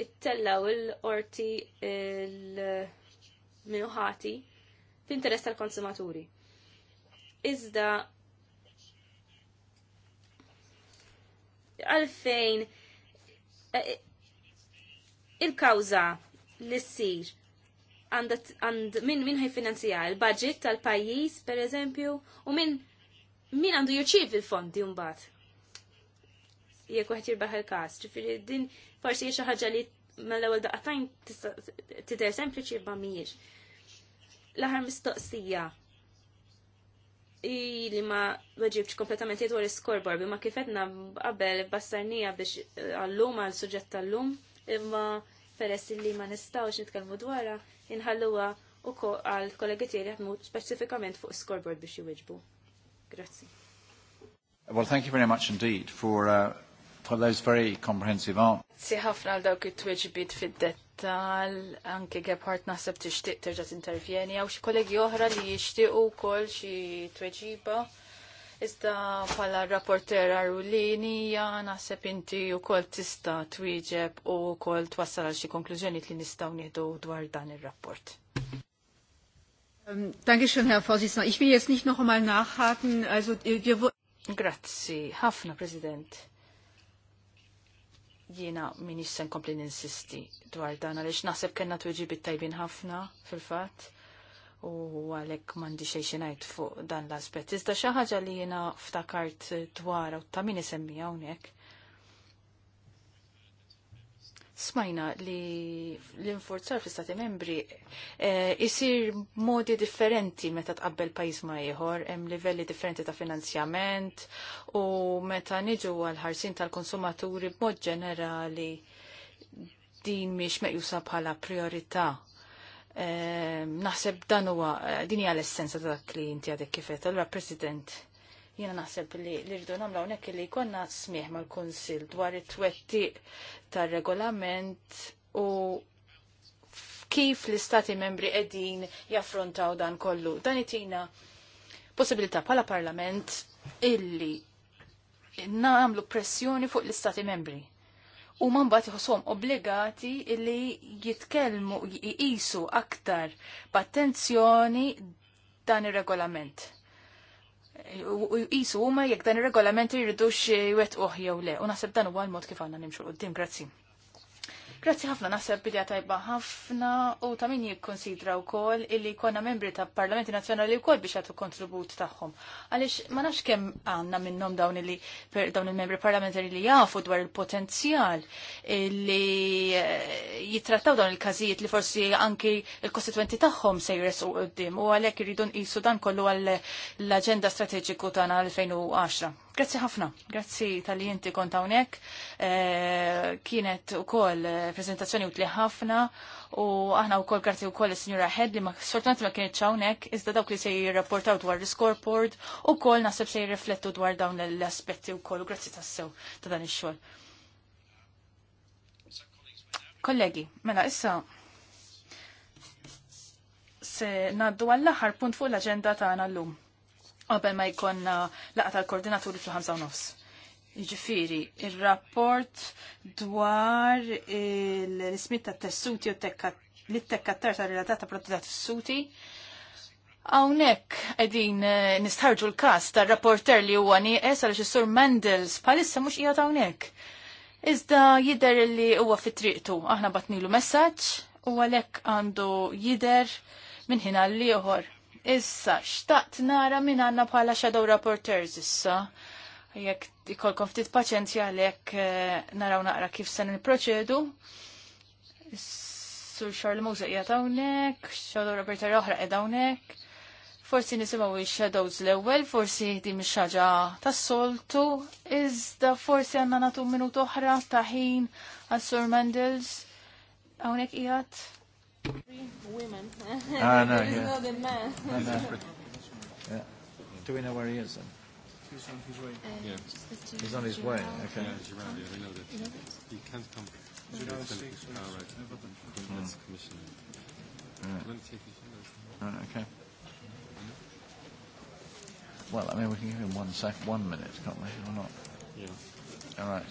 ittellaw il-orti il-minuħati f'interess tal-konsumaturi. Iżda għalfejn e, e, il-kawza li s-sir għand minn min finanzija il-budget tal-pajis per eżempju u minn min għandu jirċiv il-fondi un-bat jek uħet jirbaħ il-kas ġifiri din forsi xi ħaġa li mill-ewwel daqatajn tidher sempliċi imma mhijiex. L-aħħar mistoqsija li ma weġibx kompletament jidwar is-scoreboard ma kifetna qabel bassarnija biex eh, għallum għal suġġett tal-lum imma peress li ma nistgħux nitkellmu dwarha inħalluha wkoll għal kollegi tiegħi jaħdmu speċifikament fuq scoreboard biex jwiġbu. Grazzi. Well, thank you very much indeed for uh, for those very comprehensive answers. Si ħafna għal dawk it-tweġbit fid-dettal, anke Gebhardt naħseb tixtieq terġa' tintervjeni, għaw xi kollegi oħra li jixtiequ wkoll xi tweġiba. Iżda bħala rapporter Arulini, ja naħseb inti wkoll tista' twieġeb u wkoll twassal għal xi konklużjoni li nistgħu nieħdu dwar dan ir-rapport. Ähm, Dankeschön, Herr Vorsitzender. Ich will jetzt nicht noch einmal nachhaken. Also, äh, wir Grazie. Hafna, Präsident jiena minix sen kompli ninsisti dwar dan għaliex naħseb kellna tuġi tajbin ħafna fil-fatt u għalhekk m'għandi xejxin fuq dan l-aspett. Iżda xi ħaġa li jiena ftakart dwar u ta' min isemmi hawnhekk smajna li l-infurzar fi stati membri jisir eh, modi differenti meta tqabbel pajis ma ieħor, hemm livelli differenti ta' finanzjament u meta niġu għal-ħarsin tal-konsumaturi b'mod ġenerali din miex meqjusa bħala priorità eh, naħseb dan huwa eh, din hija l-essenza ta' dak li inti għadek kifet. Allura President, Jiena naħseb li l-irdu nagħmlu hawnhekk li jkollna smieħ mal-Kunsill dwar it-twettiq tar-regolament u kif l-istati membri qegħdin jaffrontaw dan kollu. Dan itina possibilità bħala parlament illi nagħmlu pressjoni fuq l-istati membri u man bat obbligati li jitkelmu, jisu aktar b'attenzjoni dan il-regolament u jisu huma jekk dan ir-regolament jridux xi wet jew le. U naħseb dan huwa l-mod kif għandna nimxu qudiem. Grazzi. Grazzi ħafna naħseb bidja tajba ħafna u ta' min jikkonsidra wkoll illi konna membri ta' Parlamenti Nazzjonali wkoll biex jagħtu kontribut tagħhom. Għaliex ma nafx kemm għandna minnhom dawn illi dawn il-membri parlamentari li jafu dwar il-potenzjal li eh, jitrattaw dawn il-każijiet li forsi anki il-kostituenti tagħhom se jresqu qudiem u għalhekk irridu nqisu dan kollu għall agenda strategiku strateġiku tagħna 2010. Grazzi ħafna, grazzi tal-li inti kont hawnhekk. E, kienet ukoll eh, prezentazzjoni utli ħafna u aħna wkoll grazzi wkoll is signora Head li ma sfortunat ma kienitx hawnhekk, iżda dawk li se rapportaw dwar l-scoreboard kol naħseb se riflettu dwar dawn l-aspetti wkoll u grazzi tassew ta' dan ix-xogħol. Kollegi, mela issa se naddu għall-aħħar punt fuq l-aġenda tagħna llum qabel ma jkonna laqa tal-koordinaturi fl-5 nofs. Ġifiri, il-rapport dwar l-ismit ta' tessuti u l-tekkattar ta' relatat ta' prodotti ta' tessuti. Għawnek edin eh, nistħarġu l-kas ta' rapporter li huwa nieqes għal xissur Mendels palissa mux ija ta' għawnek. Iżda jider li huwa fit-triqtu, aħna batnilu messaċ u għalek għandu jider minn ħina li uħor Issa, xtaqt nara minn għanna bħala shadow rapporters issa. Jekk ikolkom ftit paċenzja għalhekk eh, naraw naqra kif se nipproċedu. Sur xar l qiegħed hawnhekk, xadow rapporter oħra qiegħed hawnhekk. Forsi nisimgħu x-shadows l-ewwel, forsi di mxħaġa tas-soltu, iżda forsi għandna nagħtu minut oħra ta' ħin għas-Sur Mandels hawnhekk qiegħed. Ah, ah, no, yeah. Not a man. yeah. Do we know where he is then? He's on his way. Uh, yeah. Just He's on his way. Okay. Yeah, he's around here. We know that. You He can't come. July 6th. All right. That's hmm. commissioner. All right. Okay. Well, I mean, we can give him one sec, one minute, can't we, or not? Yeah. All right.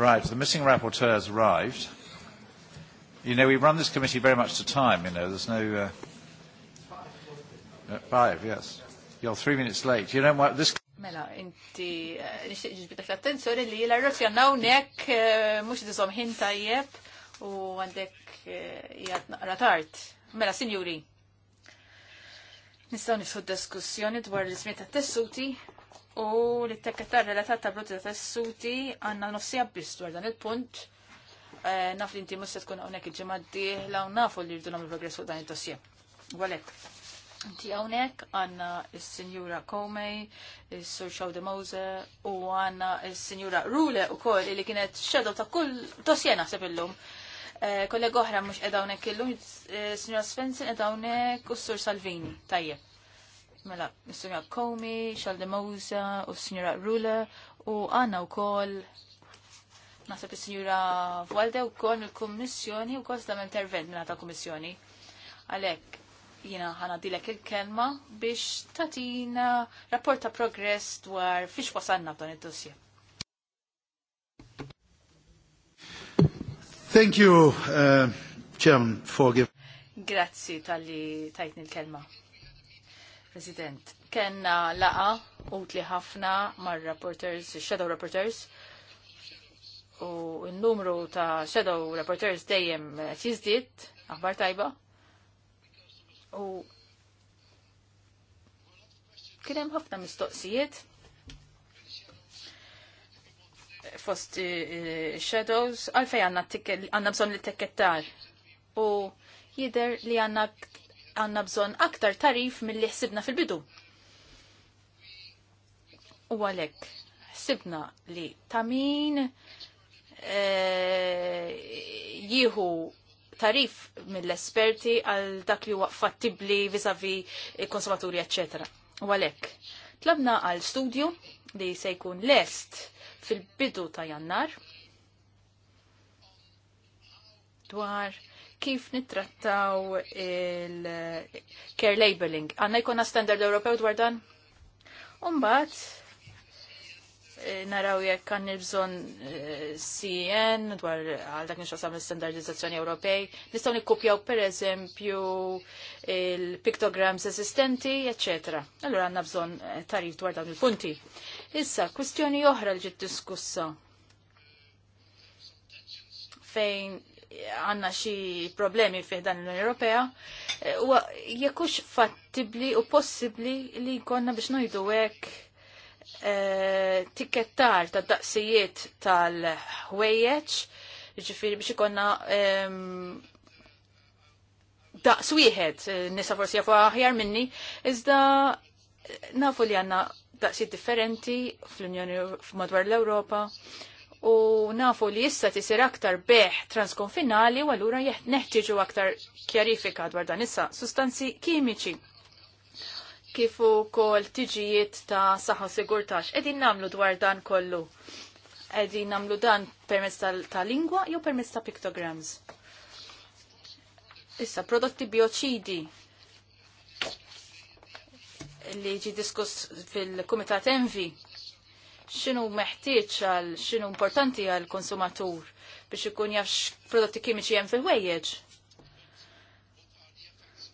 Right, the missing rapporteur has arrived. You know, we run this committee very much to time, you know, there's no... Uh, uh five, yes. You're three minutes late. You know what, this... Mela, inti uh, nixtieq ġibitek l-attenzjoni li l-arrozja nek uh, mux dizom hin tajjeb u għandek jgħat ratart. Mela, sinjuri, nistaw nifħu diskussjoni dwar l-izmiet t tessuti u li t-tekketar relatat ta' brutta ta' tessuti għanna nofsija dwar dan il-punt. Eh, naf li inti musta tkun għonek il-ġemaddi la' nafu li rridu il progress fuq dan il-dossier. Walek. Inti għonek għanna il-Sinjura Komej, il-Sur Xaw de Mose u għanna il-Sinjura Rule u koll li kienet xedaw ta' kull dossier naħseb il-lum. Eh, kollega oħra mux edawnek il-lum, eh, Sinjura Svensson edawnek u Sur Salvini. Tajjeb mela s-Sinjora Komi, Xalde Mousa u s-Sinjora Rula u għanna u kol nasab s-Sinjora Valde u kol il kommissjoni u kol s-dam intervent minna ta' Kommissjoni. Għalek, jina ħana dilek il-kelma biex tatina rapporta progress dwar fiex wasanna b'dan id-dossier. Thank you, uh, Chairman, for giving. Grazzi tal-li tajtni l-kelma. President, kenna laqa utli ħafna mar reporters, shadow rapporters, u n-numru ta' shadow reporters dejjem ċizdit, aħbar tajba. U kienem ħafna mistoqsijiet fost eh, eh, shadows għalfej għanna għanna bżon li tekettar u jider li għanna għanna bżon aktar tarif mill-li ħsibna fil-bidu. U għalek, ħsibna li tamin jihu e, jieħu tarif mill-esperti għal dak li huwa fattibli vizavi konsumaturi, eccetera. U għalek, tlabna għal studju li se jkun lest fil-bidu ta' jannar dwar kif nittrattaw il-care labeling. Għanna jkunna standard Ewropew dwar dan? Umbat, eh, naraw jekk kan nibżon eh, CN dwar għal dak nixos l standardizzazzjoni Ewropej. Nistaw nikkupjaw per eżempju il-piktograms esistenti, etc. Allora għanna bżon eh, tarif dwar dawn il-punti. Issa, kwistjoni oħra li ġit diskussa fejn għanna xi problemi fih dan l-Unjoni Ewropea, eh, u jekkux fattibli u possibli li jkollna biex ngħidu hekk eh, tikettar ta' daqsijiet tal-ħwejjeġ, ġifiri biex ikonna daqs wieħed, eh, nisa forsi jafu aħjar minni, iżda nafu li għanna daqsijiet differenti fl-Unjoni madwar l-Ewropa u nafu li issa tisir aktar beħ transkonfinali u allura neħtieġu aktar kjarifika dwar dan issa sustanzi kimiċi kif ukoll tiġijiet ta' saħħa sigurtax. Qegħdin nagħmlu dwar dan kollu. Qegħdin nagħmlu dan permezz ta' lingwa jew permezz ta' pictograms. Issa prodotti bioċidi li ġi diskuss fil-Kumitat Envi x'inhu meħtieġ għal x'inhu importanti għal konsumatur biex ikun jaf prodotti kimiċi hemm fil-wejjeġ.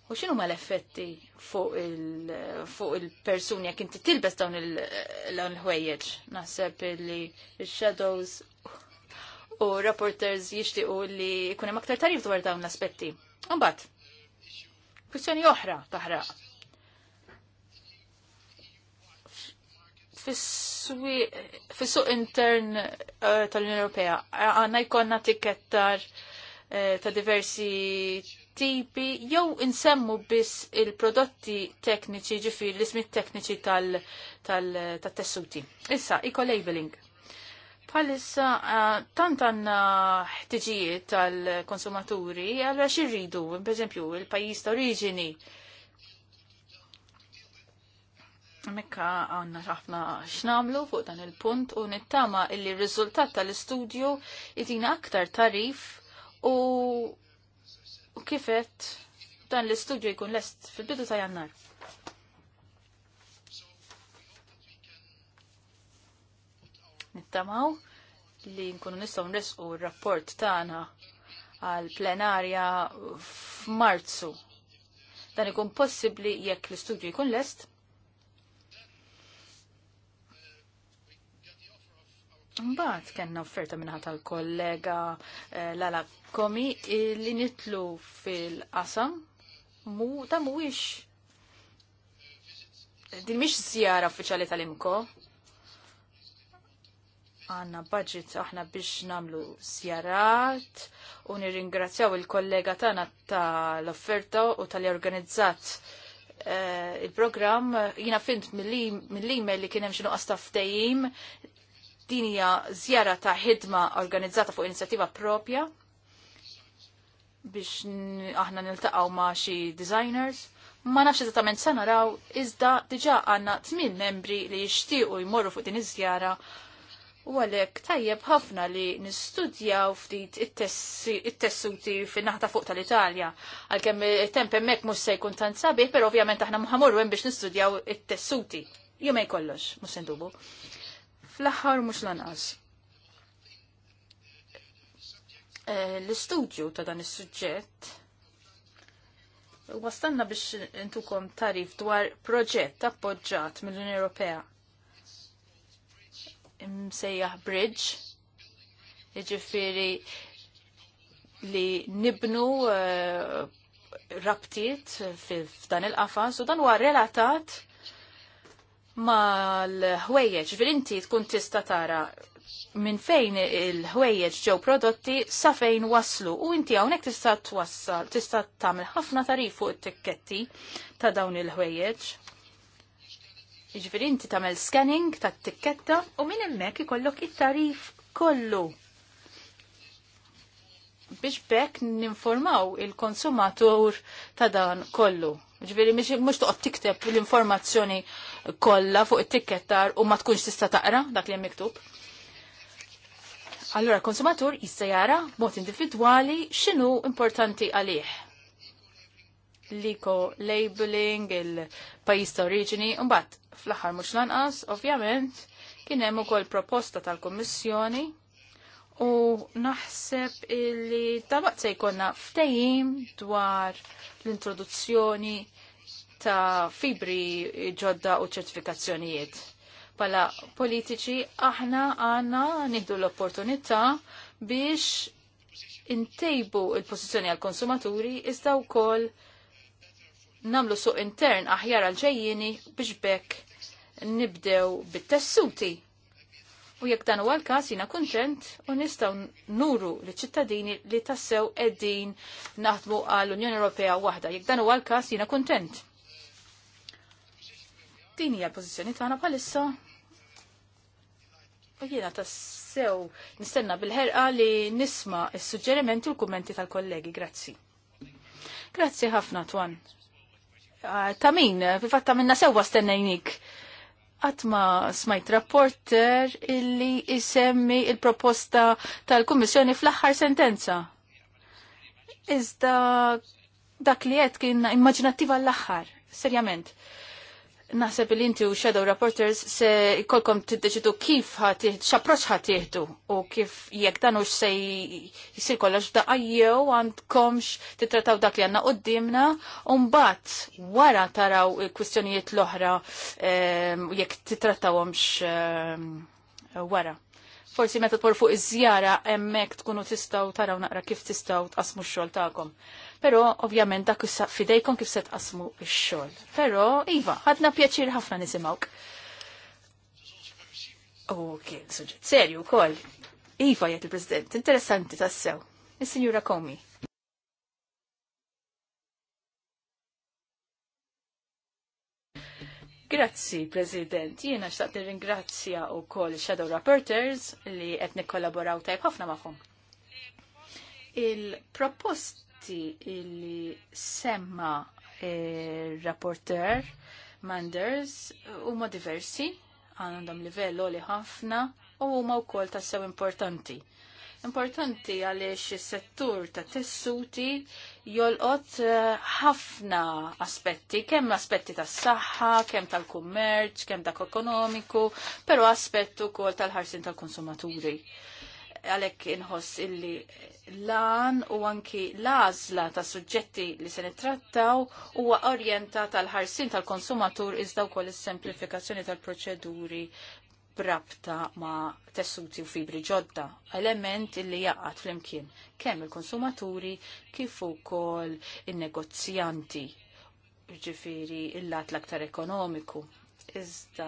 U xinu ma l-effetti fuq il-persuni jekk inti tilbes dawn il-ħwejjeġ? Naħseb li il shadows u reporters jixtiequ li jkun hemm aktar tarif dwar dawn l-aspetti. Imbagħad, kwistjoni oħra taħraq fis-suq intern eh, tal-Unjoni Ewropea għandna jkollna tikettar eh, ta' diversi tipi jew insemmu biss il-prodotti tekniċi ġifir l-ismit tekniċi tal-tessuti. Issa, eco-labeling. Bħalissa, eh, tant għanna ħtiġijiet tal-konsumaturi, għalla xirridu, per eżempju, il-pajis ta' oriġini Mekka għanna ħafna x'namlu fuq dan il-punt u nittama illi r-riżultat tal-istudju jitina aktar tarif u, kifet dan l-istudju jkun lest fil-bidu ta' jannar. Nittamaw li nkunu nistgħu nresqu r-rapport tagħna għal plenarja f'Marzu. Dan ikun possibbli jekk l-istudju jkun lest Mbagħad kellna offerta minħat tal-kollega eh, Lala Komi li nitlu fil-qasam mu ta' mhuwiex din mhix żjara uffiċjali tal-imko. Għanna budget aħna biex namlu zjarat u nirringrazzjaw il-kollega tagħna tal-offerta u tal-organizzat eh, il-program jina fint mill-email li kienem xinu għastaf dejjem Din hija żjara ta' ħidma organizzata fuq inizjattiva propja biex aħna niltaqgħu ma' xi designers. Ma nafx eżattament sa naraw iżda diġà għandna tmien membri li jixtiequ jmorru fuq din iż-żjara U għalhekk tajjeb ħafna li nistudjaw ftit it-tessuti fin-naħta fuq tal-Italja. Għalkemm it-temp hemmhekk mhux se jkun tant sabiħ, però ovvjament aħna muħamurru hemm biex nistudjaw it-tessuti. Jumej kollox, mhux se ndubu. Fl-aħħar mhux lanqas. Eh, l-istudju ta' dan is-suġġett wastanna biex intukom tarif dwar proġett appoġġat mill-Unjoni Ewropea imsejjaħ bridge, jiġifieri li nibnu uh, rabtiet f'dan il-qafas u dan huwa relatat mal-ħwejjeġ, fil-inti tkun tista tara minn fejn il-ħwejjeġ ġew prodotti sa fejn waslu u inti hawnhekk tista' twassal, tista' tagħmel ħafna tarif fuq it-tikketti ta' dawn il-ħwejjeġ. Jiġifieri inti tagħmel scanning tat-tikketta u minn hemmhekk ikollok it-tarif kollu biex bekk ninformaw il-konsumatur ta' dan kollu. Ġviri, mux toqgħod tikteb l-informazzjoni kollha fuq it tikettar u ma tkunx tista' taqra dak li hemm miktub. Allura konsumatur jista' jara b'mod individwali x'inhu importanti għalih. Liko labeling, il-pajjiż ta' oriġini, mbagħad fl-aħħar mhux lanqas, ovvjament, kien hemm ukoll proposta tal-Kummissjoni u naħseb illi tabaq se jkollna ftehim dwar l-introduzzjoni ta' fibri ġodda u ċertifikazzjonijiet. Pala politiċi aħna għanna nieħdu l-opportunità biex intejbu il-pożizzjoni għal konsumaturi iżda wkoll namlu suq intern aħjar għal ġejjini biex bekk nibdew bit-tessuti U jekk dan huwa l-każ jiena kuntent u nistgħu nuru li ċittadini li tassew qegħdin naħdmu għall unjoni Ewropea waħda. Jekk dan huwa l-każ jiena kuntent. Din hija l-pożizzjoni tagħna bħalissa. U jiena tassew nistenna bil-ħerqa li nisma' s-suġġerimenti u l-kummenti tal-kollegi. Grazzi. Grazzi ħafna Twan. Ah, ta' min, fil-fatta minna sewwa stennejnik għatma smajt rapporter illi isemmi il-proposta tal-Kummissjoni fl-axħar sentenza. Iżda dak li qed kien immaġinattiva l-axħar, serjament naħseb li inti u Shadow Reporters se jkollkom tiddeċidu kif ħatiħdu, x'approċċ ħatiħdu u kif jekk dan hux se jsir kollox daqajjew għandkomx għandkomx trataw dak li għandna dimna u mbagħad wara taraw kwistjonijiet l-oħra ehm, jekk titrattawhomx ehm, wara. Forsi meta tmur fuq iż-żjara hemmhekk tkunu tistgħu taraw naqra kif tistgħu tqasmu x-xogħol tagħkom. Pero ovvjament dak issa fidejkom kif se qasmu ix-xogħol. Però iva, ħadna pjaċir ħafna nisimgħuk. Ok, suġġett serju wkoll. Iva jgħid il-President, interessanti tassew. Is-Sinjura Komi. Grazzi, President. Jiena xtaqt nirringrazzja u Shadow Rapporters li qed nikkollaboraw tajb ħafna magħhom. Il-propost punti illi semma il-rapporter eh, Manders huma diversi, għandhom livell li ħafna u huma wkoll tassew importanti. Importanti għaliex is-settur ta' tessuti jolqot eh, ħafna aspetti, kemm aspetti tas saħħa kemm tal-kummerċ, kemm dak ekonomiku, però aspettu wkoll tal ħarsien tal ħarsin tal konsumaturi għalhekk inħoss illi lan u anki l-għażla ta' suġġetti li se nittrattaw huwa orjentat għal ħarsin tal-konsumatur iżda wkoll is-semplifikazzjoni tal-proċeduri brabta ma' tessuti u fibri ġodda, element illi jaqgħat flimkien kemm il-konsumaturi kif ukoll in-negozjanti ġifiri il-lat l-aktar ekonomiku iżda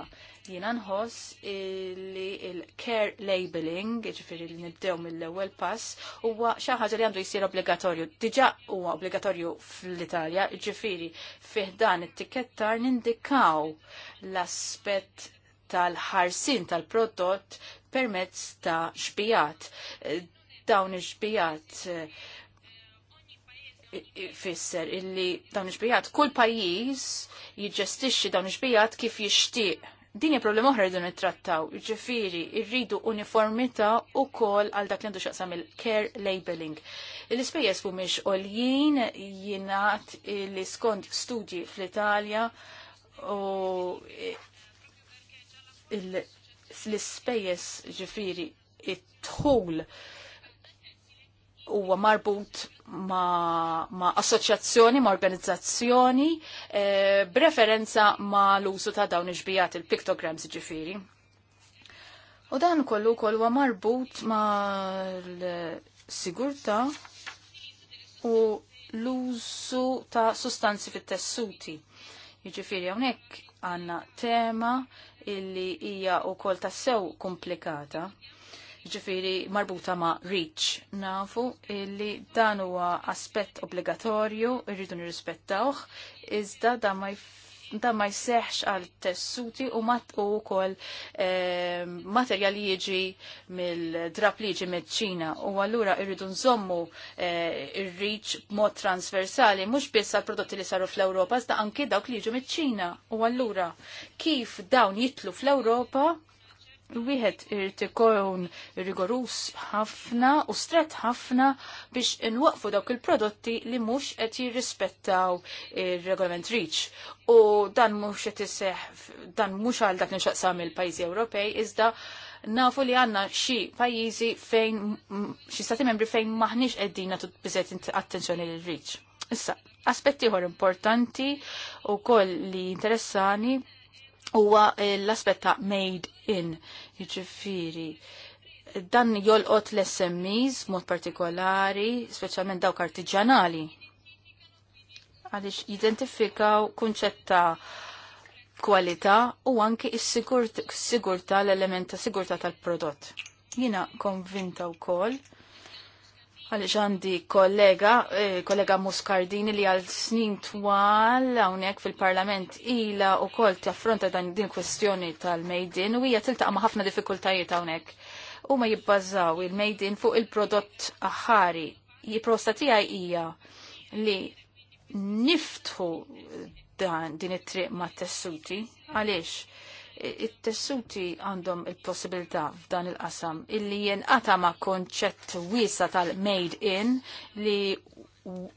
jina nħoss li il-care labeling, ġifiri li nibdew mill-ewwel pass, huwa xi ħaġa li għandu jsir obbligatorju. Diġà huwa obbligatorju fl-Italja, ġifiri fih dan it-tikettar nindikaw l-aspett tal-ħarsin tal-prodott permezz ta' xbijat. Dawn ix-xbijat fisser illi dawn iġbijat, kull pajjiż jiġġestixxi dawn iġbijat kif jixtieq. Din hija problema oħra rridu nittrattaw, jiġifieri rridu uniformità wkoll għal dak li għandu xaqsam il-care labeling. L-ispejjeż mhumiex għoljien jingħat li skont studji fl-Italja u l-ispejjeż ġifieri it-tħul huwa marbut ma, ma assoċjazzjoni, ma organizzazzjoni, eh, b'referenza ma l-użu ta' dawn iġbijat il-piktograms ġifiri. U dan kollu kollu huwa marbut ma l-sigurta u l-użu ta' sustanzi fit-tessuti. Jiġifieri hawnhekk għandna tema illi hija wkoll tassew komplikata ġifiri marbuta ma' reach. Nafu illi dan huwa aspett obbligatorju, irridu nirrispettawh, iżda dan ma da ma jseħx għal tessuti u mat u kol ehm, materjal jieġi mill-drap liġi mill-ċina u għallura irridu nżommu e, eh, ir-riċ mod transversali mux biss għal prodotti li saru fl-Europa zda anki dawk li mill-ċina u għallura kif dawn jitlu fl-Europa wieħed irid ikun rigorus ħafna u stret ħafna biex inwaqfu dawk il-prodotti li mhux qed jirrispettaw ir-regolament Reach. U dan mhux qed iseħħ dan mhux għal dak nixaqsam il-pajjiżi Ewropej iżda nafu li għanna xi pajjiżi fejn xi stati membri fejn maħniex qegħdin nagħtu biżejt attenzjoni lil Reach. Issa, aspetti ieħor importanti u koll li interessani huwa l-aspett ta' made in, jiġifieri. Dan jolqot l-SMEs mod partikolari, speċjalment dawk artiġjanali. Għaliex jidentifikaw kunċett ta' kwalità u anke s-sigurta l-element ta' sigurta tal-prodott. Jina konvinta wkoll. koll Għalix għandi kollega, e, kollega Muscardini li għal snin twal għawnek fil-parlament ila u kol taffronta dan din kwestjoni tal-mejdin u hija tiltaqa ma' ħafna diffikultajiet għawnek. U ma jibbażaw il-mejdin fuq il-prodott aħari. Jiprosta tiegħi hija li niftħu dan din it-triq ma' tessuti. Għalix? it-tessuti għandhom il-possibilità f'dan il-qasam illi jenqata ma' konċett wiesa tal-made in li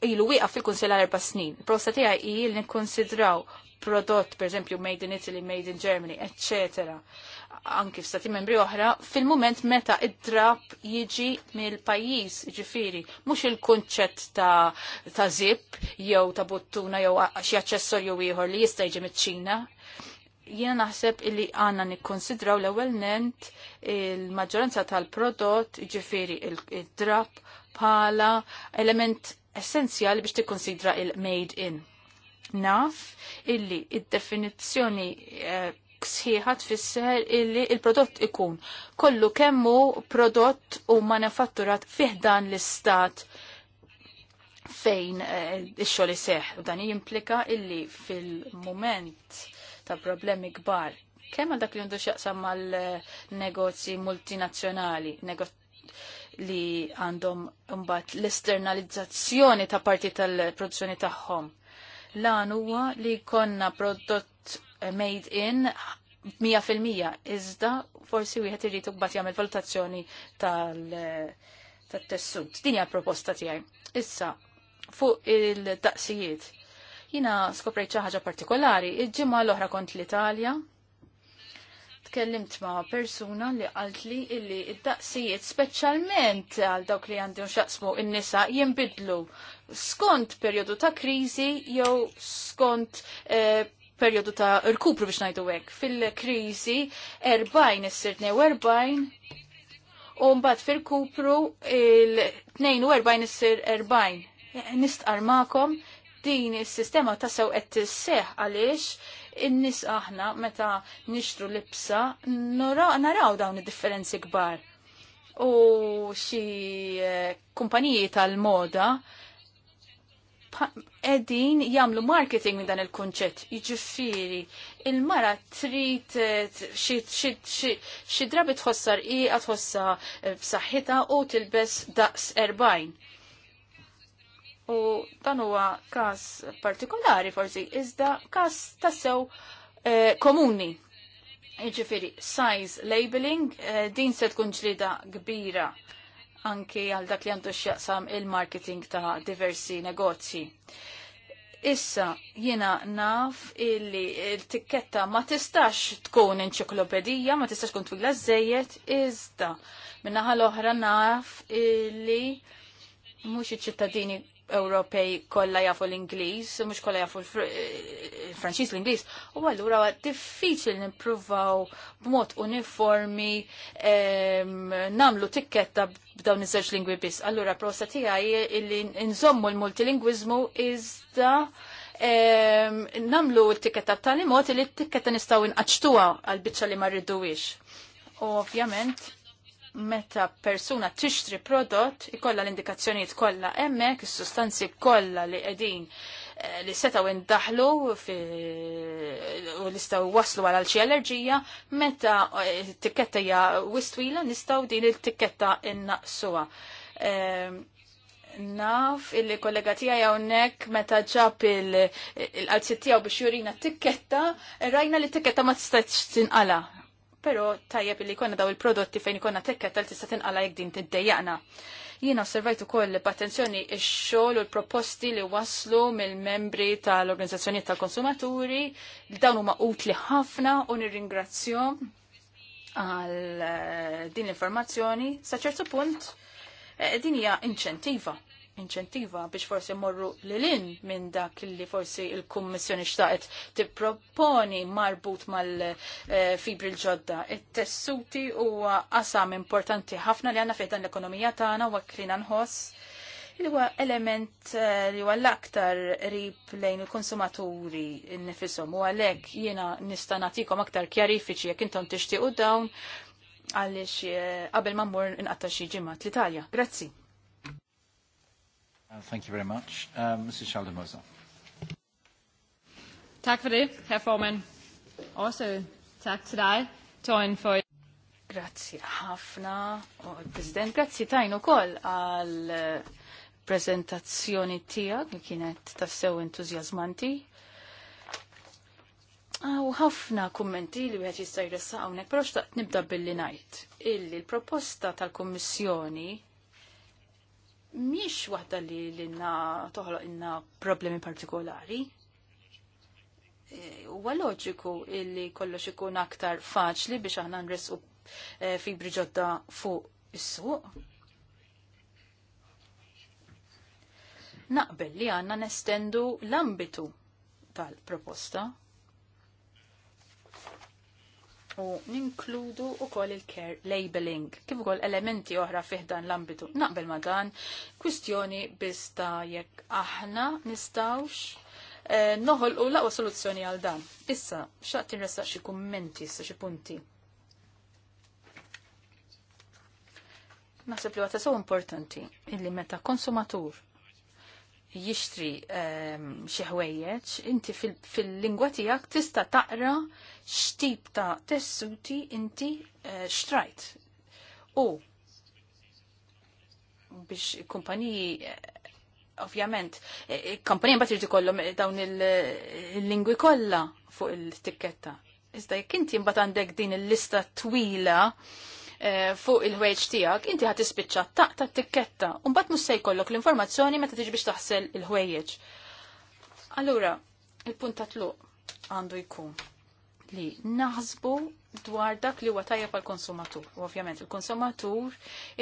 ilu wieqa fil kunsella l erba' snin. Prosta tiegħi hi li nikkonsidraw prodott, per esempio, made in Italy, made in Germany, etc. Anki f'stati membri oħra, fil-moment meta id-drab jiġi mill-pajis, ġifiri, mux il kunċett ta', ta zip, jew ta' bottuna, jew xi aċċessorju ieħor li jista' jiġi miċ-Ċina, jiena naħseb illi għanna nikkonsidraw l ewwel nent il-maġġoranza tal-prodott, ġifiri il-drap, pala, element essenzjali biex tikkonsidra il-made in. Naf illi id-definizzjoni il eh, sħiħa tfisser illi il-prodott ikun kollu kemmu prodott u manifatturat fiħdan l-istat fejn eh, il xogħol iseħħ u dan jimplika illi fil-mument ta' problemi kbar. Kemm għal dak li għandu xaqsam mal-negozji multinazzjonali, li għandhom mbagħad l-esternalizzazzjoni ta' parti tal-produzzjoni tagħhom. Lan huwa li konna prodott made in 100% iżda forsi wieħed irid imbagħad jagħmel valutazzjoni tal-tessut. Din hija proposta tiegħi. Issa fuq il-daqsijiet Jina skoprejt xi ħaġa partikolari, il ġimgħa l-oħra kont l-Italja. Tkellimt ma' persuna li għalt li illi id-daqsijiet speċjalment għal dawk li għandhom xaqsmu il nisa jinbidlu skont perjodu ta' kriżi jew skont eh, periodu ta' rkupru biex najdu għek. Fil-krizi, 40 s-sirtne u 40, u mbad fil-kupru il-42 s-sir 40. Nistqar ma'kom din is-sistema ta sew qed tisseħ għaliex in-nies aħna meta nixtru libsa naraw dawn id-differenzi kbar. U xi eh, kumpaniji tal-moda edin jamlu marketing minn dan il-konċett. Jiġifieri, il-mara trid eh, xi drabi tħossar qiegħa tħossa eh, b'saħħitha u tilbes daqs erbajn U dan huwa każ partikolari forsi, iżda każ tassew eh, komuni. Jiġifieri size labeling, eh, din se tkun ġlida kbira anki għal dak li għandu xjaqsam il-marketing ta' diversi negozji. Issa jiena naf illi il-tikketta ma tistax tkun enċiklopedija, ma tistax tkun twila żejjed, iżda minnaħa l-oħra naf illi mhux iċ-ċittadini Ewropej kollha jafu l-Ingliż, mhux kollha jafu l-Franċiż eh, l-Ingliż, u allura diffiċli nippruvaw b'mod uniformi ehm, namlu tikketta b'dawn iż-żewġ lingwi biss. Allura prosa tiegħi illi nżommu l-multilingwiżmu iżda ehm, namlu t-tikketta b'tali mod li t-tikketta nistgħu inqaċtuha għal biċċa li ma U Ovvjament, meta persuna tixtri prodott ikolla l-indikazzjonijiet kollha hemmhekk, is-sustanzi kollha li qegħdin eh, li setaw indaħlu u nistaw waslu għal xi allerġija, meta eh, t-tikketta hija wistwila nistaw din il-tikketta innaqsuha. Ehm, naf illi kollega tiegħi hawnhekk meta ġab il-qalzit biex jurina t-tikketta, rajna li t-tikketta ma tistax tinqala pero tajjeb li konna daw il-prodotti fejn konna tekketta tal tista' tinqala jekk din tiddejjaqna. Jiena osservajt ukoll b'attenzjoni x-xogħol u l-proposti li waslu mill-membri tal-organizzazzjonijiet tal-konsumaturi li dawn huma utli ħafna u nirringrazzjom għal eh, din l-informazzjoni sa ċertu punt eh, din hija inċentiva inċentiva biex forsi morru lilin minn dak li forsi il-Kummissjoni xtaqet tipproponi marbut mal-fibri l-ġodda. il tessuti huwa għasam importanti ħafna li għandna fejtan l-ekonomija tagħna u għaklina nħoss li huwa element eh, li huwa l-aktar rib lejn il-konsumaturi nifisom u għalhekk jiena nista' nagħtikom aktar kjarifiċi jekk intom tixtiequ dawn għaliex eh, qabel ma mmur inqatta xi ġimgħat l-Italja. Grazzi. Uh, thank you very much. Um, Mrs. Schaldemoser. Tak for det, herr formand. Også tak til dig, Torin, for... Hafna. ħafna, oh, President, grazie, tajnu kol al eh, prezentazzjoni tijak li kienet tassew entuzjazmanti. U ħafna kummenti li wieħed jista' jressaq hawnhekk, però xtaqt nibda billi ngħid illi l-proposta tal-Kummissjoni miex waħda li l-inna toħloq inna problemi partikolari. E, huwa loġiku illi kollox ikun aktar faċli biex aħna nresqu e, fibri ġodda fuq is-suq. Naqbel li għanna nestendu l-ambitu tal-proposta u ninkludu u koll il-care labeling, kif ukoll elementi oħra fiħdan l-ambitu. Naqbel ma dan, kwistjoni bista jekk aħna nistawx eh, noħol u laqwa soluzzjoni għal dan. Issa, xaqt nressaq xi kummenti, issa xi punti. Naħseb li għata so importanti illi meta konsumatur jixtri ehm, xi ħwejjeġ, inti fil-lingwa tiegħek tista' taqra x'tip ta' tessuti inti eh, xtrajt. U biex kumpaniji eh, ovvjament, eh, kampanija mbagħad irid ikollhom dawn il-lingwi kollha fuq il-tikketta. Iżda jekk inti mbagħad għandek din il-lista twila Eh, fuq il-ħwejġ tiegħek, inti ħad tispiċċa taq ta' tikketta u mbagħad mhux se jkollok l-informazzjoni meta tiġi biex taħsel il-ħwejjeġ. Allura, il-punt ta' tluq għandu jkun li naħsbu dwar dak li huwa tajjeb għal konsumatur. U ovvjament il-konsumatur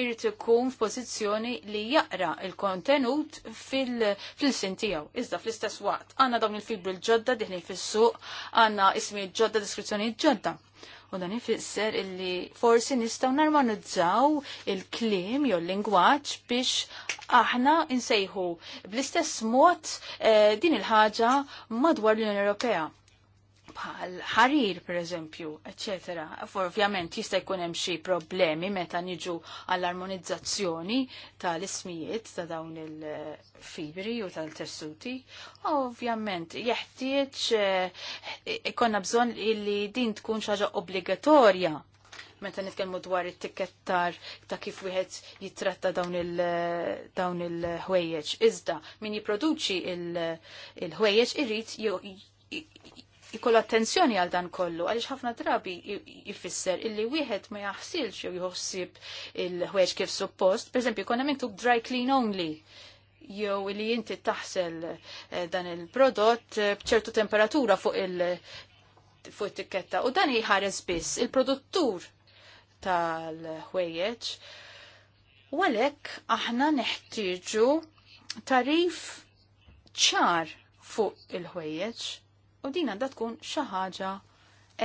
irid ikun f'pożizzjoni li jaqra il-kontenut fil-sin tiegħu. Iżda fl-istess waqt għandna dawn il-fibri l-ġodda diħlin fis-suq, għandna ismi ġodda, deskrizzjoni ġodda. U dan ifisser illi forsi nistgħu narmanizzaw il-klim jew l-lingwaġġ biex aħna insejħu bl-istess mod eh, din il-ħaġa madwar l-Unjoni Ewropea bħal ħarir per eżempju, etc. Ovvjament jista' jkun hemm xi problemi meta niġu għall-armonizzazzjoni tal-ismijiet ta' dawn il-fibri u tal-tessuti. Ovvjament jeħtieġ eh, ikonna bżonn illi din tkun xaġa obbligatorja meta nitkellmu dwar it-tikettar ta' kif wieħed jitratta dawn il-ħwejjeġ. Iżda min jipproduċi il-ħwejjeġ irrid jkollu attenzjoni għal dan kollu, għaliex ħafna drabi jfisser illi wieħed ma jaħsilx jew jħossib il-ħweġ kif suppost, pereżempju jkun hemm miktub dry clean only jew li inti taħsel eh, dan il-prodott eh, bċertu temperatura fuq il- fuq it-tikketta u dan jħares biss il-produttur tal-ħwejjeġ. U għalhekk aħna neħtieġu tarif ċar fuq il-ħwejjeġ u din għandha tkun xi ħaġa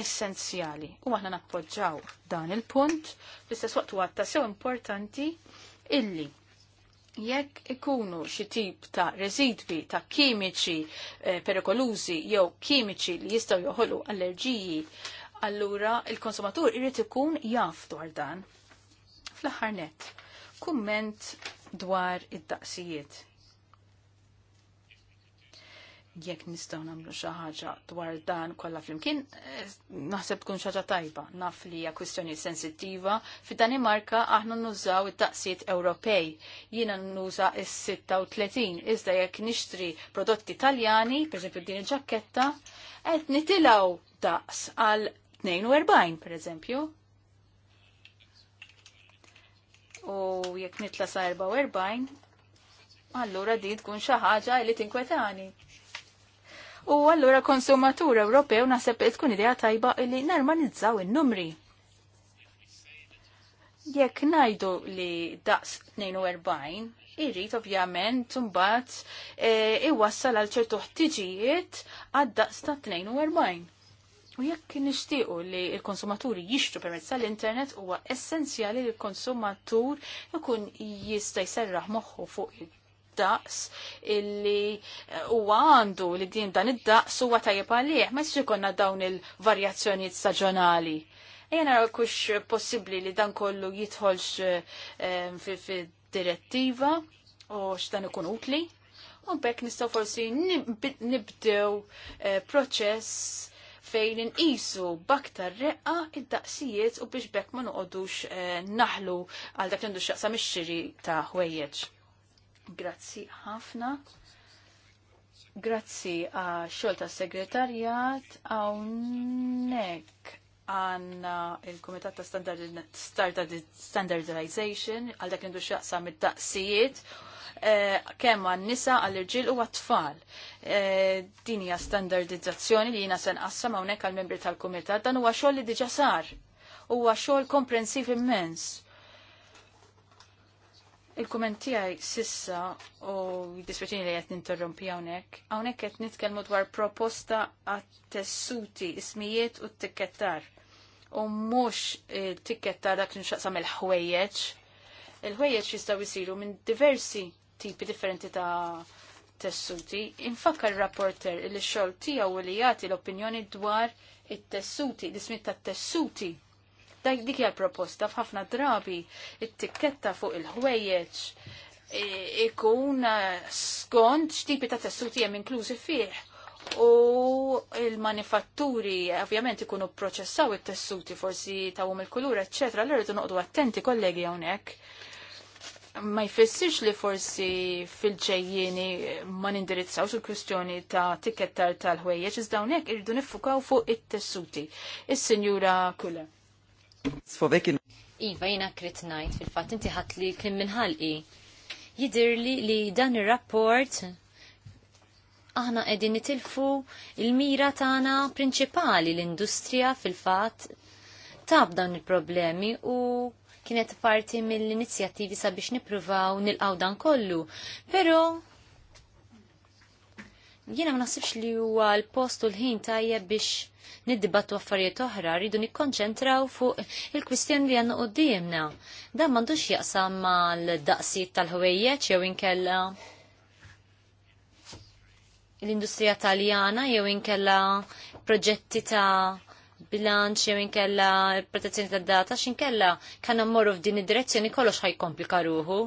essenzjali. U aħna nappoġġaw dan il-punt, l istess waqt huwa sew importanti illi jekk ikunu xi tip ta' residwi ta' kimiċi eh, perikolużi jew kimiċi li jistgħu joħolu allerġiji, allura il-konsumatur irrid ikun jaf dwar dan. Fl-aħħar net, kumment dwar id-daqsijiet jekk nistgħu nagħmlu xi ħaġa dwar dan kollha flimkien, eh, naħseb tkun xi ħaġa tajba. Naf li hija kwistjoni sensittiva. Fid-Danimarka aħna nużaw it-taqsijiet Ewropej. Jiena nuża is-36 iżda jekk nixtri prodotti Taljani, pereżempju din il-ġaketta, qed nitilgħu daqs għal 42 pereżempju. U jekk nitla sa 44, allura di tkun xi ħaġa li tinkwetani U allura konsumatur Ewropew naħseb li tkun idea tajba li normalizzaw in-numri. Jekk ngħidu li daqs 42 irrit ovvjament imbagħad e, iwassal għal ċertu ħtiġijiet għad-daqs ta' 42. U jekk nixtiequ li l-konsumaturi jixtru permezz tal-internet huwa essenzjali li l-konsumatur ikun jista' jserraħ moħħu fuq id-daqs illi huwa eh, għandu li din dan id-daqs huwa tajjeb għalih, ma jistax ikonna dawn il-varjazzjonijiet staġjonali. Ejna naraw kux possibbli li dan kollu jidħolx eh, fid-direttiva u x'dan ikun utli. U bekk nistgħu forsi nibdew eh, proċess fejn inqisu baktar reqqa id-daqsijiet u biex bekk ma noqodux naħlu għal dak li għandu xaqsa ix xiri ta' ħwejjeġ. Grazzi ħafna. Grazzi għal xogħol tas segretarjat hawnhekk għanna il-Komitat ta' Standardization għal dak indu xaqsa mid-daqsijiet eh, kemm għan nisa għall irġil u għat-tfal. Eh, din hija standardizzazzjoni li jiena se nqassam hawnhekk għall membri tal-Kumitat dan huwa xogħol li diġà sar. Huwa xogħol komprensiv immens Il-kumment tiegħi sissa u jiddispjaċini li qed ninterrompi hawnhekk, hawnhekk qed nitkellmu dwar proposta għat-tessuti, ismijiet u t-tikkettar u mux il-tikettar dak nxaqsam il-ħwejjeġ. Il-ħwejjeġ jistaw jisiru minn diversi tipi differenti ta' tessuti. Infakka il-rapporter il xogħol tiegħu u li jagħti l-opinjoni dwar it-tessuti, l ismijiet ta' tessuti. Dak dik hija proposta f'ħafna drabi it-tikketta fuq il-ħwejjeġ e, ikun e, skont x'tipi ta' tessuti hemm inklużi fih. U il-manifatturi ovvjament ikunu proċessaw it-tessuti forsi ta' il-kulur, eċċetra. l rridu noqdu attenti kollegi hawnhekk ma jfessirx li forsi fil-ġejjini ma nindirizzawx il-kwistjoni ta' tikketta tal-ħwejjeġ, iżda hawnhekk irridu nifukaw fuq it-tessuti. Is-Sinjura Kulle. Iva, jina krit najt fil-fat, inti ħat li kien minħalqi. Jidir li dan il-rapport aħna edin nitilfu il-mira tagħna prinċipali l-industrija fil-fat tab dawn il-problemi u kienet parti mill-inizjattivi sabiex nipruvaw nil-għaw dan kollu. Pero Jiena ma naħsibx li huwa l-post u l-ħin tajjeb biex niddibattu affarijiet oħra, rridu nikkonċentraw fuq il-kwistjoni li għandna qudiemna. Dan m'għandux jaqsam mal-daqsijiet tal-ħwejjeġ jew inkella l-industrija taljana jew inkella proġetti ta' bilanċ jew inkella protezzjoni tad data x'inkella kan mmorru f'din id-direzzjoni kollox ħajkomplika ruħu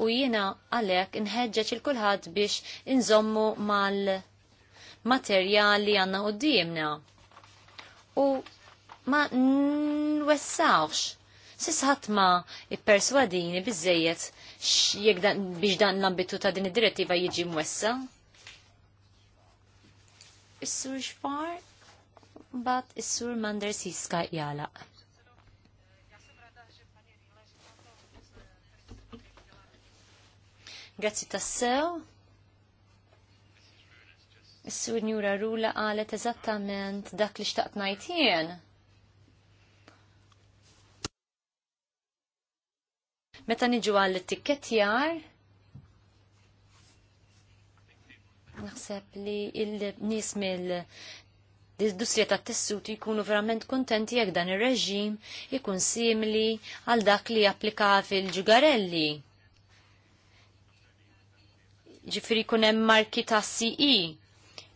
u jiena għalhekk inħeġġeġ il kulħadd biex inżommu mal-materjali għandna qudiemna. U ma nwessawx. Sisħat ma ipperswadini bizzejiet jekk biex dan l-ambitu ta' din id-direttiva jiġi mwessa. Is-sur xfar, bat is-sur Manders jiska jalaq. Grazzi tassew. Is-sur Rula qalet eżattament dak li xtaqt ngħid jien. Meta niġu għall tikketjar naħseb li il-nies mill dis industrija tat tessuti jkunu verament kontenti jekk dan ir-reġim ikun simili għal dak li applika fil-ġugarelli ġifiri kunem marki ta' CE,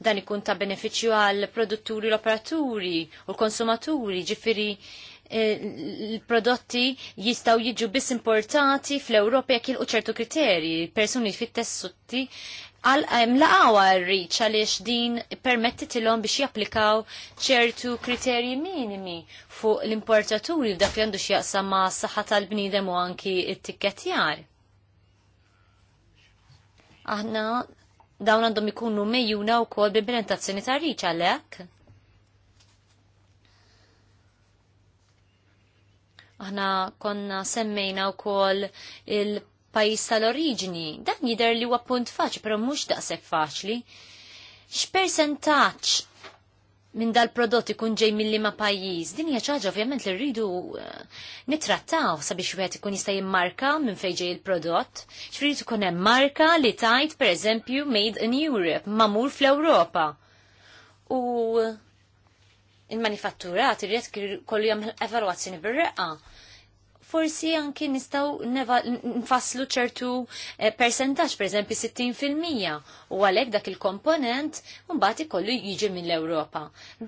dan ikun ta' beneficju għal produtturi l-operaturi u l-konsumaturi, ġifiri eh, l-prodotti jistaw jiġu biss importati fl-Ewropa jekk jilqu ċertu kriteri, persuni fit-tessutti għal mlaqawa rriċ għaliex din permettit ilhom biex japplikaw ċertu kriterji minimi fuq l-importaturi dak li għandu x'jaqsam ma' saħħa tal-bniedem u anki it-tikketjar aħna dawn għandhom ikunu mejjuna wkoll b'implementazzjoni ta' riċ għalhekk. Aħna konna semmejna wkoll il-pajjiż tal-oriġini. Dan jidher li huwa punt faċli, però mhux daqshekk faċli. X'percentaġġ minn dal-prodott ikun ġej milli ma pajjiż. Din hija ċaġa ovvjament li rridu eh, nitrattaw sabiex wieħed ikun jista' jimmarka minn fejn ġej il-prodott. Xfrid ikun hemm marka li tajt pereżempju made in Europe, mamur fl-Ewropa. U il-manifatturat irid kollu jagħmel evalwazzjoni bir-reqqa forsi anki nistaw nfasslu ċertu eh, percentax, per esempi 60%, u għalek dak il-komponent mbagħad ikollu jiġi mill-Ewropa.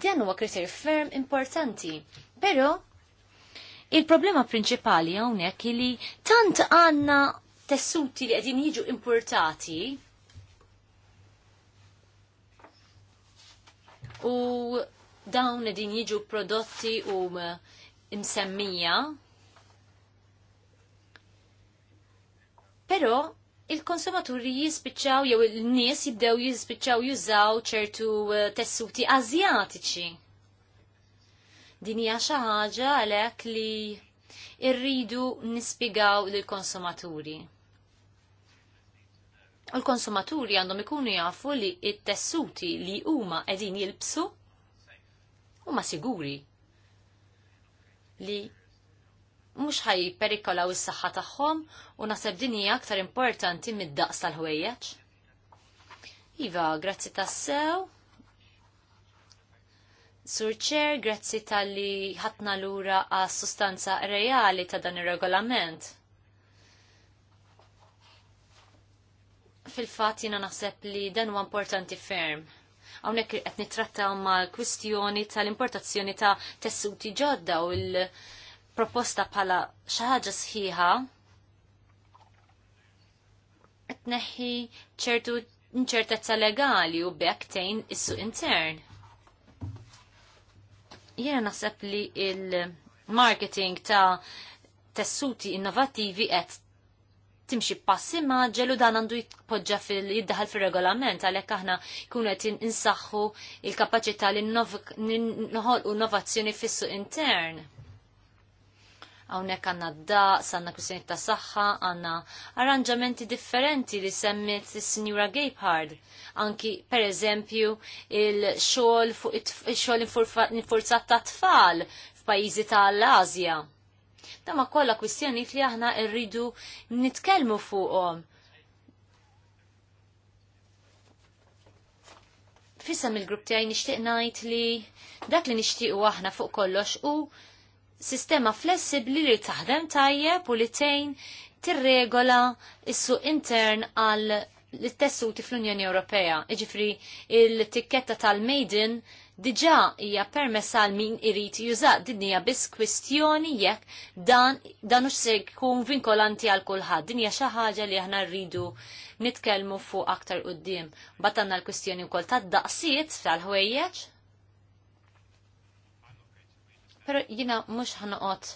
Dan huwa kriter ferm importanti. Però il-problema prinċipali hawnhekk li tant għandna tessuti li qegħdin jiġu importati u dawn qegħdin jiġu prodotti u eh, msemmija Però il-konsumaturi jispiċċaw jew il-nies jibdew jispiċċaw jużaw ċertu eh, tessuti azjatiċi. Din hija xi ħaġa għalhekk li irridu nispigaw lill-konsumaturi. U l-konsumaturi għandhom ikunu jafu li it-tessuti li huma qegħdin jilbsu huma siguri li mhux ħaj perikolaw s saħħa tagħhom u naħseb din aktar importanti mid-daqs tal-ħwejjeġ. Iva, grazzi tassew. Sur Chair, grazzi tal-li ħatna lura għas sustanza reali ta' dan ir-regolament. Fil-fatt jina naħseb li dan huwa importanti ferm. Hawnhekk qed nittrattaw mal-kwistjoni tal-importazzjoni ta' tessuti ġodda u l- proposta bħala xi ħaġa sħiħa qed ċertu inċertezza legali u bekk tgħin is-suq intern. Jiena naħseb li il-marketing ta' tessuti innovattivi qed timxi passi maġġel u dan għandu jitpoġġa fil-jiddaħal fil-regolament għalhekk aħna jkunu qed insaħħu il-kapaċità li noħolqu innovazzjoni fis-suq intern. Hawnhekk għandna d-daqs, għandna kwistjoni ta' saħħa, għandna arranġamenti differenti li semmet s sinjura Gapehard. Anki pereżempju il-xogħol il-xogħol infurzat ta' tfal f'pajjiżi tal-Asja. Dama kollha kwistjoni li aħna rridu nitkellmu fuqhom. Fissam il-grupp tiegħi nixtieq najt li dak li nixtiequ aħna fuq kollox u sistema flessibli li taħdem tajjeb u li tejn tirregola issu intern għal l-tessuti fl-Unjoni Ewropea. Iġifri, il-tikketta tal-Maiden diġa hija permessa għal min irid juża dinja biss kwistjoni jekk dan dan se jkun vinkolanti għal kulħadd. dinja xi ħaġa li aħna rridu nitkellmu fuq aktar quddiem. Batanna l-kwistjoni wkoll tad-daqsiet tal-ħwejjeġ Pero jina mux ħanaqot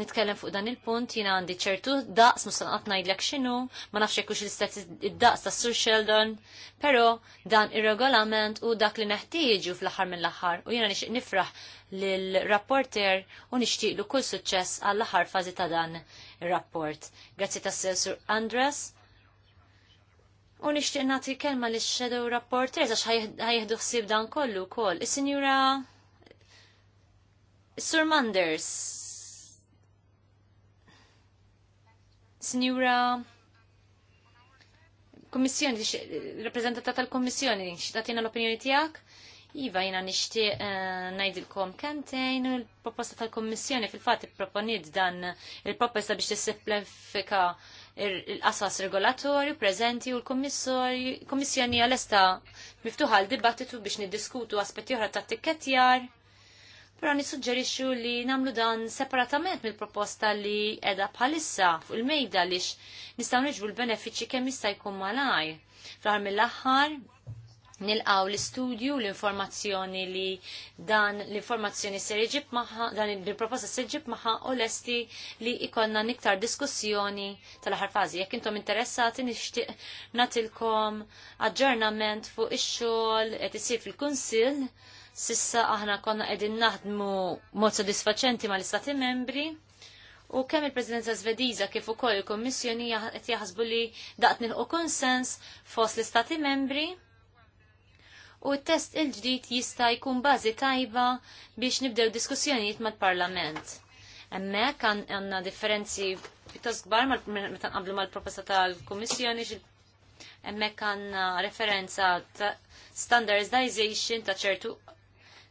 nitkellem fuq dan il-punt, jina għandi ċertu daqs mustanqat najdlek xinu, ma nafx jekkux l-istess id-daqs ta' Sur Sheldon, pero dan ir-regolament u dak li neħtieġu fl-aħħar mill-aħħar u jina nixtieq nifraħ lill-rapporter u nixtieqlu kull suċċess għall-aħħar fażi ta' dan ir-rapport. Grazzi tas Sur Andres. U nixtieq nagħti kelma lix shadow rapporter għax ħajħdu ħsieb dan kollu wkoll. Is-Sinjura Sur Manders. Signora Kommissjoni, rappresentata tal-Kommissjoni, xitatina l-opinjoni tijak? Iva, jina nishti uh, najdilkom kentejn il-proposta tal-Kommissjoni fil-fat proponid dan il-proposta biex tissimplifika il-qasas regolatorju prezenti u l-Kommissjoni għal-esta miftuħa l-dibattitu biex niddiskutu aspetti oħra ta' tikketjar pero nissuġġerixxu li namlu dan separatament mill-proposta li edha bħalissa fuq il-mejda lix nistgħu niġbu l-benefiċċji kemm jista' jkun malaj. Fl-aħħar mill-aħħar nilqaw l-istudju l-informazzjoni li dan l-informazzjoni se jġib maħħa, dan il-proposta se jġib maħħa u lesti li ikonna niktar diskussjoni tal-aħħar fażi. Jekk intom interessati nixtieq natilkom aġġornament fuq ix-xogħol qed isir fil-Kunsill Sissa aħna konna qegħdin naħdmu mod sodisfaċenti mal-Istati membri u kemm il-Presidenza Svediża kif ukoll il-Kommissjoni qed jaħsbu li daqt nilqu konsens fost l-Istati membri u t-test il-ġdid jista' jkun bażi tajba biex nibdew diskussjonijiet mal-Parlament. Hemmhekk għandna differenzi pjuttost kbar meta nqablu mal-proposta tal-Kummissjoni hemmhekk għandna referenza ta' standardization ta' ċertu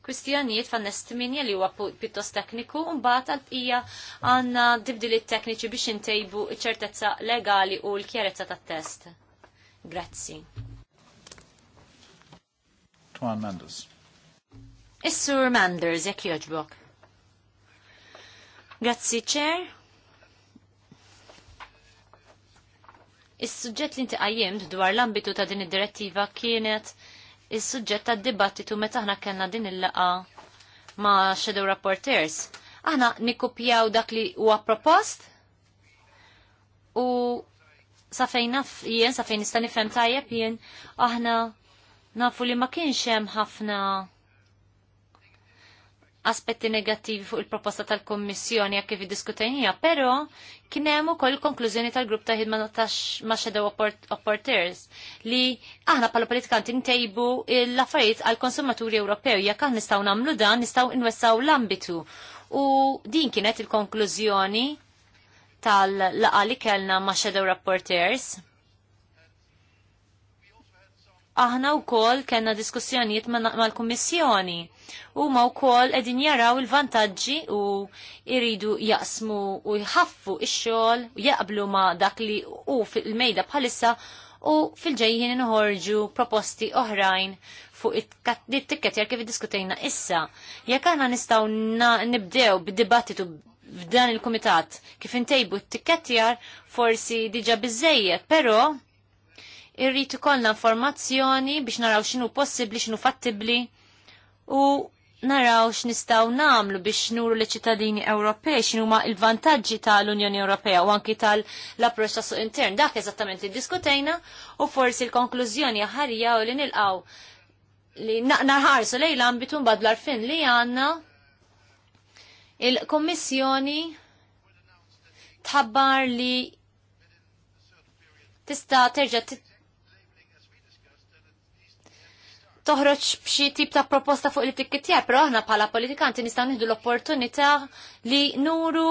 kwistjonijiet fan nestminja li huwa pittos tekniku u għal għalbqija għandna dibdilit tekniċi biex intejbu ċertezza legali u l-kjerezza tat-test. Grazzi. Tuan Manders. Issur Manders, jekk jogħġbok. Grazzi, ċer. Is-suġġett li inti qajjimt dwar l-ambitu ta' din id-direttiva kienet is-suġġett tad-dibattitu meta aħna kellna din il-laqa ma' Shadow Rapporteurs. Aħna nikkupjaw dak li huwa propost u sa fejn naf jien, sa fejn nista' nifhem tajjeb jien, aħna nafu li ma kienx hemm ħafna aspetti negattivi fuq il-proposta tal-Kommissjoni jekk kif diskutejnija, però kien hemm ukoll konklużjoni tal-grupp ta' ħidma ma' Shadow Opporters li aħna bħala politikanti ntejbu l-affarijiet għall konsumaturi Ewropew jekk aħna nistgħu nagħmlu dan nistgħu nwessaw l-ambitu. U din kienet il-konklużjoni tal laqgħa li kellna ma' Shadow Rapporteurs aħna u kol kena diskussjonijiet mal-Kommissjoni u ma u kol edin jaraw il-vantagġi u iridu jaqsmu u jħaffu ix-xogħol u jaqblu ma dak li u fil-mejda bħalissa u fil-ġejjin nħorġu proposti oħrajn fuq it-tikket jarki kif diskutejna issa. Jekk aħna nistgħu nibdew bid-dibattitu f'dan il-kumitat kif intejbu t-tikketjar forsi diġa biżejjed, però irrid ikollna informazzjoni biex naraw x'inhu possibbli, xinu fattibbli u naraw x'nistgħu nagħmlu biex nuru l-ċittadini Ewropej x'inhuma l-vantaġġi tal-Unjoni Ewropea u anki tal-approċċ tas intern. Dak eżattament iddiskutejna u forsi l-konklużjoni ħarija u li nilqgħu li naħarsu lejn l-ambitu mbagħad l-arfin li għandna il-Kommissjoni tħabbar li tista' terġa' toħroġ b'xi tip ta' proposta fuq l-etikettjar, però aħna bħala politikanti nistgħu nieħdu l-opportunità li nuru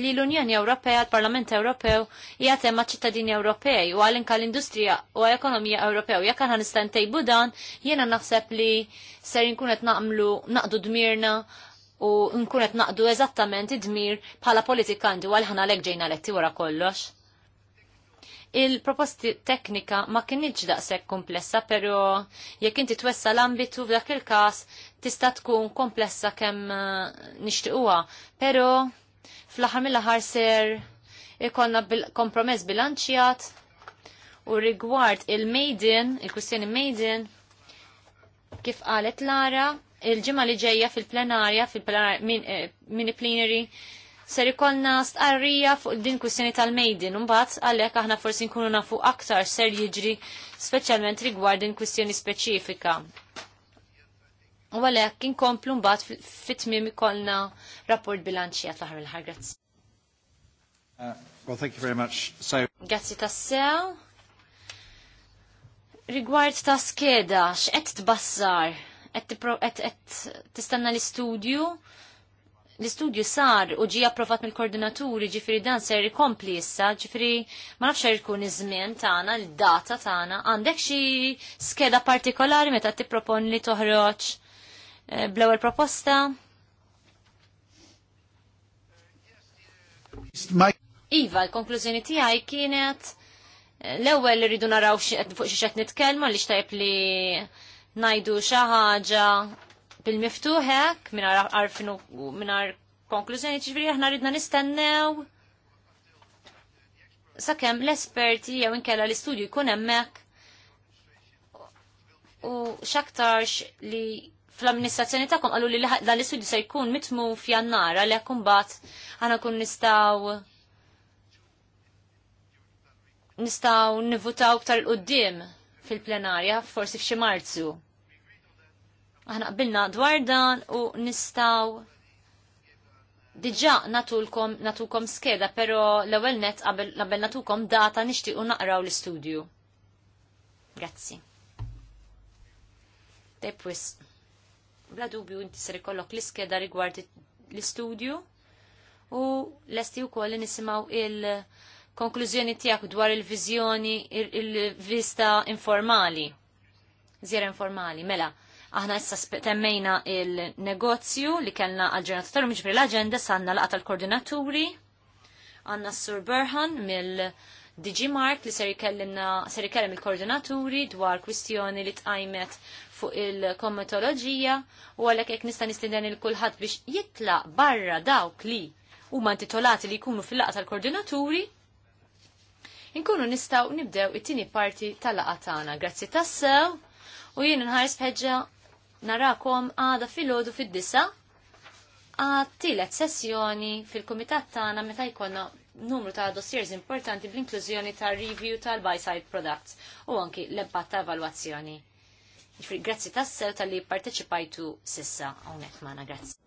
li l-Unjoni Ewropea, l-Parlament Ewropew, hija tema ċittadini Ewropej u għalinka l-industrija u ekonomija Ewropew. Jekk aħna nista' ntejbu dan, jiena naħseb li ser inkun qed naqmlu naqdu dmirna u nkun qed naqdu eżattament id-dmir bħala politikanti u għal ħana lek ġejna letti wara kollox il-proposti teknika ma kienieġ daqshekk komplessa, però jekk inti twessa l-ambitu f'dak il-każ tista' tkun komplessa kemm eh, nixtiequha, però fl-aħħar mill-aħħar ser ikonna kompromess bilanċjat u rigward il-Maiden, il-kwistjoni Maiden, kif qalet Lara, il-ġimgħa li ġejja fil-plenarja, fil-plenarja eh, mini plenary, ser ikollna stqarrija fuq din kwistjoni tal-mejdin, mbagħad għalhekk aħna forsi nkunu nafu aktar ser jiġri speċjalment rigward din kwistjoni speċifika. U għalhekk inkomplu mbagħad fit-tmiem ikollna rapport bilanċija l-aħħar l grazzi. Uh, well, thank you very much. So... Grazzi tassew. Rigward ta' skeda, x'qed tbassar? Qed tistenna l-istudju? l-istudju sar u ġi approvat mill-koordinaturi ġifiri dan ser ikompli issa, ġifiri ma nafx ser iż-żmien tagħna, l-data tagħna, għandek xi skeda partikolari meta tipproponi li toħroġ eh, bl-ewwel proposta? Iva, l-konklużjoni tiegħi kienet eh, l-ewwel irridu naraw fuq xi qed nitkellmu li xtajb li ngħidu xi ħaġa bil-miftuħek minar arfinu minar konklużjoni ċifri, aħna ridna nistennew sakemm l-esperti jew inkella l-istudju jkun hemmhekk u xaktarx li fl-amministrazzjoni tagħkom qalu li dan l-istudju se jkun mitmu f'jannar għalhekk imbagħad aħna kun nistgħu nistgħu nivutaw iktar l qudiem fil-plenarja forsi f'xi Marzu. Aħna qbilna dwar dan u nistaw Diġa natulkom, natulkom skeda, pero l-ewel net qabel natulkom data nixtiequ naqraw l-istudju. Grazzi. Tepwis, bla dubju inti ser ikollok l-iskeda rigward l-istudju u lesti wkoll li nisimgħu il-konklużjoni tiegħek dwar il-viżjoni il-vista informali. Zjera informali, mela Aħna issa temmejna il-negozju li kellna għal-ġurnata tal-lum ġifri l-agenda sanna laqa tal-koordinaturi. Għanna Sur Berhan mill-DG Mark li ser jikellim il-koordinaturi dwar kwistjoni li tqajmet fuq il-kometoloġija u għalek jekk nista nistinden il kulħadd biex jitlaq barra dawk li u ma titolati li jkunu fil-laqa tal-koordinaturi inkunu nistaw nibdew it-tini parti tal-laqa tagħna. Grazzi tassew u jien nħares bħeġġa narakom għada fil-ħodu fil-disa għattilet sessjoni fil-komitat tagħna meta jkollna numru ta' dossiers importanti bl-inklużjoni ta' review tal-buy-side products u anki l-impatt ta' evalwazzjoni. Grazzi tassew tal-li parteċipajtu sissa hawnhekk maħna, grazzi.